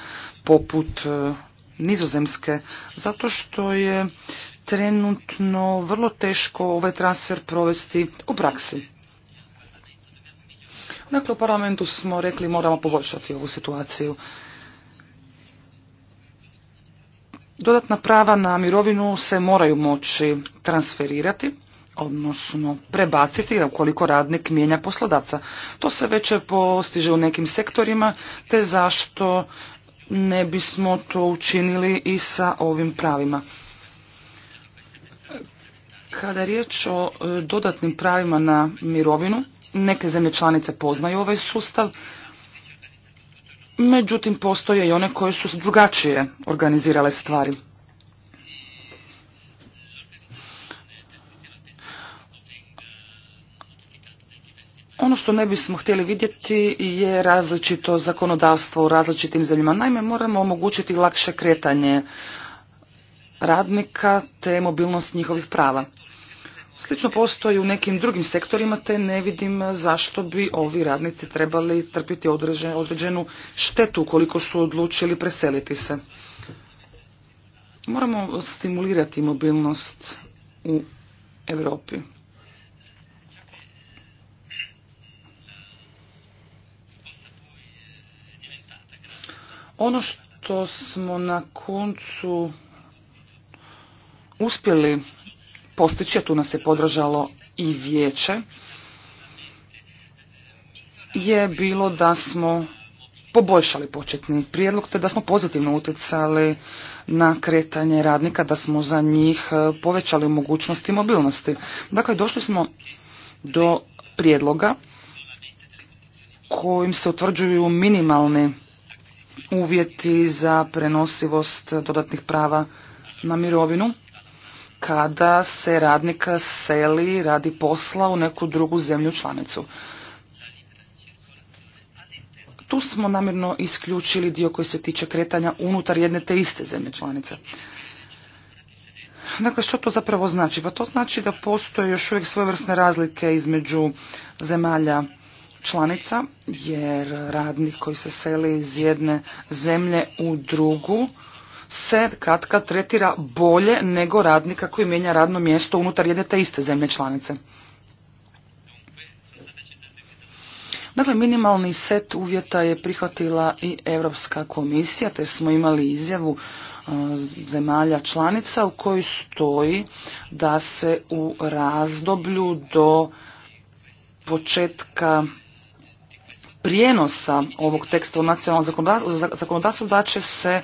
poput eh, nizozemske, zato što je trenutno vrlo teško ovaj transfer provesti u praksi. Dakle, u parlamentu smo rekli moramo poboljšati ovu situaciju. Dodatna prava na mirovinu se moraju moći transferirati, odnosno prebaciti ukoliko radnik mijenja poslodavca. To se već postiže u nekim sektorima, te zašto ne bismo to učinili i sa ovim pravima. Kada je riječ o e, dodatnim pravima na mirovinu, neke zemlje članice poznaju ovaj sustav, međutim postoje i one koje su drugačije organizirale stvari. Ono što ne bismo htjeli vidjeti je različito zakonodavstvo u različitim zemljama. Naime, moramo omogućiti lakše kretanje radnika te mobilnost njihovih prava. Slično postoji u nekim drugim sektorima te ne vidim zašto bi ovi radnici trebali trpiti određenu štetu ukoliko su odlučili preseliti se. Moramo stimulirati mobilnost u Europi. Ono što smo na koncu uspjeli postići, a tu nas je podržalo i vijeće, je bilo da smo poboljšali početni prijedlog, te da smo pozitivno utjecali na kretanje radnika, da smo za njih e, povećali mogućnosti mobilnosti. Dakle, došli smo do prijedloga kojim se utvrđuju minimalni uvjeti za prenosivost dodatnih prava na mirovinu kada se radnika seli radi posla u neku drugu zemlju članicu. Tu smo namjerno isključili dio koji se tiče kretanja unutar jedne te iste zemlje članice. Dakle, što to zapravo znači? Pa to znači da postoje još uvijek svojevrsne razlike između zemalja članica, jer radnik koji se seli iz jedne zemlje u drugu, se katka tretira bolje nego radnika koji mijenja radno mjesto unutar jedne te iste zemlje članice. Dakle, minimalni set uvjeta je prihvatila i Europska komisija, te smo imali izjavu e, zemalja članica u kojoj stoji da se u razdoblju do početka prijenosa ovog teksta u nacionalnom zakonodavstvu da će se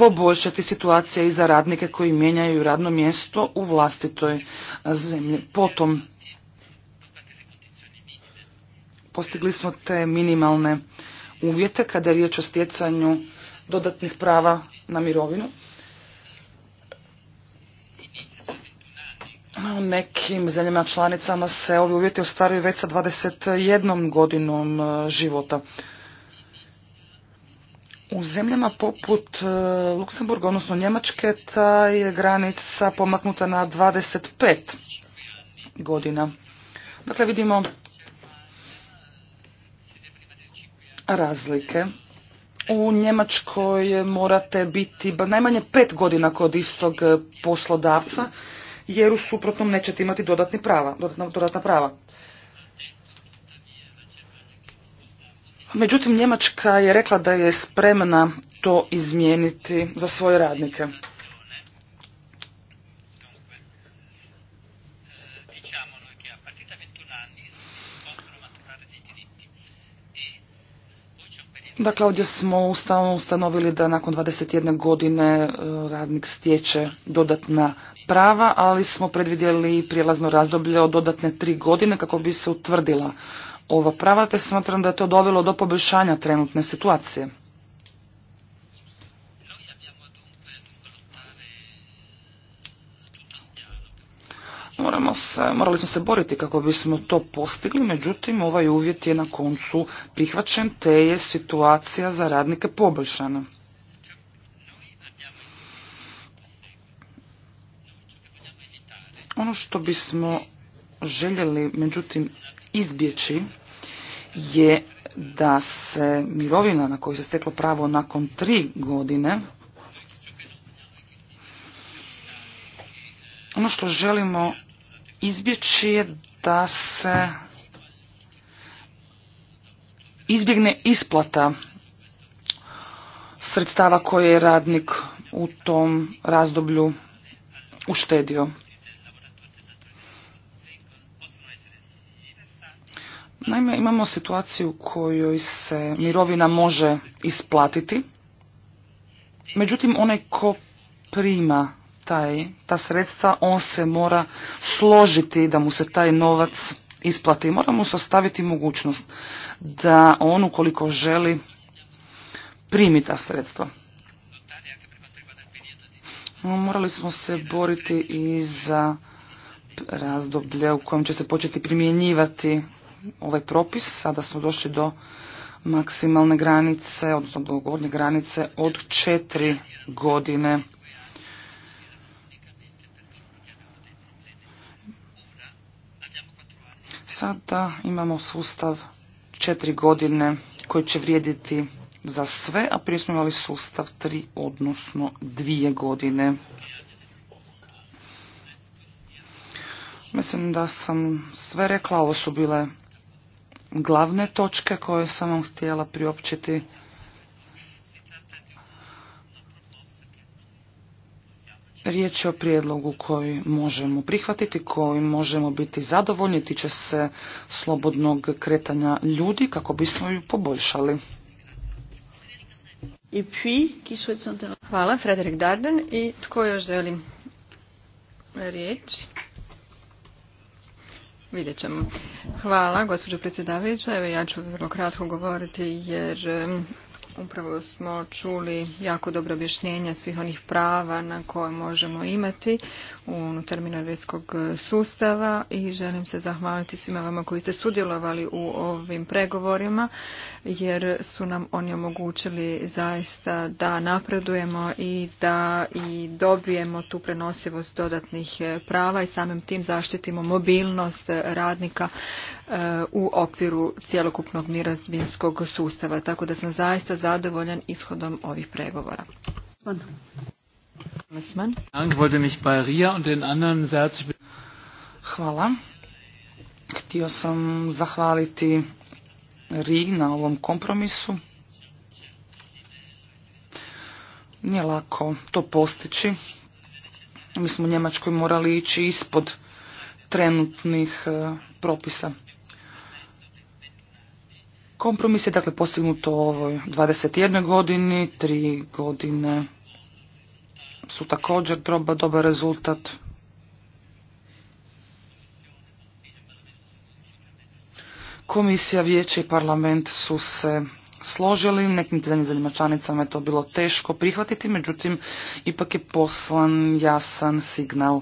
poboljšati situacija i za radnike koji mijenjaju radno mjesto u vlastitoj zemlji. Potom postigli smo te minimalne uvjete kada je riječ o stjecanju dodatnih prava na mirovinu. U nekim zemljama članicama se ovi uvjeti ostvaruju već sa 21 godinom e, života. U zemljama poput e, Luksemburga, odnosno Njemačke, ta je granica pomaknuta na 25 godina. Dakle, vidimo razlike. U Njemačkoj morate biti najmanje pet godina kod istog poslodavca, jer u suprotnom nećete imati prava, dodatna prava. Međutim, Njemačka je rekla da je spremna to izmijeniti za svoje radnike. Dakle, ovdje smo ustanovili da nakon 21 godine e, radnik stječe dodatna prava, ali smo predvidjeli prijelazno razdoblje od dodatne tri godine kako bi se utvrdila ova prava, te smatram da je to dovelo do poboljšanja trenutne situacije. Moramo morali smo se boriti kako bismo to postigli, međutim ovaj uvjet je na koncu prihvaćen te je situacija za radnike poboljšana. Ono što bismo željeli, međutim, izbjeći je da se mirovina na koju se steklo pravo nakon tri godine, ono što želimo izbjeći je da se izbjegne isplata sredstava koje je radnik u tom razdoblju uštedio. Naime, imamo situaciju u kojoj se mirovina može isplatiti, međutim onaj ko prima taj, ta sredstva, on se mora složiti da mu se taj novac isplati. Mora mu se ostaviti mogućnost da on ukoliko želi primi ta sredstva. Morali smo se boriti i za razdoblje u kojem će se početi primjenjivati ovaj propis. Sada smo došli do maksimalne granice, odnosno do gornje granice od četiri godine. Sada imamo sustav četiri godine koji će vrijediti za sve, a prije smo imali sustav tri, odnosno dvije godine. Mislim da sam sve rekla, ovo su bile glavne točke koje sam vam htjela priopćiti. Riječ je o prijedlogu koji možemo prihvatiti, koji možemo biti zadovoljni, tiče se slobodnog kretanja ljudi kako bismo ju poboljšali. Hvala, Frederik Darden. I tko još želi riječ? Vidjet ćemo. Hvala, gospođo predsjedavajuća. Evo ja ću vrlo kratko govoriti jer upravo smo čuli jako dobro objašnjenja svih onih prava na koje možemo imati unutar terminalijskog e, sustava i želim se zahvaliti svima vama koji ste sudjelovali u ovim pregovorima jer su nam oni omogućili zaista da napredujemo i da i dobijemo tu prenosivost dodatnih e, prava i samim tim zaštitimo mobilnost radnika e, u okviru cjelokupnog mirazbinskog sustava. Tako da sam zaista zadovoljan ishodom ovih pregovora. Hvala. Htio sam zahvaliti Ri na ovom kompromisu. Nije lako to postići. Mi smo u Njemačkoj morali ići ispod trenutnih e, propisa. Kompromis je dakle postignut u ovoj 21. godini, tri godine su također dobar rezultat. Komisija, vijeće i parlament su se složili, nekim zemljama članicama je to bilo teško prihvatiti, međutim ipak je poslan jasan signal.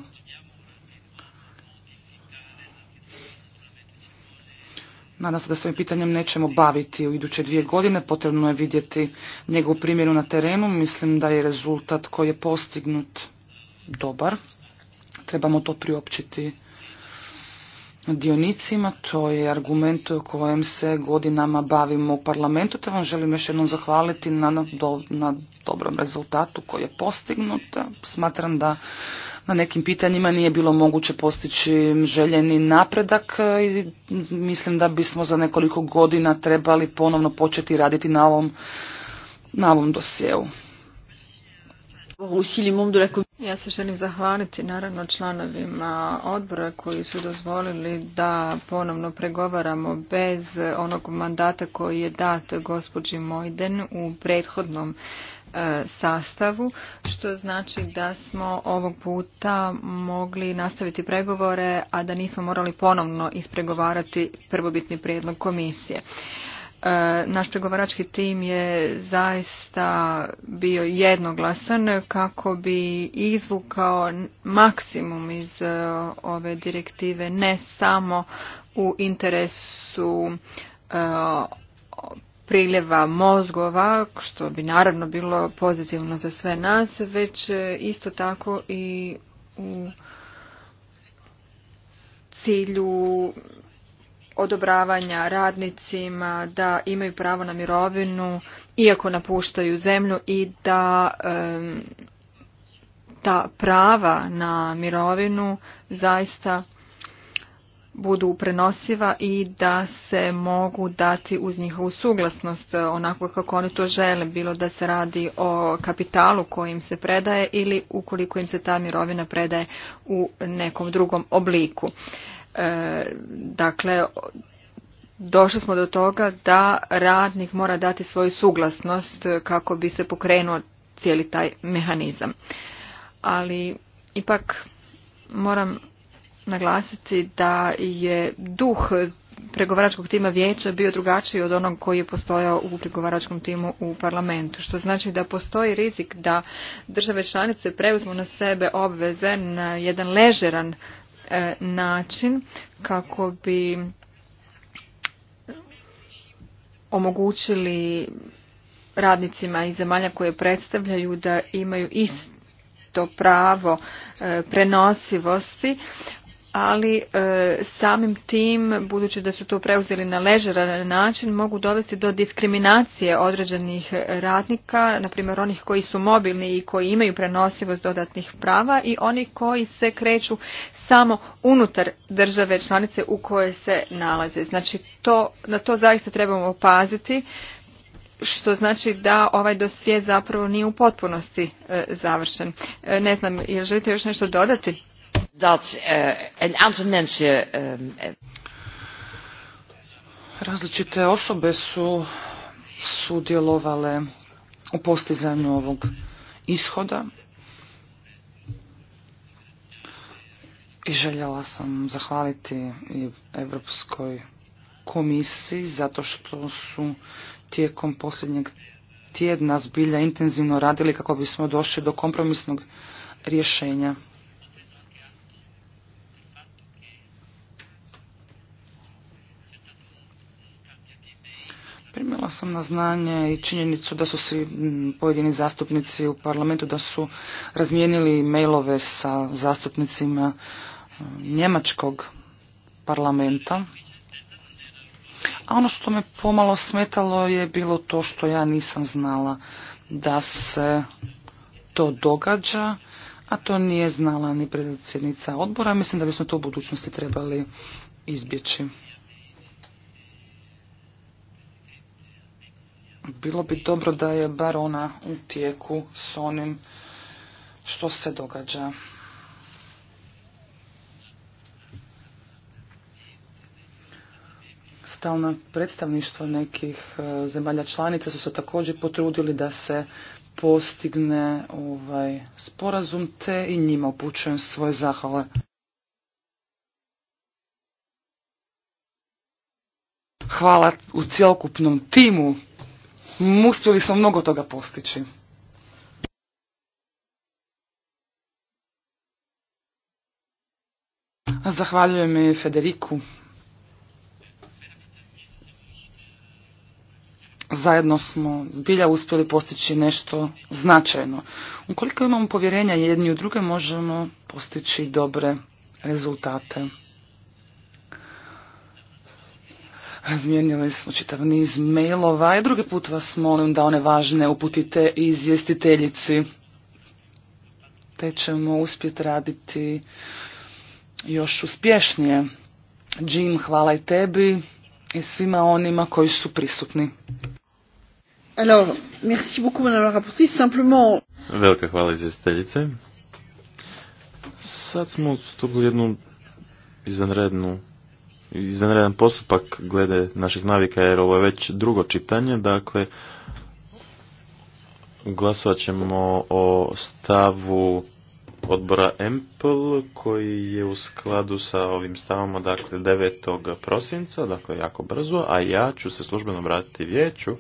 Nadam se da ovim pitanjem nećemo baviti u iduće dvije godine. Potrebno je vidjeti njegovu primjeru na terenu. Mislim da je rezultat koji je postignut dobar. Trebamo to priopćiti dionicima. To je argument u kojem se godinama bavimo u parlamentu, te vam želim još jednom zahvaliti na, na dobrom rezultatu koji je postignut. Smatram da na nekim pitanjima nije bilo moguće postići željeni napredak i mislim da bismo za nekoliko godina trebali ponovno početi raditi na ovom, na ovom dosjeu. Ja se želim zahvaliti naravno članovima odbora koji su dozvolili da ponovno pregovaramo bez onog mandata koji je dat gospođi Mojden u prethodnom e, sastavu, što znači da smo ovog puta mogli nastaviti pregovore, a da nismo morali ponovno ispregovarati prvobitni prijedlog komisije. E, naš pregovarački tim je zaista bio jednoglasan kako bi izvukao maksimum iz e, ove direktive ne samo u interesu e, priljeva mozgova, što bi naravno bilo pozitivno za sve nas, već isto tako i u cilju odobravanja radnicima da imaju pravo na mirovinu iako napuštaju zemlju i da ta prava na mirovinu zaista budu prenosiva i da se mogu dati uz njihovu suglasnost eh, onako kako oni to žele, bilo da se radi o kapitalu kojim se predaje ili ukoliko im se ta mirovina predaje u nekom drugom obliku. E, dakle, došli smo do toga da radnik mora dati svoju suglasnost kako bi se pokrenuo cijeli taj mehanizam. Ali ipak moram naglasiti da je duh pregovaračkog tima vijeća bio drugačiji od onog koji je postojao u pregovaračkom timu u parlamentu, što znači da postoji rizik da države članice preuzmu na sebe obveze na jedan ležeran E, način kako bi omogućili radnicima iz zemalja koje predstavljaju da imaju isto pravo e, prenosivosti ali e, samim tim, budući da su to preuzeli na ležeran način, mogu dovesti do diskriminacije određenih radnika, na primjer onih koji su mobilni i koji imaju prenosivost dodatnih prava i onih koji se kreću samo unutar države članice u koje se nalaze. Znači, to, na to zaista trebamo paziti što znači da ovaj dosje zapravo nije u potpunosti e, završen. E, ne znam, jel želite još nešto dodati? dat eh, een aantal mensen... Ehm, eh, Različite osobe su sudjelovale u postizanju ovog ishoda. I željela sam zahvaliti i Evropskoj komisiji zato što su tijekom posljednjeg tjedna zbilja intenzivno radili kako bismo došli do kompromisnog rješenja. sam na znanje i činjenicu da su svi pojedini zastupnici u parlamentu da su razmijenili mailove sa zastupnicima njemačkog parlamenta. A ono što me pomalo smetalo je bilo to što ja nisam znala da se to događa, a to nije znala ni predsjednica odbora. Mislim da bismo to u budućnosti trebali izbjeći. bilo bi dobro da je bar ona u tijeku s onim što se događa. Stalna predstavništva nekih e, zemalja članica su se također potrudili da se postigne ovaj sporazum te i njima upućujem svoje zahvale. Hvala u cjelokupnom timu uspjeli smo mnogo toga postići. Zahvaljujem i Federiku. Zajedno smo bilja uspjeli postići nešto značajno. Ukoliko imamo povjerenja jedni u druge, možemo postići dobre rezultate. Razmijenili smo čitav niz mailova i drugi put vas molim da one važne uputite izvjestiteljici. Te ćemo uspjeti raditi još uspješnije. Jim, hvala i tebi i svima onima koji su prisutni. Alors, merci beaucoup, Velika hvala izvjestiteljice. Sad smo stupili jednu izvanrednu izvanredan postupak glede naših navika jer ovo je već drugo čitanje, dakle glasovat ćemo o stavu odbora MPL koji je u skladu sa ovim stavama dakle 9. prosinca, dakle jako brzo, a ja ću se službeno vratiti vijeću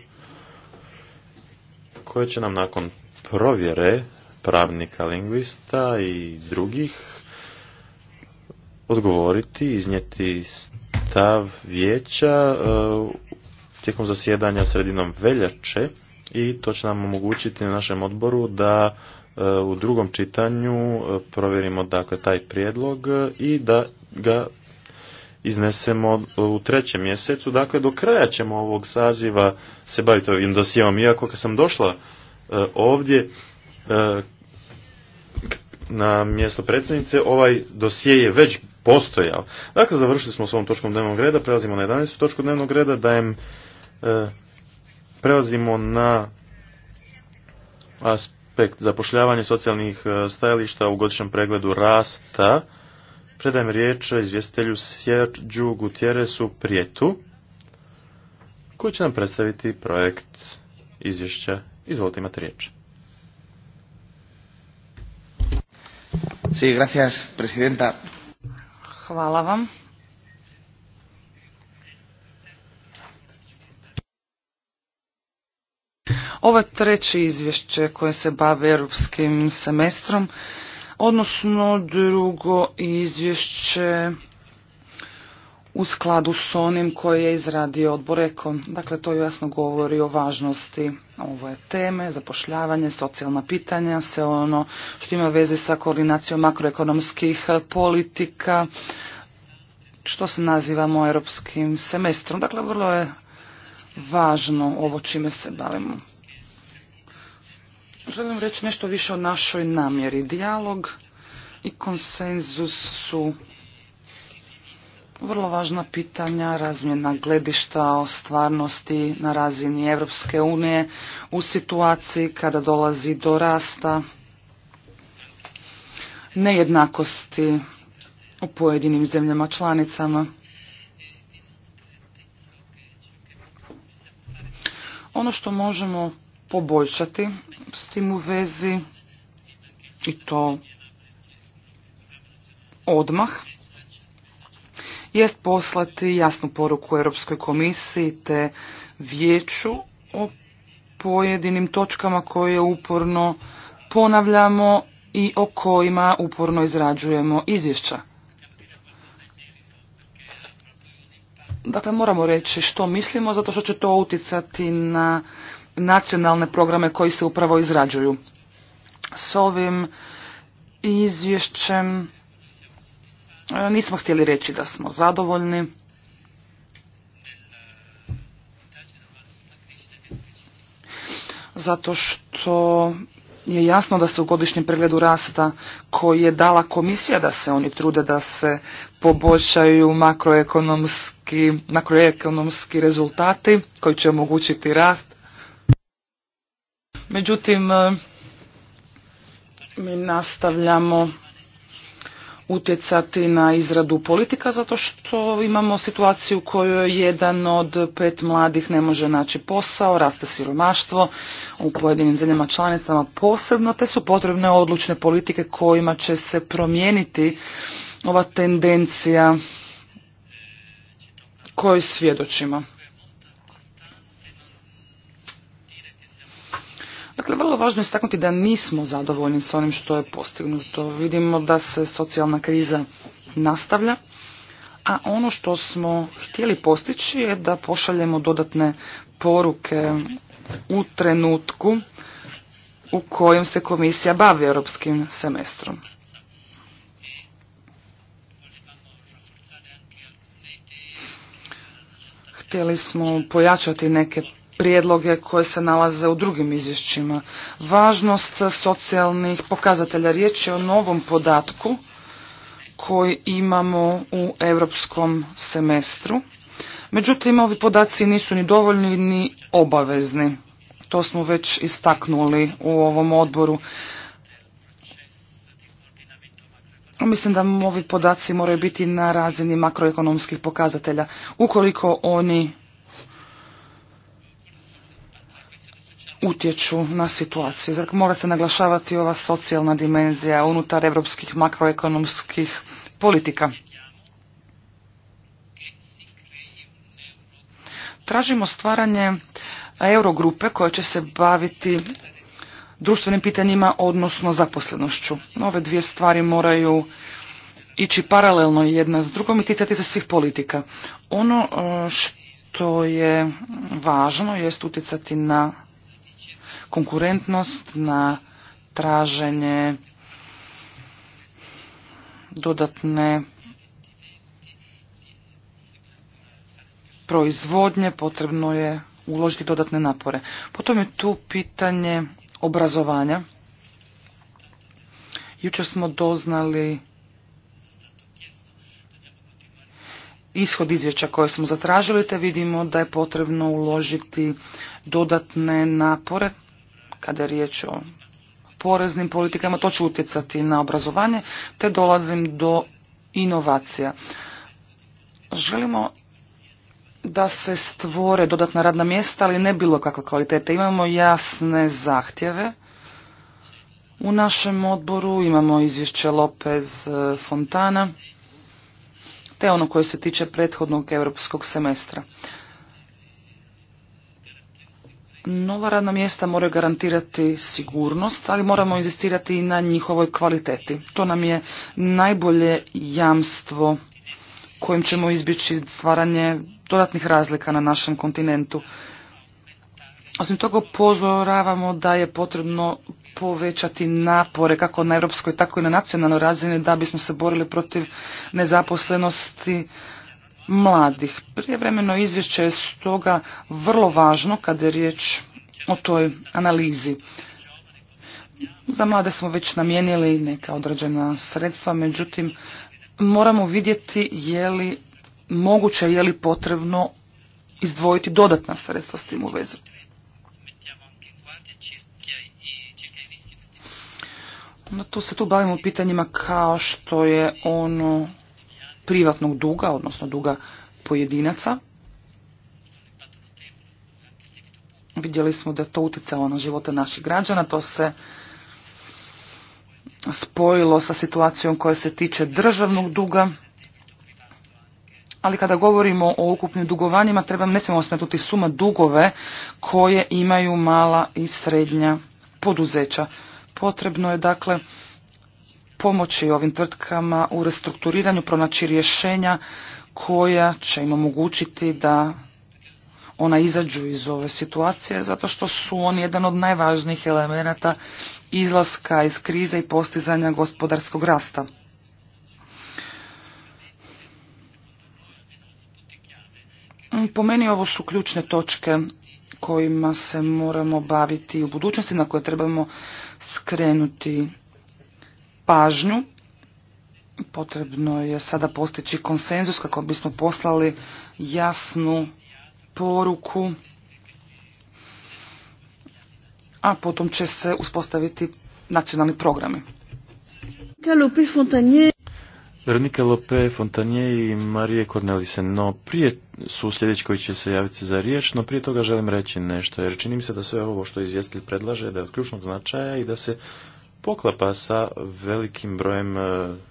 koje će nam nakon provjere pravnika lingvista i drugih odgovoriti, iznijeti stav vijeća e, tijekom zasjedanja sredinom veljače i to će nam omogućiti na našem odboru da e, u drugom čitanju e, provjerimo dakle taj prijedlog i da ga iznesemo u trećem mjesecu. Dakle, do kraja ćemo ovog saziva se baviti ovim dosijevom. Iako kad sam došla ovdje na mjesto predsjednice, ovaj dosije je već postojao. Dakle, završili smo s ovom točkom dnevnog reda, prelazimo na 11. točku dnevnog reda, dajem, e, prelazimo na aspekt zapošljavanja socijalnih e, stajališta u godišnjem pregledu rasta. Predajem riječ izvjestitelju Sjerđu Gutjeresu Prijetu, koji će nam predstaviti projekt izvješća. Izvolite, imate riječ. Sí, gracias, presidenta. Hvala vam. Ovo treće izvješće koje se bave europskim semestrom, odnosno drugo izvješće u skladu s onim koji je izradio odbor Ekon. Dakle, to jasno govori o važnosti ove teme, zapošljavanje, socijalna pitanja, sve ono što ima veze sa koordinacijom makroekonomskih politika, što se nazivamo europskim semestrom. Dakle, vrlo je važno ovo čime se bavimo. Želim reći nešto više o našoj namjeri. Dijalog i konsenzus su vrlo važna pitanja, razmjena gledišta o stvarnosti na razini Europske unije u situaciji kada dolazi do rasta nejednakosti u pojedinim zemljama članicama. Ono što možemo poboljšati s tim u vezi i to odmah jest poslati jasnu poruku Europskoj komisiji te vijeću o pojedinim točkama koje uporno ponavljamo i o kojima uporno izrađujemo izvješća. Dakle, moramo reći što mislimo, zato što će to uticati na nacionalne programe koji se upravo izrađuju. S ovim izvješćem E, nismo htjeli reći da smo zadovoljni. Zato što je jasno da se u godišnjem pregledu rasta koji je dala komisija da se oni trude da se poboljšaju makroekonomski, makroekonomski rezultati koji će omogućiti rast. Međutim, e, mi nastavljamo utjecati na izradu politika zato što imamo situaciju u kojoj jedan od pet mladih ne može naći posao, raste siromaštvo u pojedinim zemljama članicama posebno, te su potrebne odlučne politike kojima će se promijeniti ova tendencija kojoj svjedočimo. Dakle, vrlo važno je istaknuti da nismo zadovoljni s onim što je postignuto. Vidimo da se socijalna kriza nastavlja, a ono što smo htjeli postići je da pošaljemo dodatne poruke u trenutku u kojem se komisija bavi europskim semestrom. Htjeli smo pojačati neke prijedloge koje se nalaze u drugim izvješćima. Važnost socijalnih pokazatelja. Riječ je o novom podatku koji imamo u europskom semestru. Međutim, ovi podaci nisu ni dovoljni ni obavezni. To smo već istaknuli u ovom odboru. Mislim da ovi podaci moraju biti na razini makroekonomskih pokazatelja. Ukoliko oni utječu na situaciju. Zato mora se naglašavati ova socijalna dimenzija unutar evropskih makroekonomskih politika. Tražimo stvaranje Eurogrupe koje će se baviti društvenim pitanjima, odnosno zaposlenošću. Ove dvije stvari moraju ići paralelno jedna s drugom i ticati se svih politika. Ono e, što je važno jest utjecati na konkurentnost, na traženje dodatne proizvodnje, potrebno je uložiti dodatne napore. Potom je tu pitanje obrazovanja. Jučer smo doznali ishod izvješća koje smo zatražili, te vidimo da je potrebno uložiti dodatne napore kada je riječ o poreznim politikama, to će utjecati na obrazovanje, te dolazim do inovacija. Želimo da se stvore dodatna radna mjesta, ali ne bilo kakve kvalitete. Imamo jasne zahtjeve. U našem odboru imamo izvješće Lopez eh, Fontana, te ono koje se tiče prethodnog europskog semestra. Nova radna mjesta moraju garantirati sigurnost, ali moramo inzistirati i na njihovoj kvaliteti. To nam je najbolje jamstvo kojim ćemo izbjeći stvaranje dodatnih razlika na našem kontinentu. Osim toga pozoravamo da je potrebno povećati napore kako na europskoj tako i na nacionalnoj razini da bismo se borili protiv nezaposlenosti mladih. Prijevremeno izvješće je stoga vrlo važno kada je riječ o toj analizi. Za mlade smo već namijenili neka određena sredstva, međutim moramo vidjeti je li moguće, je li potrebno izdvojiti dodatna sredstva s tim u vezi. No, tu se tu bavimo pitanjima kao što je ono privatnog duga, odnosno duga pojedinaca. Vidjeli smo da je to utjecalo na živote naših građana, to se spojilo sa situacijom koja se tiče državnog duga. Ali kada govorimo o ukupnim dugovanjima, treba, ne smijemo smetnuti suma dugove koje imaju mala i srednja poduzeća. Potrebno je dakle pomoći ovim tvrtkama u restrukturiranju, pronaći rješenja koja će im omogućiti da ona izađu iz ove situacije zato što su oni jedan od najvažnijih elemenata izlaska iz krize i postizanja gospodarskog rasta. Po meni ovo su ključne točke kojima se moramo baviti u budućnosti, na koje trebamo skrenuti pažnju. Potrebno je sada postići konsenzus kako bismo poslali jasnu poruku, a potom će se uspostaviti nacionalni programi. Veronika Lope Fontanje i Marije Kornelise, no prije su sljedeći koji će se javiti za riječ, no prije toga želim reći nešto, jer čini mi se da sve ovo što izvjestitelj predlaže da je od ključnog značaja i da se poklapa sa velikim brojem e,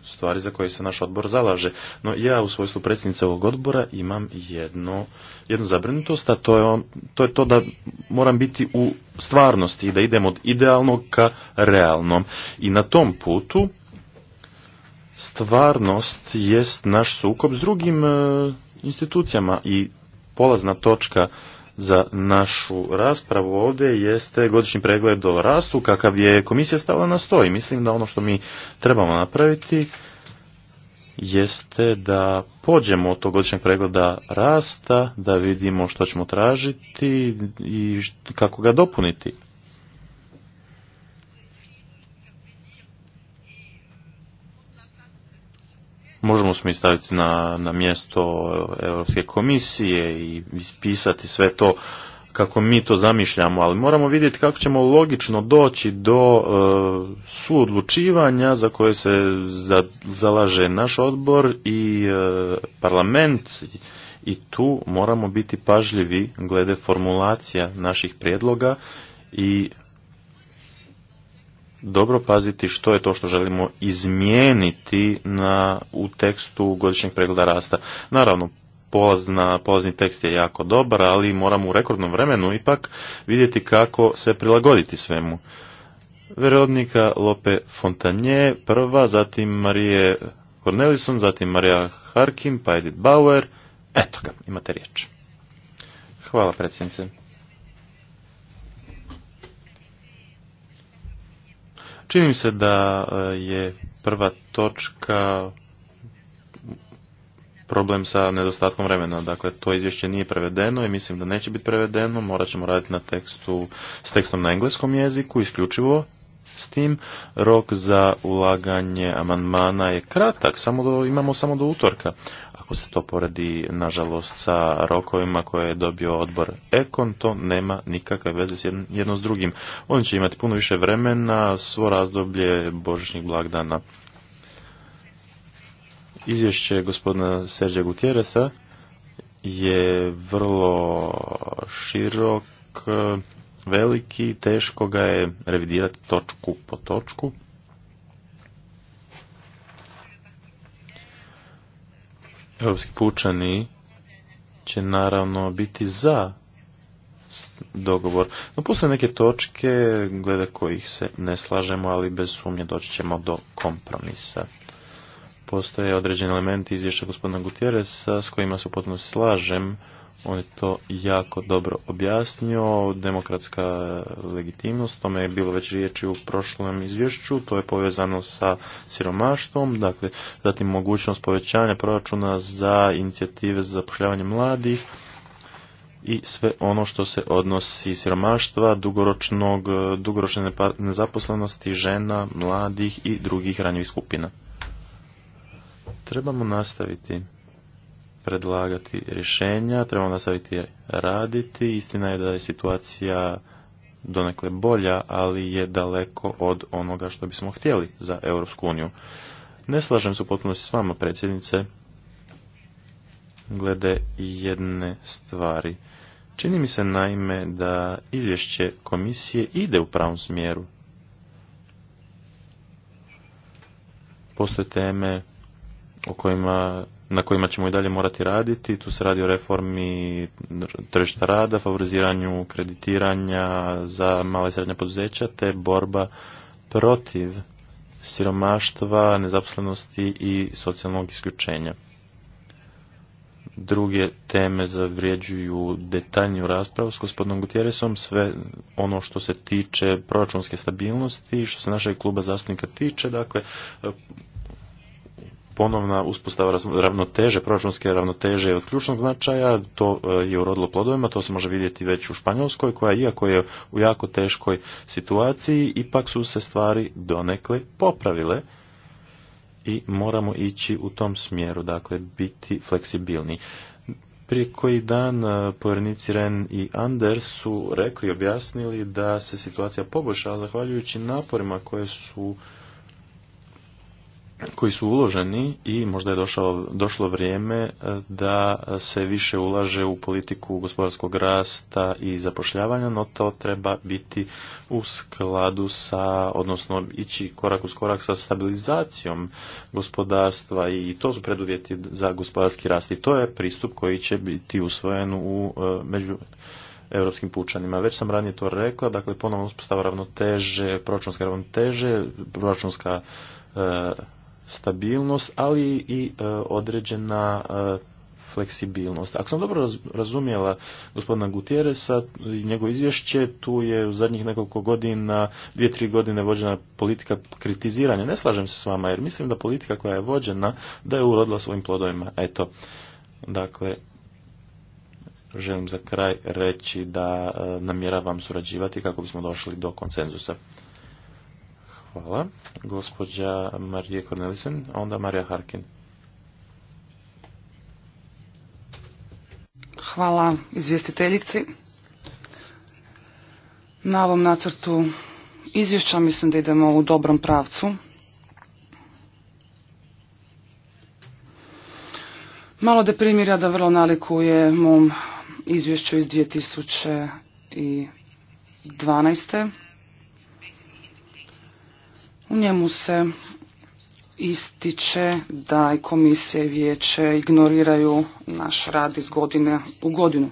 stvari za koje se naš odbor zalaže. No ja u svojstvu predsjednice ovog odbora imam jedno, jednu zabrinutost, a to je, to je to da moram biti u stvarnosti i da idem od idealnog ka realnom. I na tom putu stvarnost jest naš sukob s drugim e, institucijama i polazna točka za našu raspravu ovdje jeste godišnji pregled o rastu kakav je komisija stala na sto i mislim da ono što mi trebamo napraviti jeste da pođemo od tog godišnjeg pregleda rasta, da vidimo što ćemo tražiti i kako ga dopuniti. možemo smo staviti na, na mjesto Europske komisije i ispisati sve to kako mi to zamišljamo, ali moramo vidjeti kako ćemo logično doći do e, suodlučivanja za koje se zalaže naš odbor i e, parlament i tu moramo biti pažljivi glede formulacija naših prijedloga i dobro paziti što je to što želimo izmijeniti na, u tekstu godišnjeg pregleda rasta. Naravno, pozna, polazni tekst je jako dobar, ali moramo u rekordnom vremenu ipak vidjeti kako se prilagoditi svemu. Verodnika Lope Fontanje, prva, zatim Marije Cornelison, zatim Marija Harkin, pa Edith Bauer. Eto ga, imate riječ. Hvala predsjednice. Čini mi se da e, je prva točka problem sa nedostatkom vremena. Dakle, to izvješće nije prevedeno i mislim da neće biti prevedeno. Morat ćemo raditi na tekstu, s tekstom na engleskom jeziku, isključivo s tim. Rok za ulaganje amandmana je kratak, samo do, imamo samo do utorka ako se to poredi, nažalost, sa rokovima koje je dobio odbor Ekon, to nema nikakve veze s jedno s drugim. Oni će imati puno više vremena, svo razdoblje božićnih blagdana. Izvješće gospodina Serđa Gutjeresa je vrlo širok, veliki, teško ga je revidirati točku po točku. Europski pučani će naravno biti za dogovor. No postoje neke točke glede kojih se ne slažemo, ali bez sumnje doći ćemo do kompromisa. Postoje određeni elementi izvješća gospodina Gutjeresa s kojima se potpuno slažem on je to jako dobro objasnio. Demokratska legitimnost, tome je bilo već riječi u prošlom izvješću, to je povezano sa siromaštvom, dakle, zatim mogućnost povećanja proračuna za inicijative za zapošljavanje mladih i sve ono što se odnosi siromaštva, dugoročnog, dugoročne nezaposlenosti žena, mladih i drugih ranjivih skupina. Trebamo nastaviti predlagati rješenja, trebamo nastaviti raditi. Istina je da je situacija donekle bolja, ali je daleko od onoga što bismo htjeli za Europsku uniju. Ne slažem se u potpunosti s vama, predsjednice, glede jedne stvari. Čini mi se naime da izvješće komisije ide u pravom smjeru. Postoje teme o kojima na kojima ćemo i dalje morati raditi. Tu se radi o reformi tržišta rada, favoriziranju kreditiranja za male i srednje poduzeća, te borba protiv siromaštva, nezaposlenosti i socijalnog isključenja. Druge teme zavrijeđuju detaljniju raspravu s gospodinom Gutjeresom, sve ono što se tiče proračunske stabilnosti, što se našeg kluba zastupnika tiče, dakle, ponovna uspostava ravnoteže, proračunske ravnoteže je od ključnog značaja, to e, je urodilo plodovima, to se može vidjeti već u Španjolskoj koja iako je u jako teškoj situaciji, ipak su se stvari donekle popravile i moramo ići u tom smjeru, dakle biti fleksibilni. Prije koji dan e, povjernici Ren i Anders su rekli, objasnili da se situacija poboljšala zahvaljujući naporima koje su koji su uloženi i možda je došao, došlo vrijeme e, da se više ulaže u politiku gospodarskog rasta i zapošljavanja, no to treba biti u skladu sa, odnosno ići korak uz korak sa stabilizacijom gospodarstva i to su preduvjeti za gospodarski rast i to je pristup koji će biti usvojen u e, među europskim pučanima. Već sam ranije to rekla, dakle ponovno uspostava ravnoteže, proračunske ravnoteže, proračunska e, stabilnost, ali i e, određena e, fleksibilnost. Ako sam dobro razumjela gospodina Gutjeresa i njegovo izvješće, tu je u zadnjih nekoliko godina, dvije, tri godine vođena politika kritiziranja. Ne slažem se s vama jer mislim da politika koja je vođena da je urodila svojim plodovima. Eto, dakle, želim za kraj reći da e, namjeravam surađivati kako bismo došli do konsenzusa. Hvala. Gospođa Marije Kornelisen, onda Marija Harkin. Hvala izvjestiteljici. Na ovom nacrtu izvješća mislim da idemo u dobrom pravcu. Malo deprimira da vrlo nalikuje mom izvješću iz 2012. U njemu se ističe da i komisije i vijeće ignoriraju naš rad iz godine u godinu.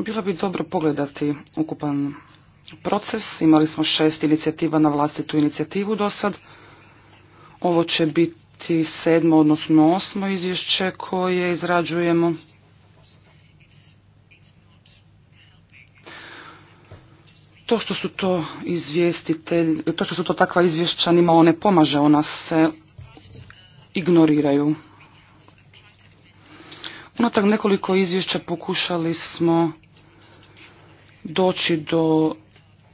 Bilo bi dobro pogledati ukupan proces. Imali smo šest inicijativa na vlastitu inicijativu do sad. Ovo će biti sedmo, odnosno osmo izvješće koje izrađujemo. to što su to izvjestitelj, to što su to takva izvješća nima one pomaže, ona se ignoriraju. Unatak nekoliko izvješća pokušali smo doći do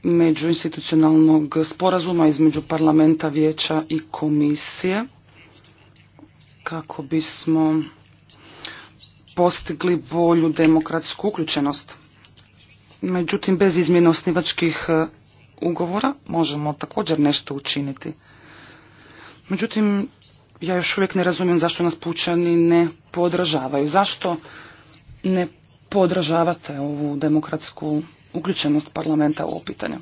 međuinstitucionalnog sporazuma između parlamenta, vijeća i komisije kako bismo postigli bolju demokratsku uključenost međutim bez izmjene osnivačkih e, ugovora možemo također nešto učiniti. Međutim, ja još uvijek ne razumijem zašto nas pučani ne podržavaju. Zašto ne podržavate ovu demokratsku uključenost parlamenta u ovo pitanje?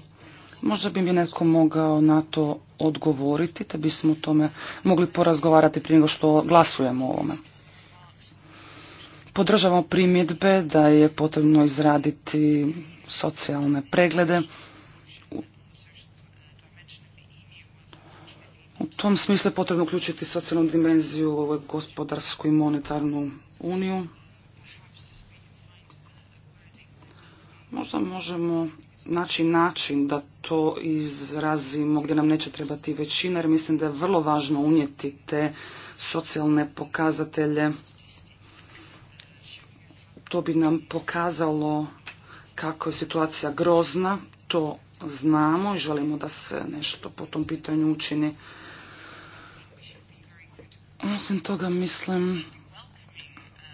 Možda bi mi netko mogao na to odgovoriti, te bismo o tome mogli porazgovarati prije nego što glasujemo o ovome. Podržavamo primjedbe da je potrebno izraditi socijalne preglede. U tom smislu je potrebno uključiti socijalnu dimenziju u gospodarsku i monetarnu uniju. Možda možemo naći način da to izrazimo gdje nam neće trebati većina jer mislim da je vrlo važno unijeti te socijalne pokazatelje to bi nam pokazalo kako je situacija grozna, to znamo i želimo da se nešto po tom pitanju učini. Osim toga mislim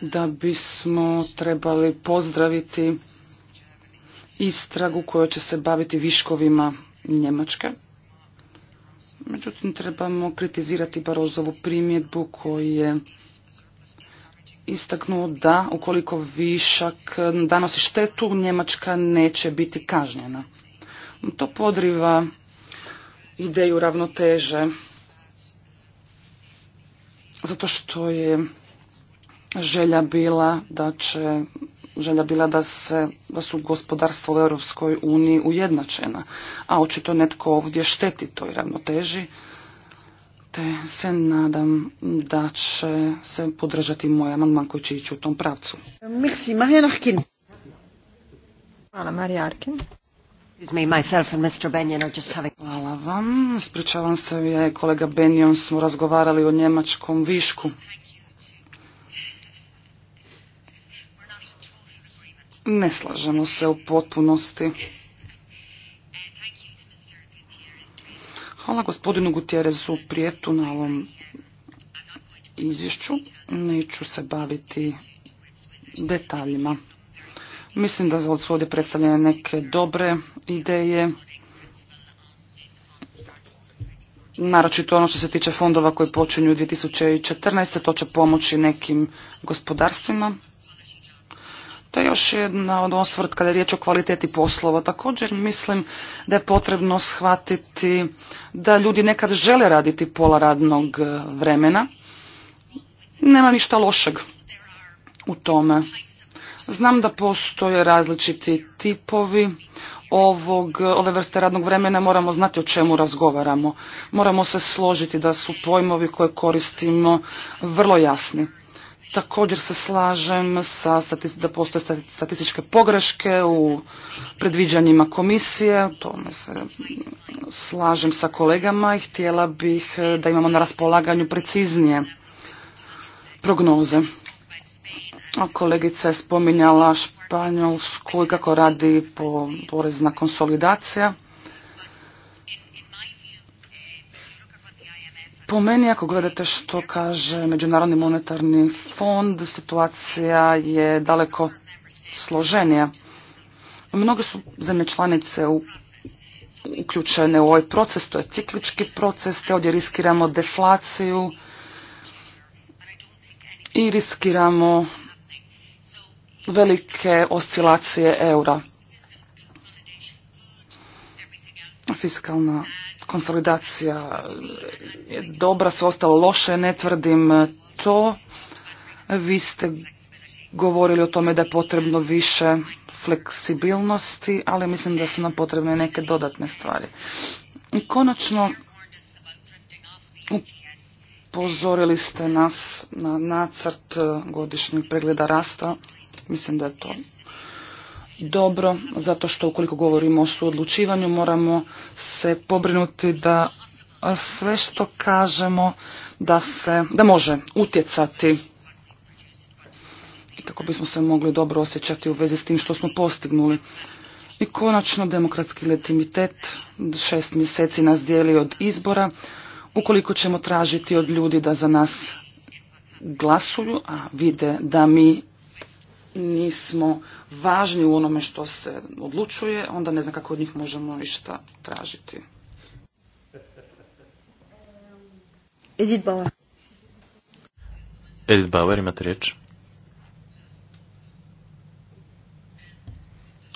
da bismo trebali pozdraviti istragu koja će se baviti viškovima Njemačke. Međutim, trebamo kritizirati Barozovu primjedbu koji je istaknuo da ukoliko višak danosi štetu, Njemačka neće biti kažnjena. To podriva ideju ravnoteže, zato što je želja bila da će želja bila da, se, da su gospodarstvo u Europskoj uniji ujednačena, a očito netko ovdje šteti toj ravnoteži te se nadam da će se podržati moj amandman koji će ići u tom pravcu. Merci, Marija Arkin. Hvala, Marija Arkin. Hvala vam. Spričavam se, ja i kolega Benjon smo razgovarali o njemačkom višku. Ne slažemo se u potpunosti. Hvala gospodinu Gutjerezu Prijetu na ovom izvješću. Neću se baviti detaljima. Mislim da su ovdje predstavljene neke dobre ideje, naročito ono što se tiče fondova koji počinju 2014. To će pomoći nekim gospodarstvima. To je još jedna od osvrt kada je riječ o kvaliteti poslova. Također mislim da je potrebno shvatiti da ljudi nekad žele raditi pola radnog e, vremena. Nema ništa lošeg u tome. Znam da postoje različiti tipovi ovog, ove vrste radnog vremena, moramo znati o čemu razgovaramo. Moramo se složiti da su pojmovi koje koristimo vrlo jasni. Također se slažem sa da postoje statističke pogreške u predviđanjima komisije, tome se slažem sa kolegama i htjela bih eh, da imamo na raspolaganju preciznije prognoze. A kolegica je spominjala Španjolsku i kako radi po porezna konsolidacija. Po meni, ako gledate što kaže Međunarodni monetarni fond, situacija je daleko složenija. Mnoge su zemlje članice u uključene u ovaj proces, to je ciklički proces, te ovdje riskiramo deflaciju i riskiramo velike oscilacije eura. Fiskalna konsolidacija je dobra, sve ostalo loše, ne tvrdim to. Vi ste govorili o tome da je potrebno više fleksibilnosti, ali mislim da su nam potrebne neke dodatne stvari. I konačno, upozorili ste nas na nacrt godišnjeg pregleda rasta. Mislim da je to dobro, zato što ukoliko govorimo o suodlučivanju moramo se pobrinuti da sve što kažemo da se, da može utjecati i kako bismo se mogli dobro osjećati u vezi s tim što smo postignuli. I konačno demokratski legitimitet šest mjeseci nas dijeli od izbora. Ukoliko ćemo tražiti od ljudi da za nas glasuju, a vide da mi nismo važni u onome što se odlučuje, onda ne znam kako od njih možemo išta tražiti. Edith Bauer. Edith Bauer, imate riječ.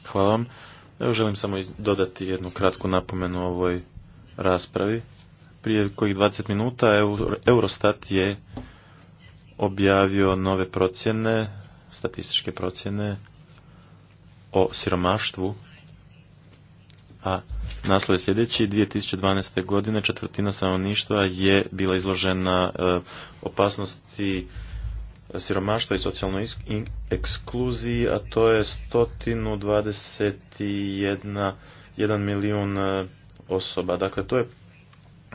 Hvala vam. Evo želim samo dodati jednu kratku napomenu o ovoj raspravi. Prije kojih 20 minuta Eurostat je objavio nove procjene statističke procjene o siromaštvu, a naslov je sljedeći, 2012. godine četvrtina stanovništva je bila izložena e, opasnosti siromaštva i socijalnoj ekskluziji, a to je 121 jedan milijun e, osoba. Dakle, to je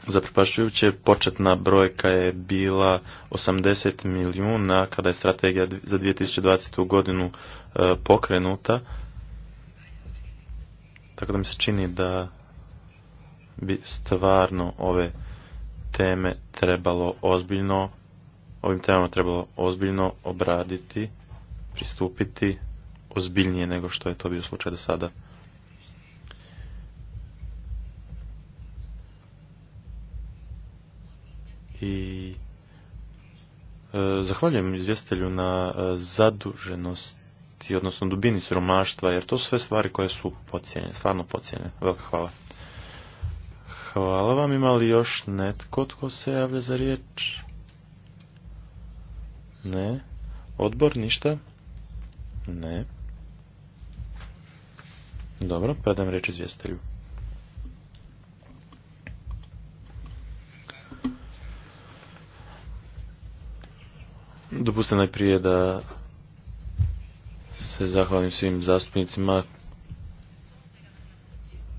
Zaprepašujuće početna brojka je bila 80 milijuna kada je strategija za 2020. godinu e, pokrenuta. Tako da mi se čini da bi stvarno ove teme trebalo ozbiljno, ovim temama trebalo ozbiljno obraditi, pristupiti ozbiljnije nego što je to bio slučaj do sada. i e, zahvaljujem izvjestitelju na e, zaduženosti, odnosno dubini siromaštva, jer to su sve stvari koje su pocijene, stvarno pocijene. Velika hvala. Hvala vam. Ima li još netko tko se javlja za riječ? Ne. Odbor, ništa? Ne. Dobro, predam riječ izvjestitelju. Dopustite najprije da se zahvalim svim zastupnicima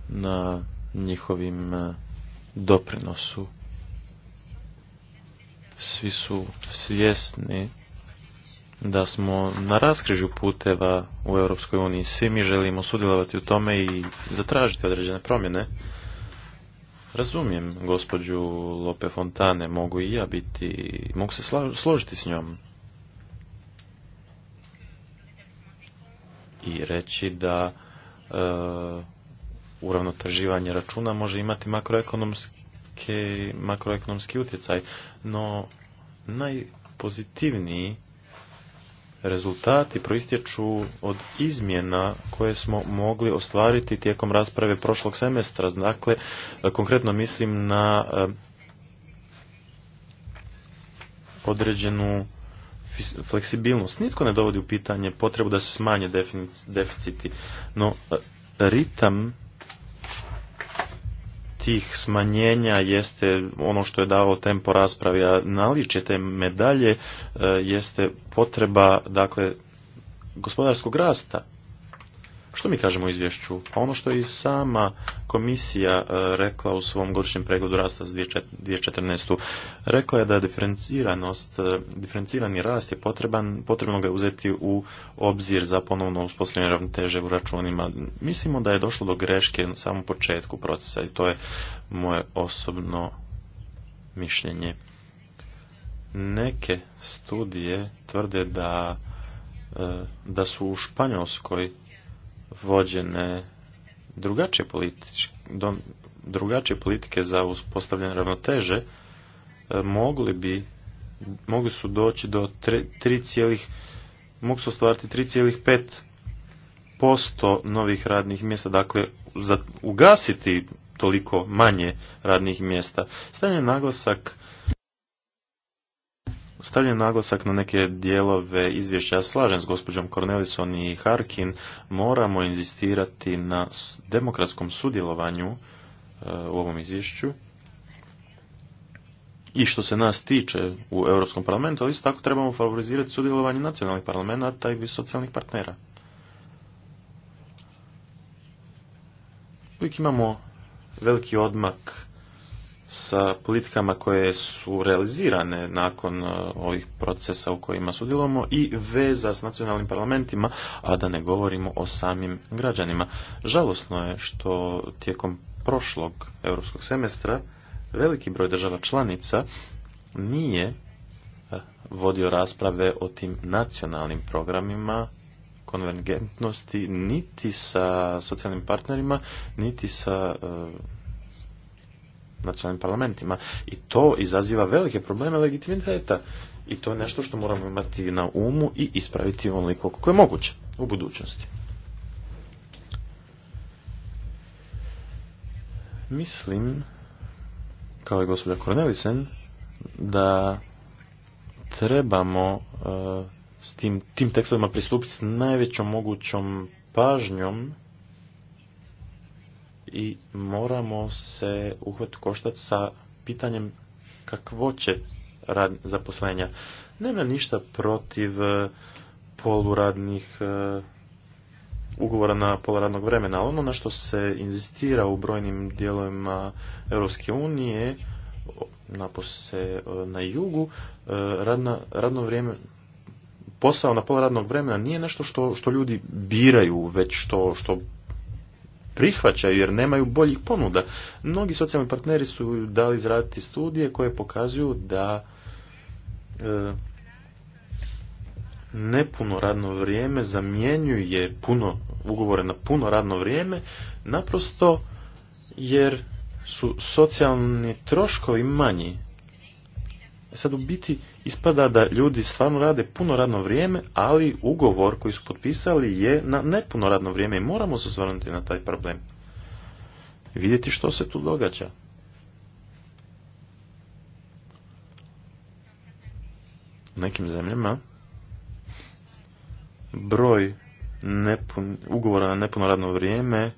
na njihovim eh, doprinosu. Svi su svjesni da smo na raskrižu puteva u Europskoj uniji. Svi mi želimo sudjelovati u tome i zatražiti određene promjene. Razumijem gospođu Lope Fontane, mogu i ja biti, mogu se složiti s njom. i reći da e, uravnotraživanje računa može imati makroekonomski, makroekonomski utjecaj, no najpozitivniji rezultati proistječu od izmjena koje smo mogli ostvariti tijekom rasprave prošlog semestra. Dakle, konkretno mislim na e, određenu fleksibilnost. Nitko ne dovodi u pitanje potrebu da se smanje deficiti, no e, ritam tih smanjenja jeste ono što je dao tempo raspravi, a naličje te medalje e, jeste potreba dakle, gospodarskog rasta što mi kažemo u izvješću? Pa ono što je i sama komisija e, rekla u svom godišnjem pregledu rasta za 2014. Rekla je da je diferenciranost, e, diferencirani rast je potreban, potrebno ga uzeti u obzir za ponovno uspostavljanje ravnoteže u računima. Mislimo da je došlo do greške na samom početku procesa i to je moje osobno mišljenje. Neke studije tvrde da e, da su u Španjolskoj vođene drugačije političke, drugačije politike za uspostavljanje ravnoteže e, mogli bi mogli su doći do 3, mogli su ostvariti 3,5 posto novih radnih mjesta, dakle za, ugasiti toliko manje radnih mjesta. Stavljen naglasak stavljen naglasak na neke dijelove izvješća. Ja slažem s gospođom Cornelison i Harkin, moramo inzistirati na demokratskom sudjelovanju e, u ovom izvješću. I što se nas tiče u Europskom parlamentu, ali isto tako trebamo favorizirati sudjelovanje nacionalnih parlamenta i socijalnih partnera. Uvijek imamo veliki odmak sa politikama koje su realizirane nakon e, ovih procesa u kojima sudjelujemo i veza s nacionalnim parlamentima, a da ne govorimo o samim građanima. Žalosno je što tijekom prošlog europskog semestra veliki broj država članica nije e, vodio rasprave o tim nacionalnim programima konvergentnosti niti sa socijalnim partnerima, niti sa e, nacionalnim parlamentima. I to izaziva velike probleme legitimiteta. I to je nešto što moramo imati na umu i ispraviti onoliko koliko je moguće u budućnosti. Mislim, kao i gospođa Kornelisen, da trebamo eh, s tim, tim tekstovima pristupiti s najvećom mogućom pažnjom i moramo se uhvatiti koštati sa pitanjem će rad zaposlenja. Nema ništa protiv e, poluradnih e, ugovora na poluradnog vremena. Ono na što se inzistira u brojnim dijelovima Europske unije, napose e, na jugu, radna, radno vrijeme, posao na pola radnog vremena nije nešto što, što ljudi biraju, već što, što prihvaćaju jer nemaju boljih ponuda. Mnogi socijalni partneri su dali izraditi studije koje pokazuju da e, nepuno radno vrijeme zamjenjuje puno ugovore na puno radno vrijeme naprosto jer su socijalni troškovi manji E sad u biti ispada da ljudi stvarno rade puno radno vrijeme, ali ugovor koji su potpisali je na nepuno radno vrijeme i moramo se osvrnuti na taj problem. Vidjeti što se tu događa. U nekim zemljama broj nepun, ugovora na nepuno radno vrijeme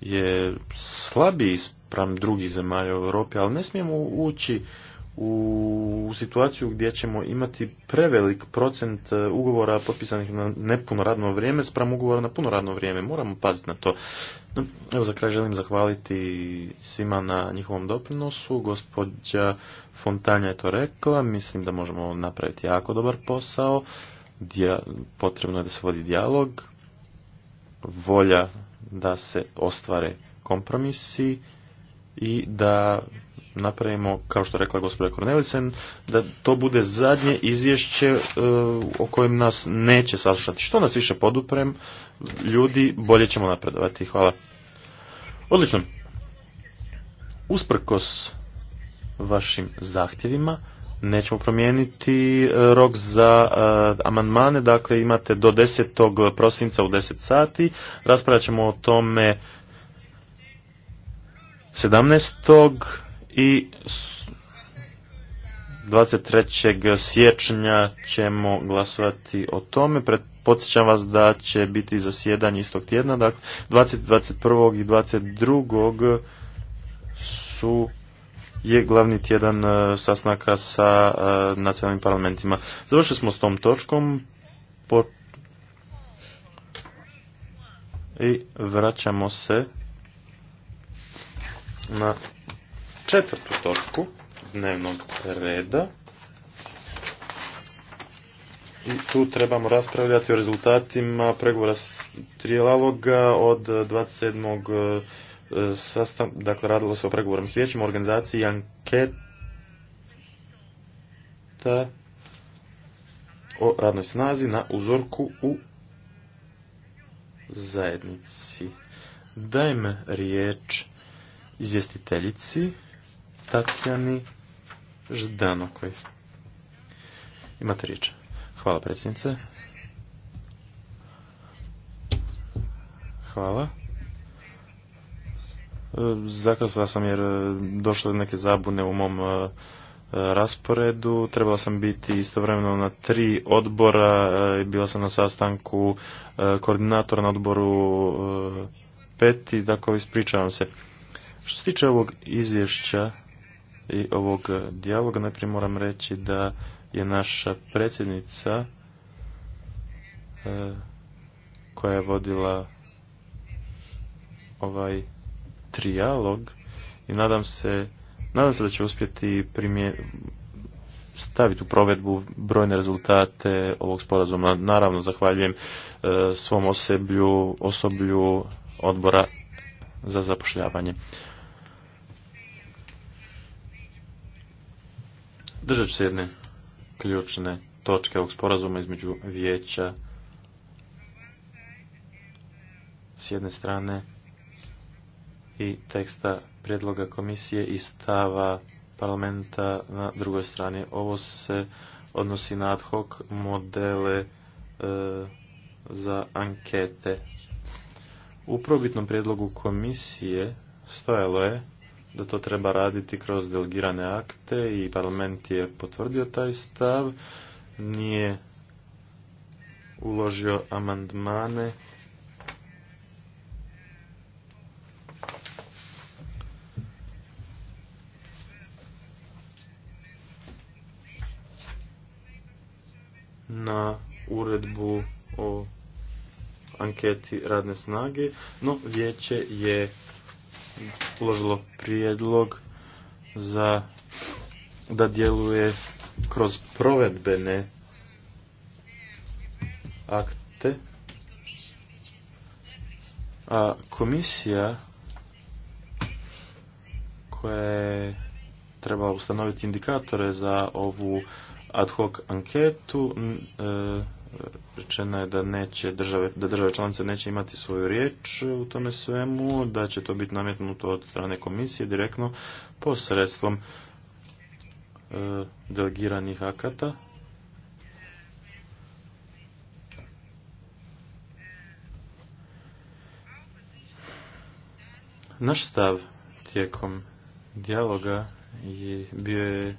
je slabiji sprem drugih zemalja u Europi, ali ne smijemo ući u situaciju gdje ćemo imati prevelik procent e, ugovora potpisanih na nepuno radno vrijeme spram ugovora na puno radno vrijeme. Moramo paziti na to. evo za kraj želim zahvaliti svima na njihovom doprinosu. Gospođa Fontanja je to rekla. Mislim da možemo napraviti jako dobar posao. Dija, potrebno je da se vodi dijalog. Volja da se ostvare kompromisi i da napravimo, kao što rekla gospođa Kornelisen, da to bude zadnje izvješće e, o kojem nas neće saslušati. Što nas više poduprem, ljudi bolje ćemo napredovati. Hvala. Odlično. Usprkos vašim zahtjevima, nećemo promijeniti e, rok za e, amandmane, dakle imate do 10. prosinca u 10 sati, raspravljat ćemo o tome 17 i 23. siječnja ćemo glasovati o tome. Podsjećam vas da će biti zasjedanje istog tjedna, dakle 20, 21. i 22. su je glavni tjedan e, sasnaka sa e, nacionalnim parlamentima. Završili smo s tom točkom i vraćamo se na četvrtu točku dnevnog reda. I tu trebamo raspravljati o rezultatima pregovora trijaloga od 27. E, sastav, dakle, radilo se o pregovorom s organizaciji anketa o radnoj snazi na uzorku u zajednici. Dajme riječ izvjestiteljici Tatjani Ždanokoj. Imate riječ. Hvala predsjednice. Hvala. E, zakazala sam jer e, došlo do neke zabune u mom e, rasporedu. Trebala sam biti istovremeno na tri odbora. Bila sam na sastanku koordinatora na odboru peti, dakle ispričavam se. Što se tiče ovog izvješća, i ovog eh, dijaloga. Najprije moram reći da je naša predsjednica eh, koja je vodila ovaj trijalog i nadam se, nadam se da će uspjeti staviti u provedbu brojne rezultate ovog sporazuma. Naravno, zahvaljujem eh, svom osoblju, osoblju odbora za zapošljavanje. Držat ću se jedne ključne točke ovog sporazuma između vijeća s jedne strane i teksta prijedloga komisije i stava parlamenta na drugoj strani. Ovo se odnosi na ad hoc modele e, za ankete. U probitnom prijedlogu komisije stojalo je da to treba raditi kroz delegirane akte i parlament je potvrdio taj stav, nije uložio amandmane na uredbu o anketi radne snage, no vijeće je uložilo prijedlog za da djeluje kroz provedbene akte, a komisija koja je trebala ustanoviti indikatore za ovu ad hoc anketu e, rečeno je da neće države, da države članice neće imati svoju riječ u tome svemu, da će to biti nametnuto od strane komisije direktno posredstvom e, delegiranih akata. Naš stav tijekom dijaloga i bio je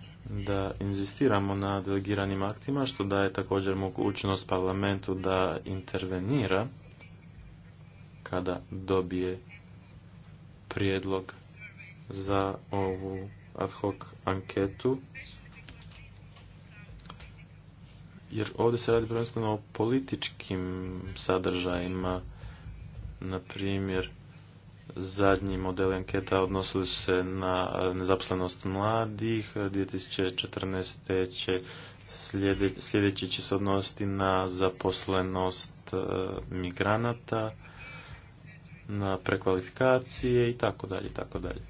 da inzistiramo na delegiranim aktima, što daje također mogućnost parlamentu da intervenira kada dobije prijedlog za ovu ad hoc anketu. Jer ovdje se radi prvenstveno o političkim sadržajima, na primjer zadnji model anketa odnosili se na eh, nezaposlenost mladih, 2014. će sljedeći će se odnositi na zaposlenost eh, migranata, na prekvalifikacije i tako dalje, tako dalje.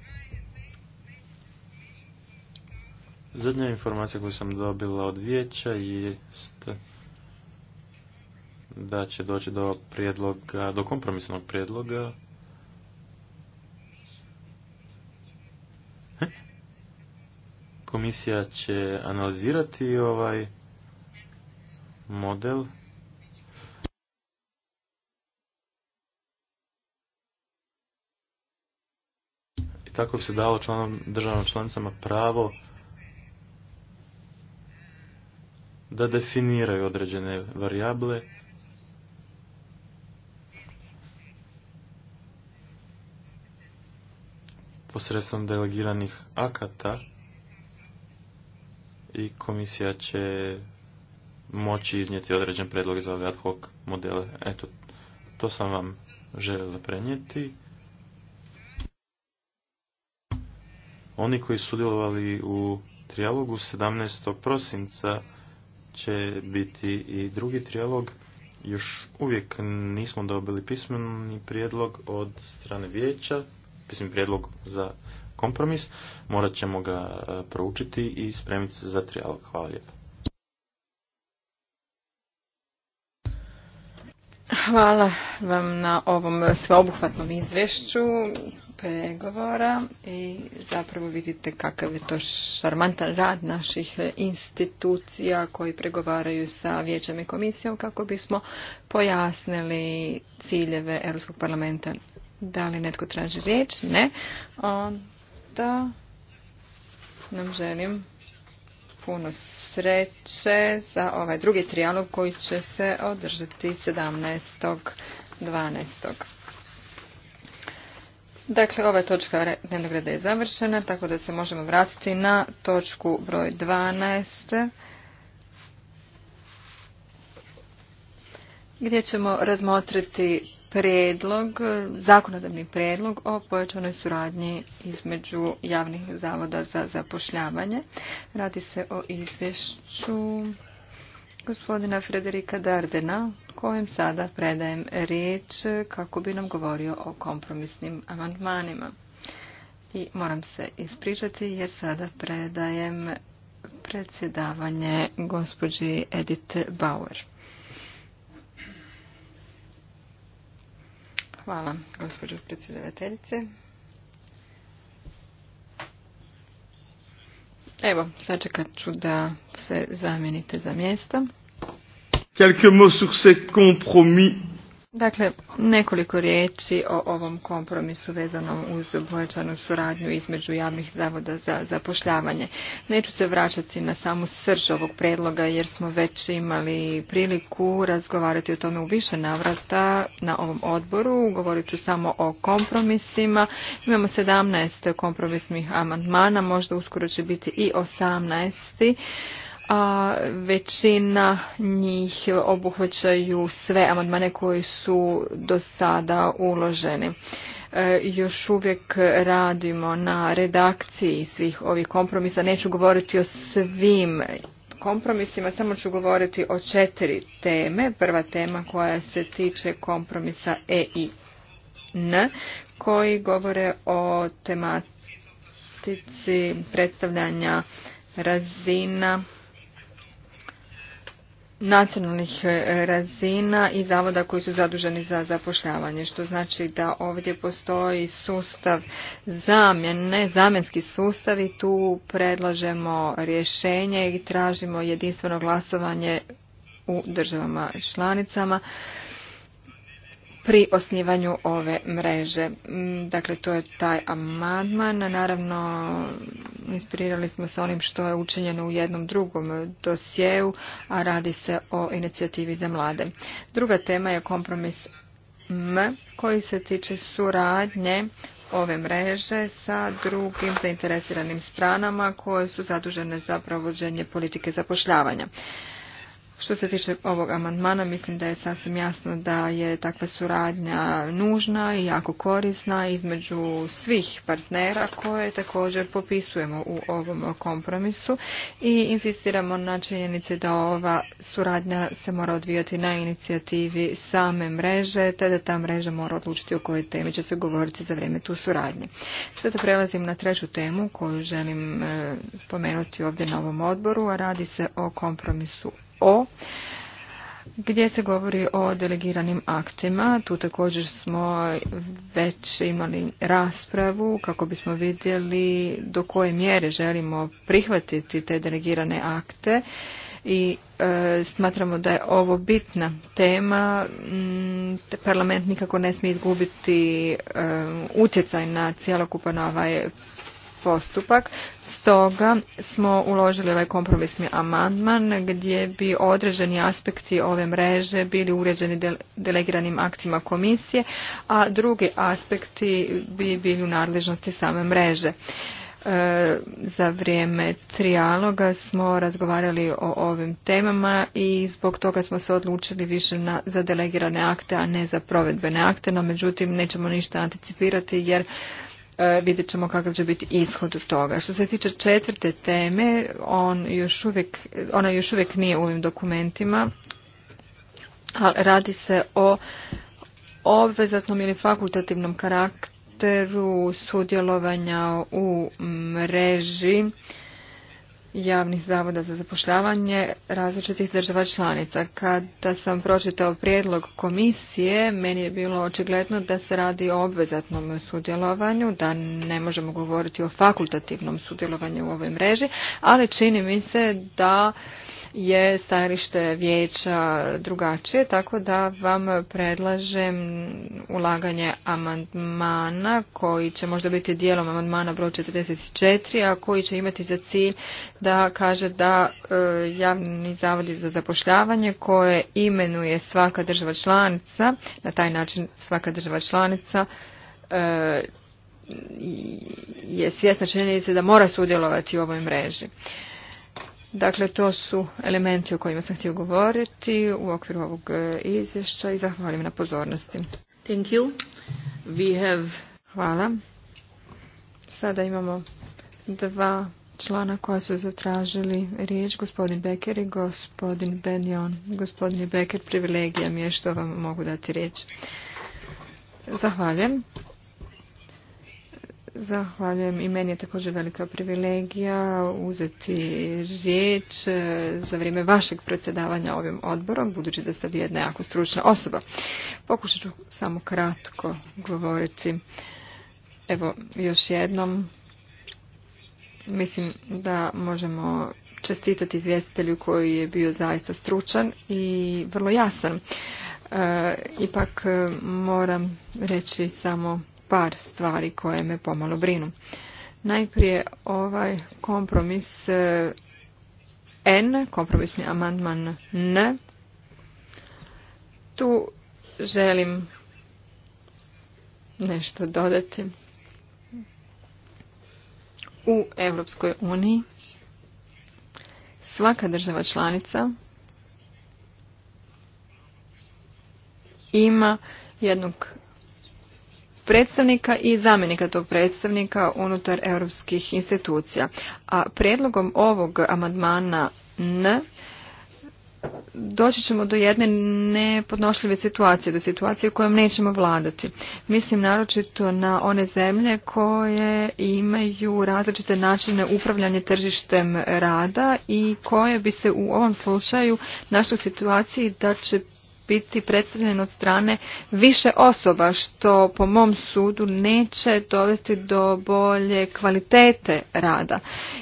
Zadnja informacija koju sam dobila od vijeća jest da će doći do prijedloga, do kompromisnog prijedloga Komisija će analizirati ovaj model. I tako bi se dalo članom, državnom članicama pravo da definiraju određene varijable posredstvom delegiranih akata i komisija će moći iznijeti određen predlog za ove ad hoc modele. Eto, to sam vam željela prenijeti. Oni koji su sudjelovali u trijalogu 17. prosinca će biti i drugi trijalog. Još uvijek nismo dobili pismeni prijedlog od strane vijeća, pismeni prijedlog za kompromis, morat ćemo ga e, proučiti i spremiti se za trijalog. Hvala lijepo. Hvala vam na ovom sveobuhvatnom izvješću pregovora i zapravo vidite kakav je to šarmantan rad naših institucija koji pregovaraju sa vijećem i komisijom kako bismo pojasnili ciljeve Europskog parlamenta. Da li netko traži riječ? Ne nam želim puno sreće za ovaj drugi trijalog koji će se održati 17.12. Dakle, ova točka dnevnog reda je završena, tako da se možemo vratiti na točku broj 12. gdje ćemo razmotriti predlog, zakonodavni predlog o pojačanoj suradnji između javnih zavoda za zapošljavanje. Radi se o izvješću gospodina Frederika Dardena, kojem sada predajem riječ kako bi nam govorio o kompromisnim amandmanima. I moram se ispričati jer sada predajem predsjedavanje gospođi Edith Bauer. Hvala, gospođo predsjedateljice. Evo, sačekat ću da se zamijenite za mjesta. Quelques mots sur ces compromis Dakle, nekoliko riječi o ovom kompromisu vezanom uz pojačanu suradnju između javnih zavoda za zapošljavanje. Neću se vraćati na samu srž ovog predloga jer smo već imali priliku razgovarati o tome u više navrata na ovom odboru. Govorit ću samo o kompromisima. Imamo 17 kompromisnih amandmana, možda uskoro će biti i 18 a većina njih obuhvaćaju sve amandmane koji su do sada uloženi. E, još uvijek radimo na redakciji svih ovih kompromisa. Neću govoriti o svim kompromisima, samo ću govoriti o četiri teme. Prva tema koja se tiče kompromisa E i N, koji govore o tematici predstavljanja razina nacionalnih e, razina i zavoda koji su zaduženi za zapošljavanje, što znači da ovdje postoji sustav zamjene, zamjenski sustav i tu predlažemo rješenje i tražimo jedinstveno glasovanje u državama članicama pri osnivanju ove mreže. Mm, dakle, to je taj amandman. Naravno, inspirirali smo se onim što je učinjeno u jednom drugom dosjeu, a radi se o inicijativi za mlade. Druga tema je kompromis M koji se tiče suradnje ove mreže sa drugim zainteresiranim stranama koje su zadužene za provođenje politike zapošljavanja. Što se tiče ovog amandmana, mislim da je sasvim jasno da je takva suradnja nužna i jako korisna između svih partnera koje također popisujemo u ovom kompromisu i insistiramo na činjenici da ova suradnja se mora odvijati na inicijativi same mreže, te da ta mreža mora odlučiti o kojoj temi će se govoriti za vrijeme tu suradnje. Sada prelazim na treću temu koju želim eh, spomenuti ovdje na ovom odboru, a radi se o kompromisu o gdje se govori o delegiranim aktima. Tu također smo već imali raspravu kako bismo vidjeli do koje mjere želimo prihvatiti te delegirane akte i e, smatramo da je ovo bitna tema. Mm, parlament nikako ne smije izgubiti e, utjecaj na cjelokupan ovaj postupak. Stoga smo uložili ovaj kompromisni amandman gdje bi određeni aspekti ove mreže bili uređeni delegiranim aktima komisije, a drugi aspekti bi bili u nadležnosti same mreže. E, za vrijeme trijaloga smo razgovarali o ovim temama i zbog toga smo se odlučili više za delegirane akte, a ne za provedbene akte, no međutim nećemo ništa anticipirati jer E, vidjet ćemo kakav će biti ishod toga. Što se tiče četvrte teme, on još uvijek, ona još uvijek nije u ovim dokumentima, ali radi se o obvezatnom ili fakultativnom karakteru sudjelovanja u mreži javnih zavoda za zapošljavanje različitih država članica. Kada sam pročitao prijedlog komisije, meni je bilo očigledno da se radi o obvezatnom sudjelovanju, da ne možemo govoriti o fakultativnom sudjelovanju u ovoj mreži, ali čini mi se da je stajalište vijeća drugačije, tako da vam predlažem ulaganje amandmana koji će možda biti dijelom amandmana broj 44, a koji će imati za cilj da kaže da e, javni zavodi za zapošljavanje koje imenuje svaka država članica, na taj način svaka država članica e, je svjesna činjenice da mora sudjelovati u ovoj mreži. Dakle, to su elementi o kojima sam htio govoriti u okviru ovog e, izvješća i zahvaljujem na pozornosti. Thank you. We have... Hvala. Sada imamo dva člana koja su zatražili riječ, gospodin Becker i gospodin Benjon. Gospodin Becker, privilegija mi je što vam mogu dati riječ. Zahvaljujem. Zahvaljujem i meni je također velika privilegija uzeti riječ e, za vrijeme vašeg predsjedavanja ovim odborom, budući da ste vi jedna jako stručna osoba. Pokušat ću samo kratko govoriti. Evo, još jednom, mislim da možemo čestitati izvjestitelju koji je bio zaista stručan i vrlo jasan. E, ipak e, moram reći samo par stvari koje me pomalo brinu. Najprije ovaj kompromis eh, N, kompromisni amandman N. Tu želim nešto dodati. U Europskoj uniji svaka država članica ima jednog predstavnika i zamjenika tog predstavnika unutar europskih institucija. A predlogom ovog amandmana N doći ćemo do jedne nepodnošljive situacije, do situacije u kojom nećemo vladati. Mislim naročito na one zemlje koje imaju različite načine upravljanja tržištem rada i koje bi se u ovom slučaju našle u situaciji da će biti predstavljen od strane više osoba, što po mom sudu neće dovesti do bolje kvalitete rada.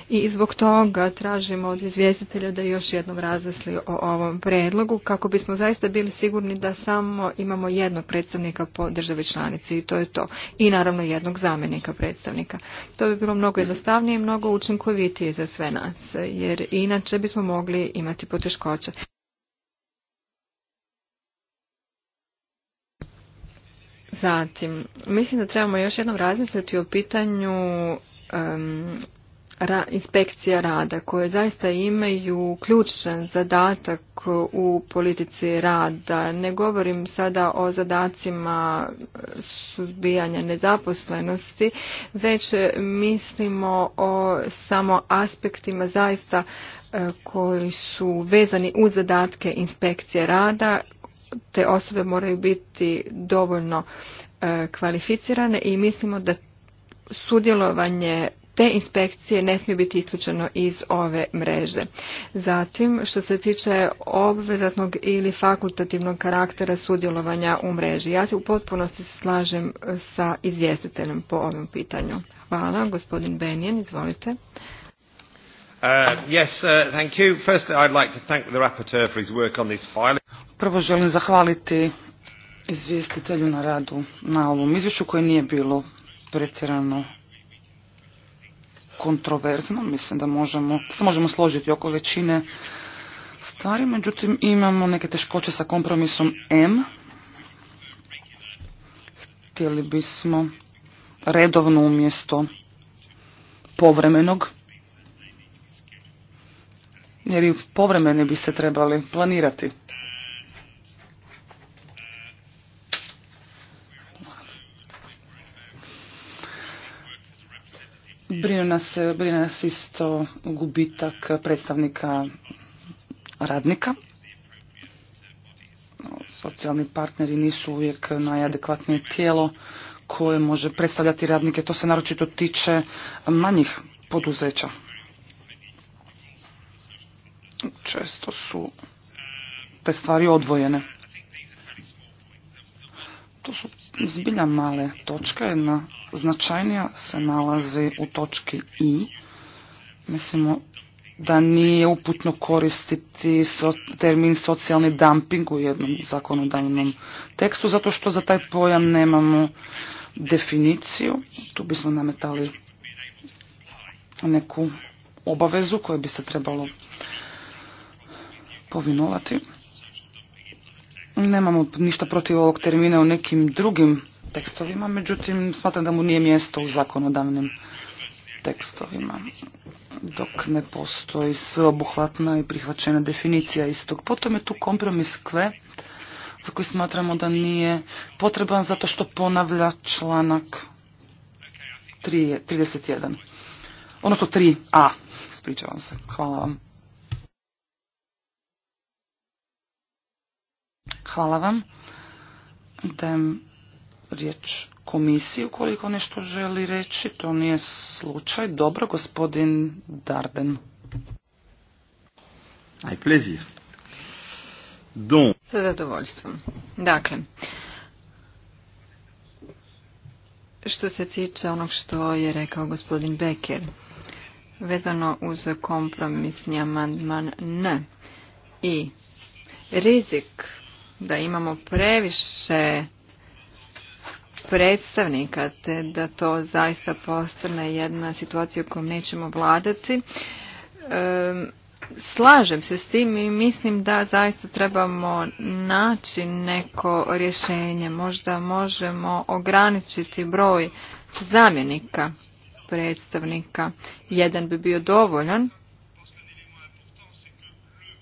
I zbog toga tražimo od izvjestitelja da još jednom razmisli o ovom predlogu kako bismo zaista bili sigurni da samo imamo jednog predstavnika po državi članici i to je to. I naravno jednog zamjenika predstavnika. To bi bilo mnogo jednostavnije i mnogo učinkovitije za sve nas, jer inače bismo mogli imati poteškoće. Zatim, mislim da trebamo još jednom razmisliti o pitanju inspekcija rada koje zaista imaju ključan zadatak u politici rada. Ne govorim sada o zadacima suzbijanja nezaposlenosti, već mislimo o samo aspektima zaista e, koji su vezani uz zadatke inspekcije rada te osobe moraju biti dovoljno e, kvalificirane i mislimo da sudjelovanje te inspekcije ne smije biti isključeno iz ove mreže. Zatim, što se tiče obvezatnog ili fakultativnog karaktera sudjelovanja u mreži, ja se u potpunosti slažem e, sa izvjestiteljem po ovom pitanju. Hvala, gospodin Benjen, izvolite. Prvo želim zahvaliti izvjestitelju na radu na ovom izvješću koje nije bilo pretjerano kontroverzno. Mislim da možemo, se možemo složiti oko većine stvari, međutim imamo neke teškoće sa kompromisom M. Htjeli bismo redovno umjesto povremenog jer i povremeni bi se trebali planirati. Brine nas, brine nas isto gubitak predstavnika radnika. Socijalni partneri nisu uvijek najadekvatnije tijelo koje može predstavljati radnike. To se naročito tiče manjih poduzeća često su te stvari odvojene. To su zbilja male točke, jedna značajnija se nalazi u točki i. Mislimo da nije uputno koristiti termin socijalni dumping u jednom zakonodavnom tekstu, zato što za taj pojam nemamo definiciju. Tu bismo nametali neku obavezu koju bi se trebalo povinovati. Nemamo ništa protiv ovog termina u nekim drugim tekstovima, međutim smatram da mu nije mjesto u zakonodavnim tekstovima, dok ne postoji sveobuhvatna i prihvaćena definicija istog. Potom je tu kompromis kve, za koji smatramo da nije potreban zato što ponavlja članak 3, 31. Odnosno 3a, ispričavam se. Hvala vam. Hvala vam. Dajem riječ komisiji ukoliko nešto želi reći. To nije slučaj. Dobro, gospodin Darden. Aj, plezir. Sa zadovoljstvom. Dakle, što se tiče onog što je rekao gospodin Becker, vezano uz kompromisni amandman N i rizik da imamo previše predstavnika te da to zaista postane jedna situacija u kojoj nećemo vladati. slažem se s tim i mislim da zaista trebamo naći neko rješenje. Možda možemo ograničiti broj zamjenika predstavnika. Jedan bi bio dovoljan,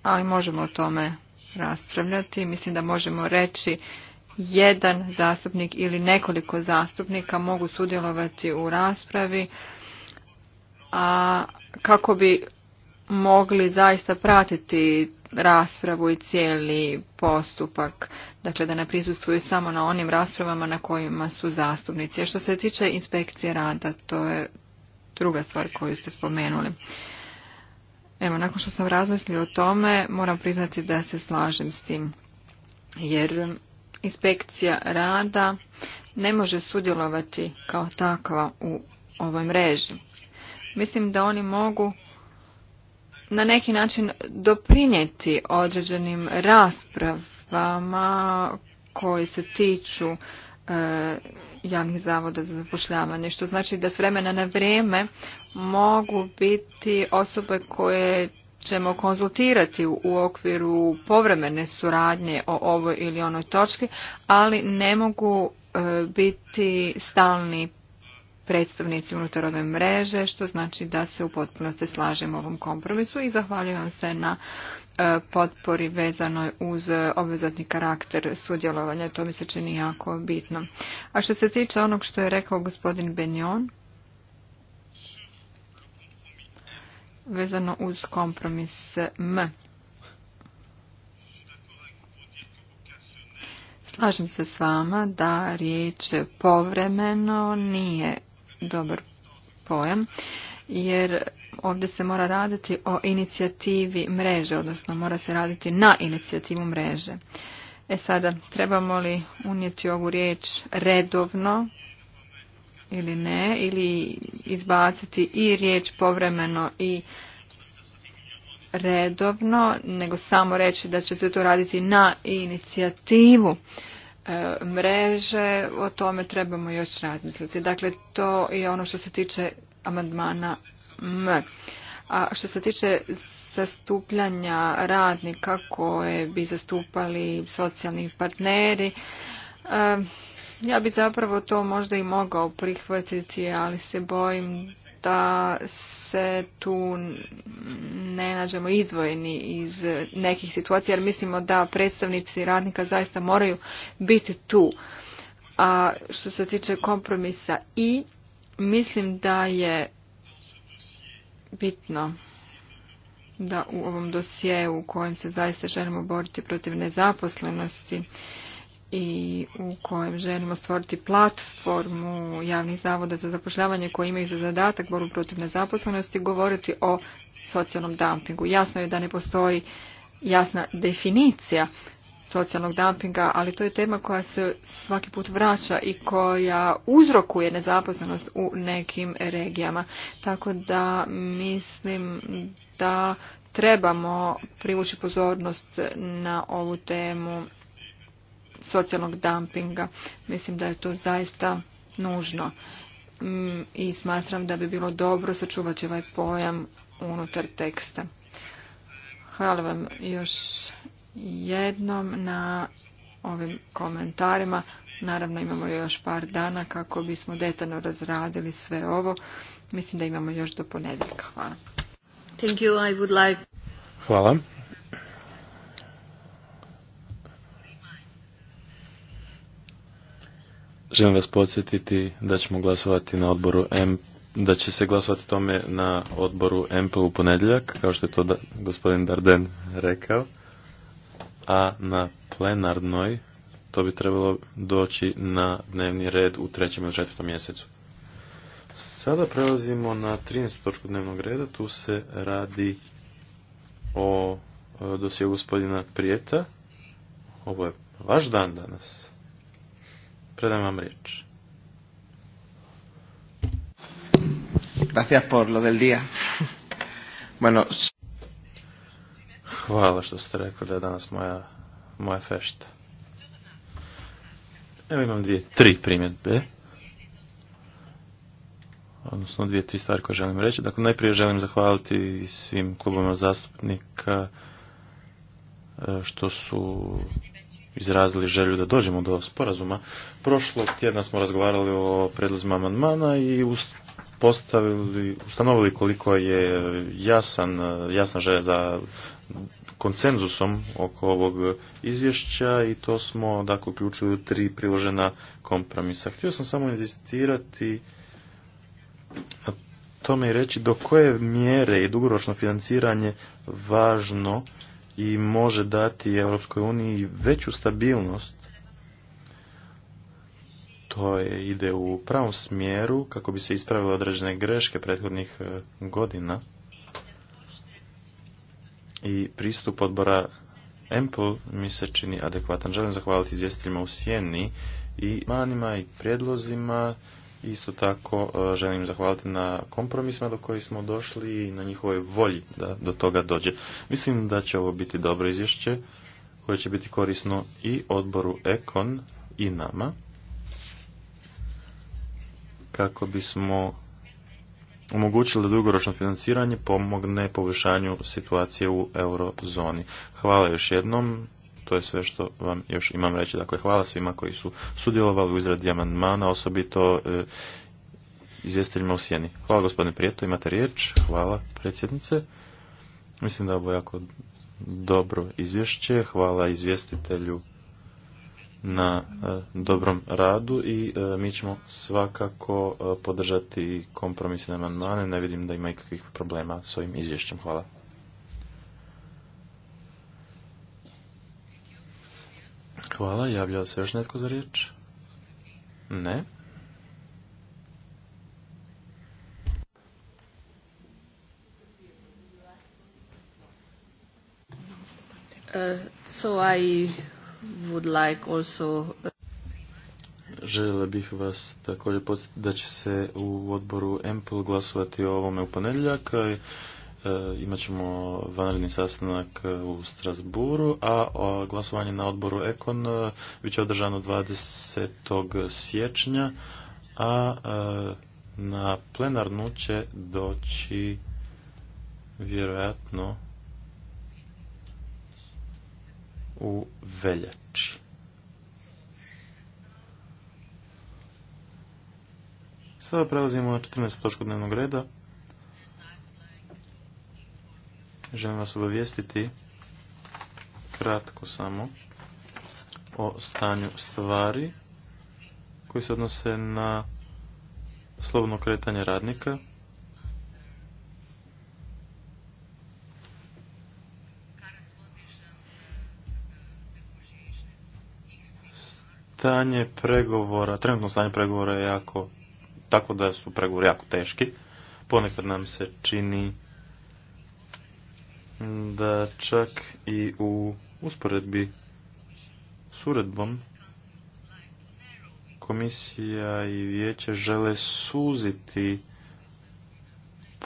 ali možemo o tome raspravljati. Mislim da možemo reći jedan zastupnik ili nekoliko zastupnika mogu sudjelovati u raspravi a kako bi mogli zaista pratiti raspravu i cijeli postupak, dakle da ne prisustvuju samo na onim raspravama na kojima su zastupnici. A što se tiče inspekcije rada, to je druga stvar koju ste spomenuli. Evo, nakon što sam razmislio o tome, moram priznati da se slažem s tim. Jer inspekcija rada ne može sudjelovati kao takva u ovoj mreži. Mislim da oni mogu na neki način doprinijeti određenim raspravama koji se tiču E, javnih zavoda za zapošljavanje, što znači da s vremena na vrijeme mogu biti osobe koje ćemo konzultirati u okviru povremene suradnje o ovoj ili onoj točki, ali ne mogu e, biti stalni predstavnici unutar ove mreže, što znači da se u potpunosti slažem ovom kompromisu i zahvaljujem se na e, potpori vezanoj uz obvezatni karakter sudjelovanja. To mi se čini jako bitno. A što se tiče onog što je rekao gospodin Benjon, vezano uz kompromis M. Slažem se s vama da riječ povremeno nije dobar pojam jer ovdje se mora raditi o inicijativi mreže, odnosno mora se raditi na inicijativu mreže. E sada, trebamo li unijeti ovu riječ redovno ili ne, ili izbaciti i riječ povremeno i redovno, nego samo reći da će se to raditi na inicijativu E, mreže, o tome trebamo još razmisliti. Dakle, to je ono što se tiče amandmana M. A što se tiče zastupljanja radnika koje bi zastupali socijalni partneri, e, ja bi zapravo to možda i mogao prihvatiti, ali se bojim da se tu ne nađemo izdvojeni iz nekih situacija jer mislimo da predstavnici radnika zaista moraju biti tu. A što se tiče kompromisa i mislim da je bitno da u ovom dosjeu u kojem se zaista želimo boriti protiv nezaposlenosti i u kojem želimo stvoriti platformu javnih zavoda za zapošljavanje koje imaju za zadatak boru protiv nezaposlenosti govoriti o socijalnom dumpingu. Jasno je da ne postoji jasna definicija socijalnog dumpinga, ali to je tema koja se svaki put vraća i koja uzrokuje nezaposlenost u nekim regijama. Tako da mislim da trebamo privući pozornost na ovu temu socijalnog dumpinga. Mislim da je to zaista nužno mm, i smatram da bi bilo dobro sačuvati ovaj pojam unutar teksta. Hvala vam još jednom na ovim komentarima. Naravno imamo još par dana kako bismo detaljno razradili sve ovo. Mislim da imamo još do ponedjeljka. Hvala. Hvala. Želim vas podsjetiti da ćemo glasovati na odboru M, da će se glasovati tome na odboru MP u ponedjeljak, kao što je to da, gospodin Darden rekao, a na plenarnoj to bi trebalo doći na dnevni red u trećem ili četvrtom mjesecu. Sada prelazimo na 13. točku dnevnog reda, tu se radi o e, dosjeu gospodina Prijeta. Ovo je vaš dan danas. Predam vam riječ. Gracias por lo del día. Bueno... Hvala što ste rekli da je danas moja, moja fešta. Evo imam dvije, tri primjedbe. Odnosno dvije, tri stvari koje želim reći. Dakle, najprije želim zahvaliti svim klubovima zastupnika e, što su izrazili želju da dođemo do sporazuma. Prošlog tjedna smo razgovarali o predlozima amandmana i postavili, ustanovili koliko je jasan, jasna želja za konsenzusom oko ovog izvješća i to smo dakle u tri priložena kompromisa. Htio sam samo inzistirati na tome i reći do koje mjere i dugoročno financiranje važno i može dati Europskoj uniji veću stabilnost. To je, ide u pravom smjeru kako bi se ispravile određene greške prethodnih e, godina i pristup odbora EMPL mi se čini adekvatan. Želim zahvaliti izvjestiteljima u Sjeni i manima i prijedlozima Isto tako e, želim zahvaliti na kompromisima do koji smo došli i na njihovoj volji da do toga dođe. Mislim da će ovo biti dobro izvješće koje će biti korisno i odboru Ekon i nama kako bismo omogućili da dugoročno financiranje pomogne poboljšanju situacije u eurozoni. Hvala još jednom to je sve što vam još imam reći. Dakle, hvala svima koji su sudjelovali u izradi amandmana, osobito e, izvjestiteljima u sjeni. Hvala gospodine Prijeto, imate riječ. Hvala predsjednice. Mislim da je ovo jako dobro izvješće. Hvala izvjestitelju na e, dobrom radu i e, mi ćemo svakako e, podržati kompromisne amandmane. Ne vidim da ima ikakvih problema s ovim izvješćem. Hvala. Hvala. Javlja se još netko za riječ? Ne. Uh, so I would like also... Uh, Željela bih vas također da će se u odboru Ample glasovati o ovome u ponedjeljak. E, imat ćemo vanredni sastanak e, u Strasburu, a glasovanje na odboru Ekon e, bit će održano 20. siječnja, a na plenarnu će doći vjerojatno u veljači. Sada prelazimo na 14. točku dnevnog reda. Želim vas obavijestiti kratko samo o stanju stvari koji se odnose na slobodno kretanje radnika. Stanje pregovora, trenutno stanje pregovora je jako, tako da su pregovori jako teški. Ponekad nam se čini da čak i u usporedbi s uredbom komisija i vijeće žele suziti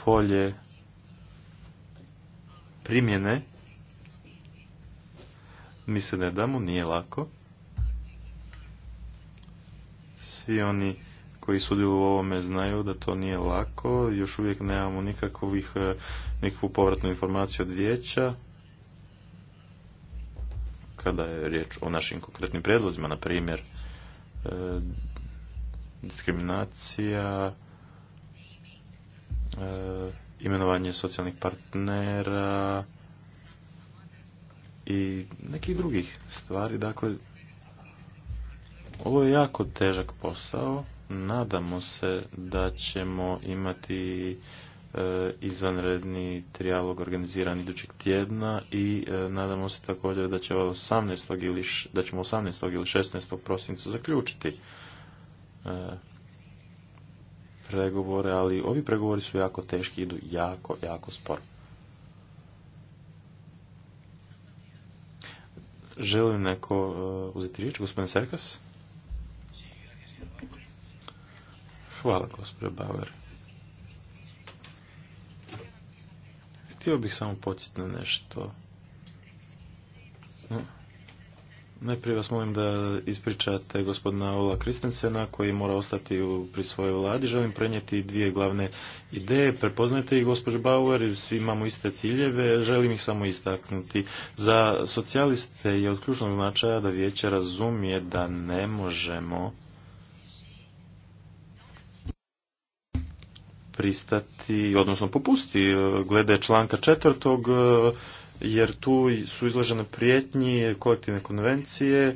polje primjene. Mi se ne damo, nije lako. Svi oni koji sudjeluju u ovome znaju da to nije lako. Još uvijek nemamo nikakvih nikakvu povratnu informaciju od vijeća kada je riječ o našim konkretnim prijedlozima, na primjer e, diskriminacija, e, imenovanje socijalnih partnera i nekih drugih stvari. Dakle, ovo je jako težak posao. Nadamo se da ćemo imati E, izvanredni trijalog organiziran idućeg tjedna i e, nadamo se također da, će 18. Ili, da ćemo 18. ili 16. prosinca zaključiti e, pregovore, ali ovi pregovori su jako teški, idu jako, jako sporo. Želim neko uzeti riječ, gospodin Serkas? Hvala, gospodin Bauer. Htio bih samo podsjetiti na nešto. No. Najprije vas molim da ispričate gospodina Ola Kristensena koji mora ostati u, pri svojoj vladi. Želim prenijeti dvije glavne ideje. Prepoznajte ih gospođo Bauer, svi imamo iste ciljeve, želim ih samo istaknuti. Za socijaliste je od ključnog značaja da vijeće razumije da ne možemo pristati, odnosno popusti, e, glede članka četvrtog, e, jer tu su izložene prijetnji kolektivne konvencije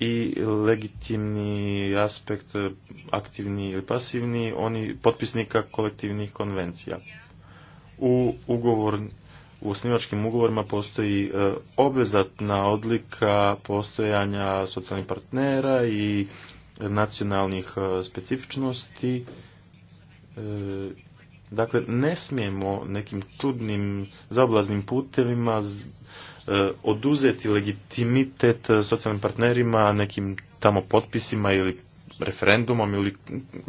i legitimni aspekt, e, aktivni ili pasivni, oni potpisnika kolektivnih konvencija. U ugovor u osnivačkim ugovorima postoji obvezatna odlika postojanja socijalnih partnera i nacionalnih specifičnosti E, dakle, ne smijemo nekim čudnim zaoblaznim putevima e, oduzeti legitimitet socijalnim partnerima, nekim tamo potpisima ili referendumom ili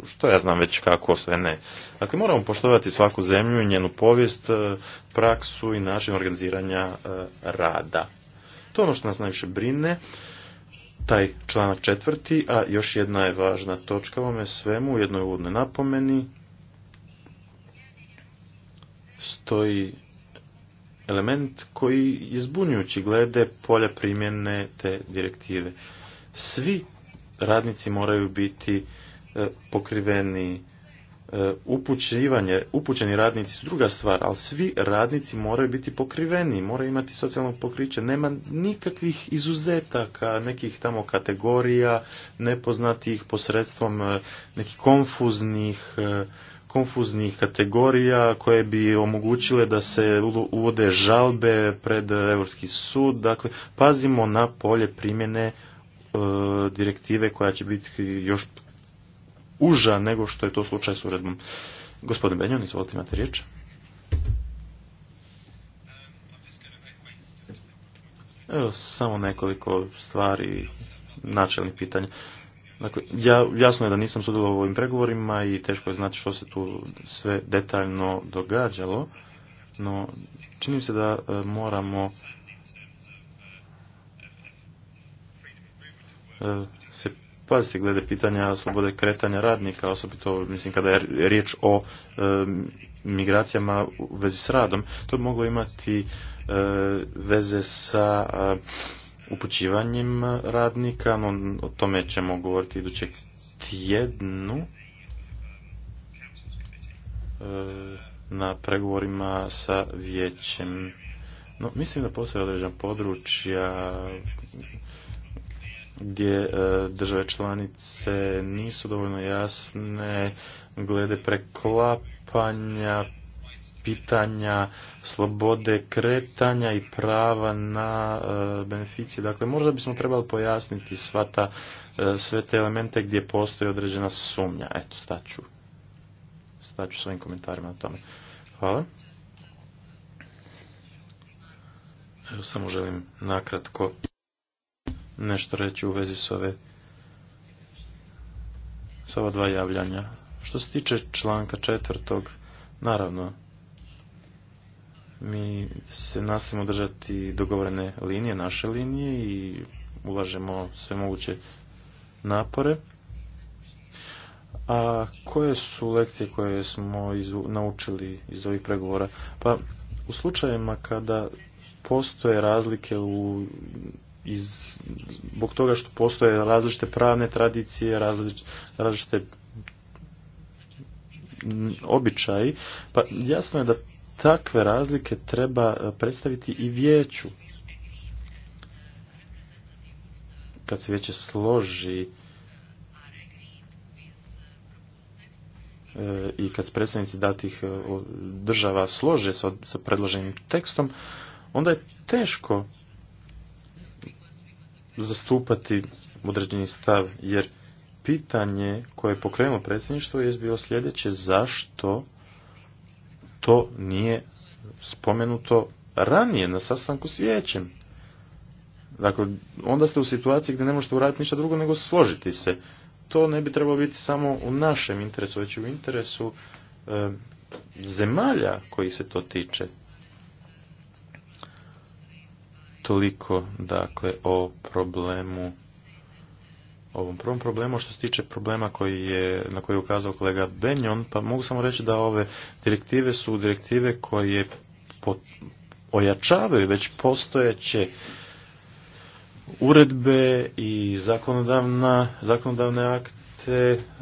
što ja znam već kako sve ne. Dakle, moramo poštovati svaku zemlju i njenu povijest, e, praksu i način organiziranja rada. To je ono što nas najviše brine, taj članak četvrti, a još jedna je važna točka ovome svemu, u jednoj uvodnoj napomeni, stoji element koji je zbunjujući glede polja primjene te direktive. Svi radnici moraju biti e, pokriveni e, upućivanje, upućeni radnici su druga stvar, ali svi radnici moraju biti pokriveni, moraju imati socijalno pokriće, nema nikakvih izuzetaka, nekih tamo kategorija, nepoznatih posredstvom e, nekih konfuznih konfuznih kategorija koje bi omogućile da se uvode žalbe pred Europski sud. Dakle, pazimo na polje primjene e, direktive koja će biti još uža nego što je to slučaj s uredbom. Gospodin Benjon, izvolite imate riječ. Evo, samo nekoliko stvari, načelnih pitanja. Dakle, ja, jasno je da nisam sudjelovao u ovim pregovorima i teško je znati što se tu sve detaljno događalo, no čini se da e, moramo e, se paziti glede pitanja slobode kretanja radnika, osobito mislim kada je riječ o e, migracijama u vezi s radom, to bi moglo imati veze sa upućivanjem radnika, no o tome ćemo govoriti idućeg tjednu e, na pregovorima sa vijećem. No, mislim da postoje određena područja gdje e, države članice nisu dovoljno jasne glede preklapanja pitanja slobode kretanja i prava na e, beneficije. Dakle, možda bismo trebali pojasniti sva ta, e, sve te elemente gdje postoji određena sumnja. Eto, staću. Staću svojim komentarima na tome. Hvala. Evo, samo želim nakratko nešto reći u vezi s ove s ova dva javljanja. Što se tiče članka četvrtog, naravno, mi se nastavimo držati dogovorene linije, naše linije i ulažemo sve moguće napore. A koje su lekcije koje smo naučili iz ovih pregovora? Pa u slučajevima kada postoje razlike u iz, zbog toga što postoje različite pravne tradicije, različite običaji, pa jasno je da takve razlike treba e, predstaviti i vijeću. Kad se vijeće složi e, i kad se predstavnici datih e, država slože sa, predloženim tekstom, onda je teško zastupati određeni stav, jer pitanje koje je pokrenulo predsjedništvo je bilo sljedeće zašto to nije spomenuto ranije na sastanku s vijećem. Dakle, onda ste u situaciji gdje ne možete uraditi ništa drugo nego složiti se. To ne bi trebalo biti samo u našem interesu, već i u interesu e, zemalja koji se to tiče. Toliko, dakle, o problemu ovom prvom problemu što se tiče problema koji je, na koji je ukazao kolega Benjon, pa mogu samo reći da ove direktive su direktive koje po, ojačavaju već postojeće uredbe i zakonodavna, zakonodavne akte,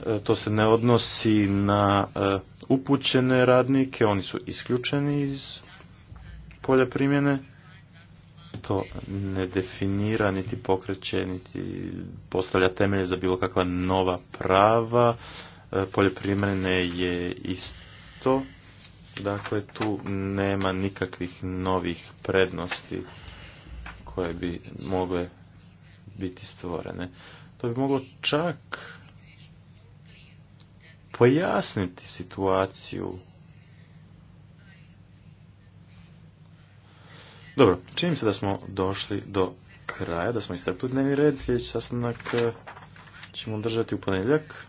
e, to se ne odnosi na e, upućene radnike, oni su isključeni iz polja primjene to ne definira, niti pokreće, niti postavlja temelje za bilo kakva nova prava. E, poljoprivredne je isto. Dakle, tu nema nikakvih novih prednosti koje bi mogle biti stvorene. To bi moglo čak pojasniti situaciju Dobro, čini se da smo došli do kraja, da smo istrpili dnevni red. Sljedeći sastanak e, ćemo držati u ponedjeljak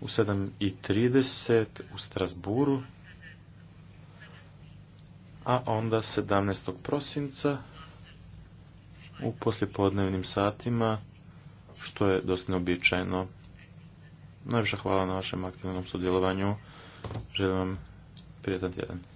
u 7.30 u Strasburu, a onda 17. prosinca u poslijepodnevnim satima, što je dosta neobičajno. Najviše hvala na vašem aktivnom sudjelovanju. Želim vam prijatelj tjedan.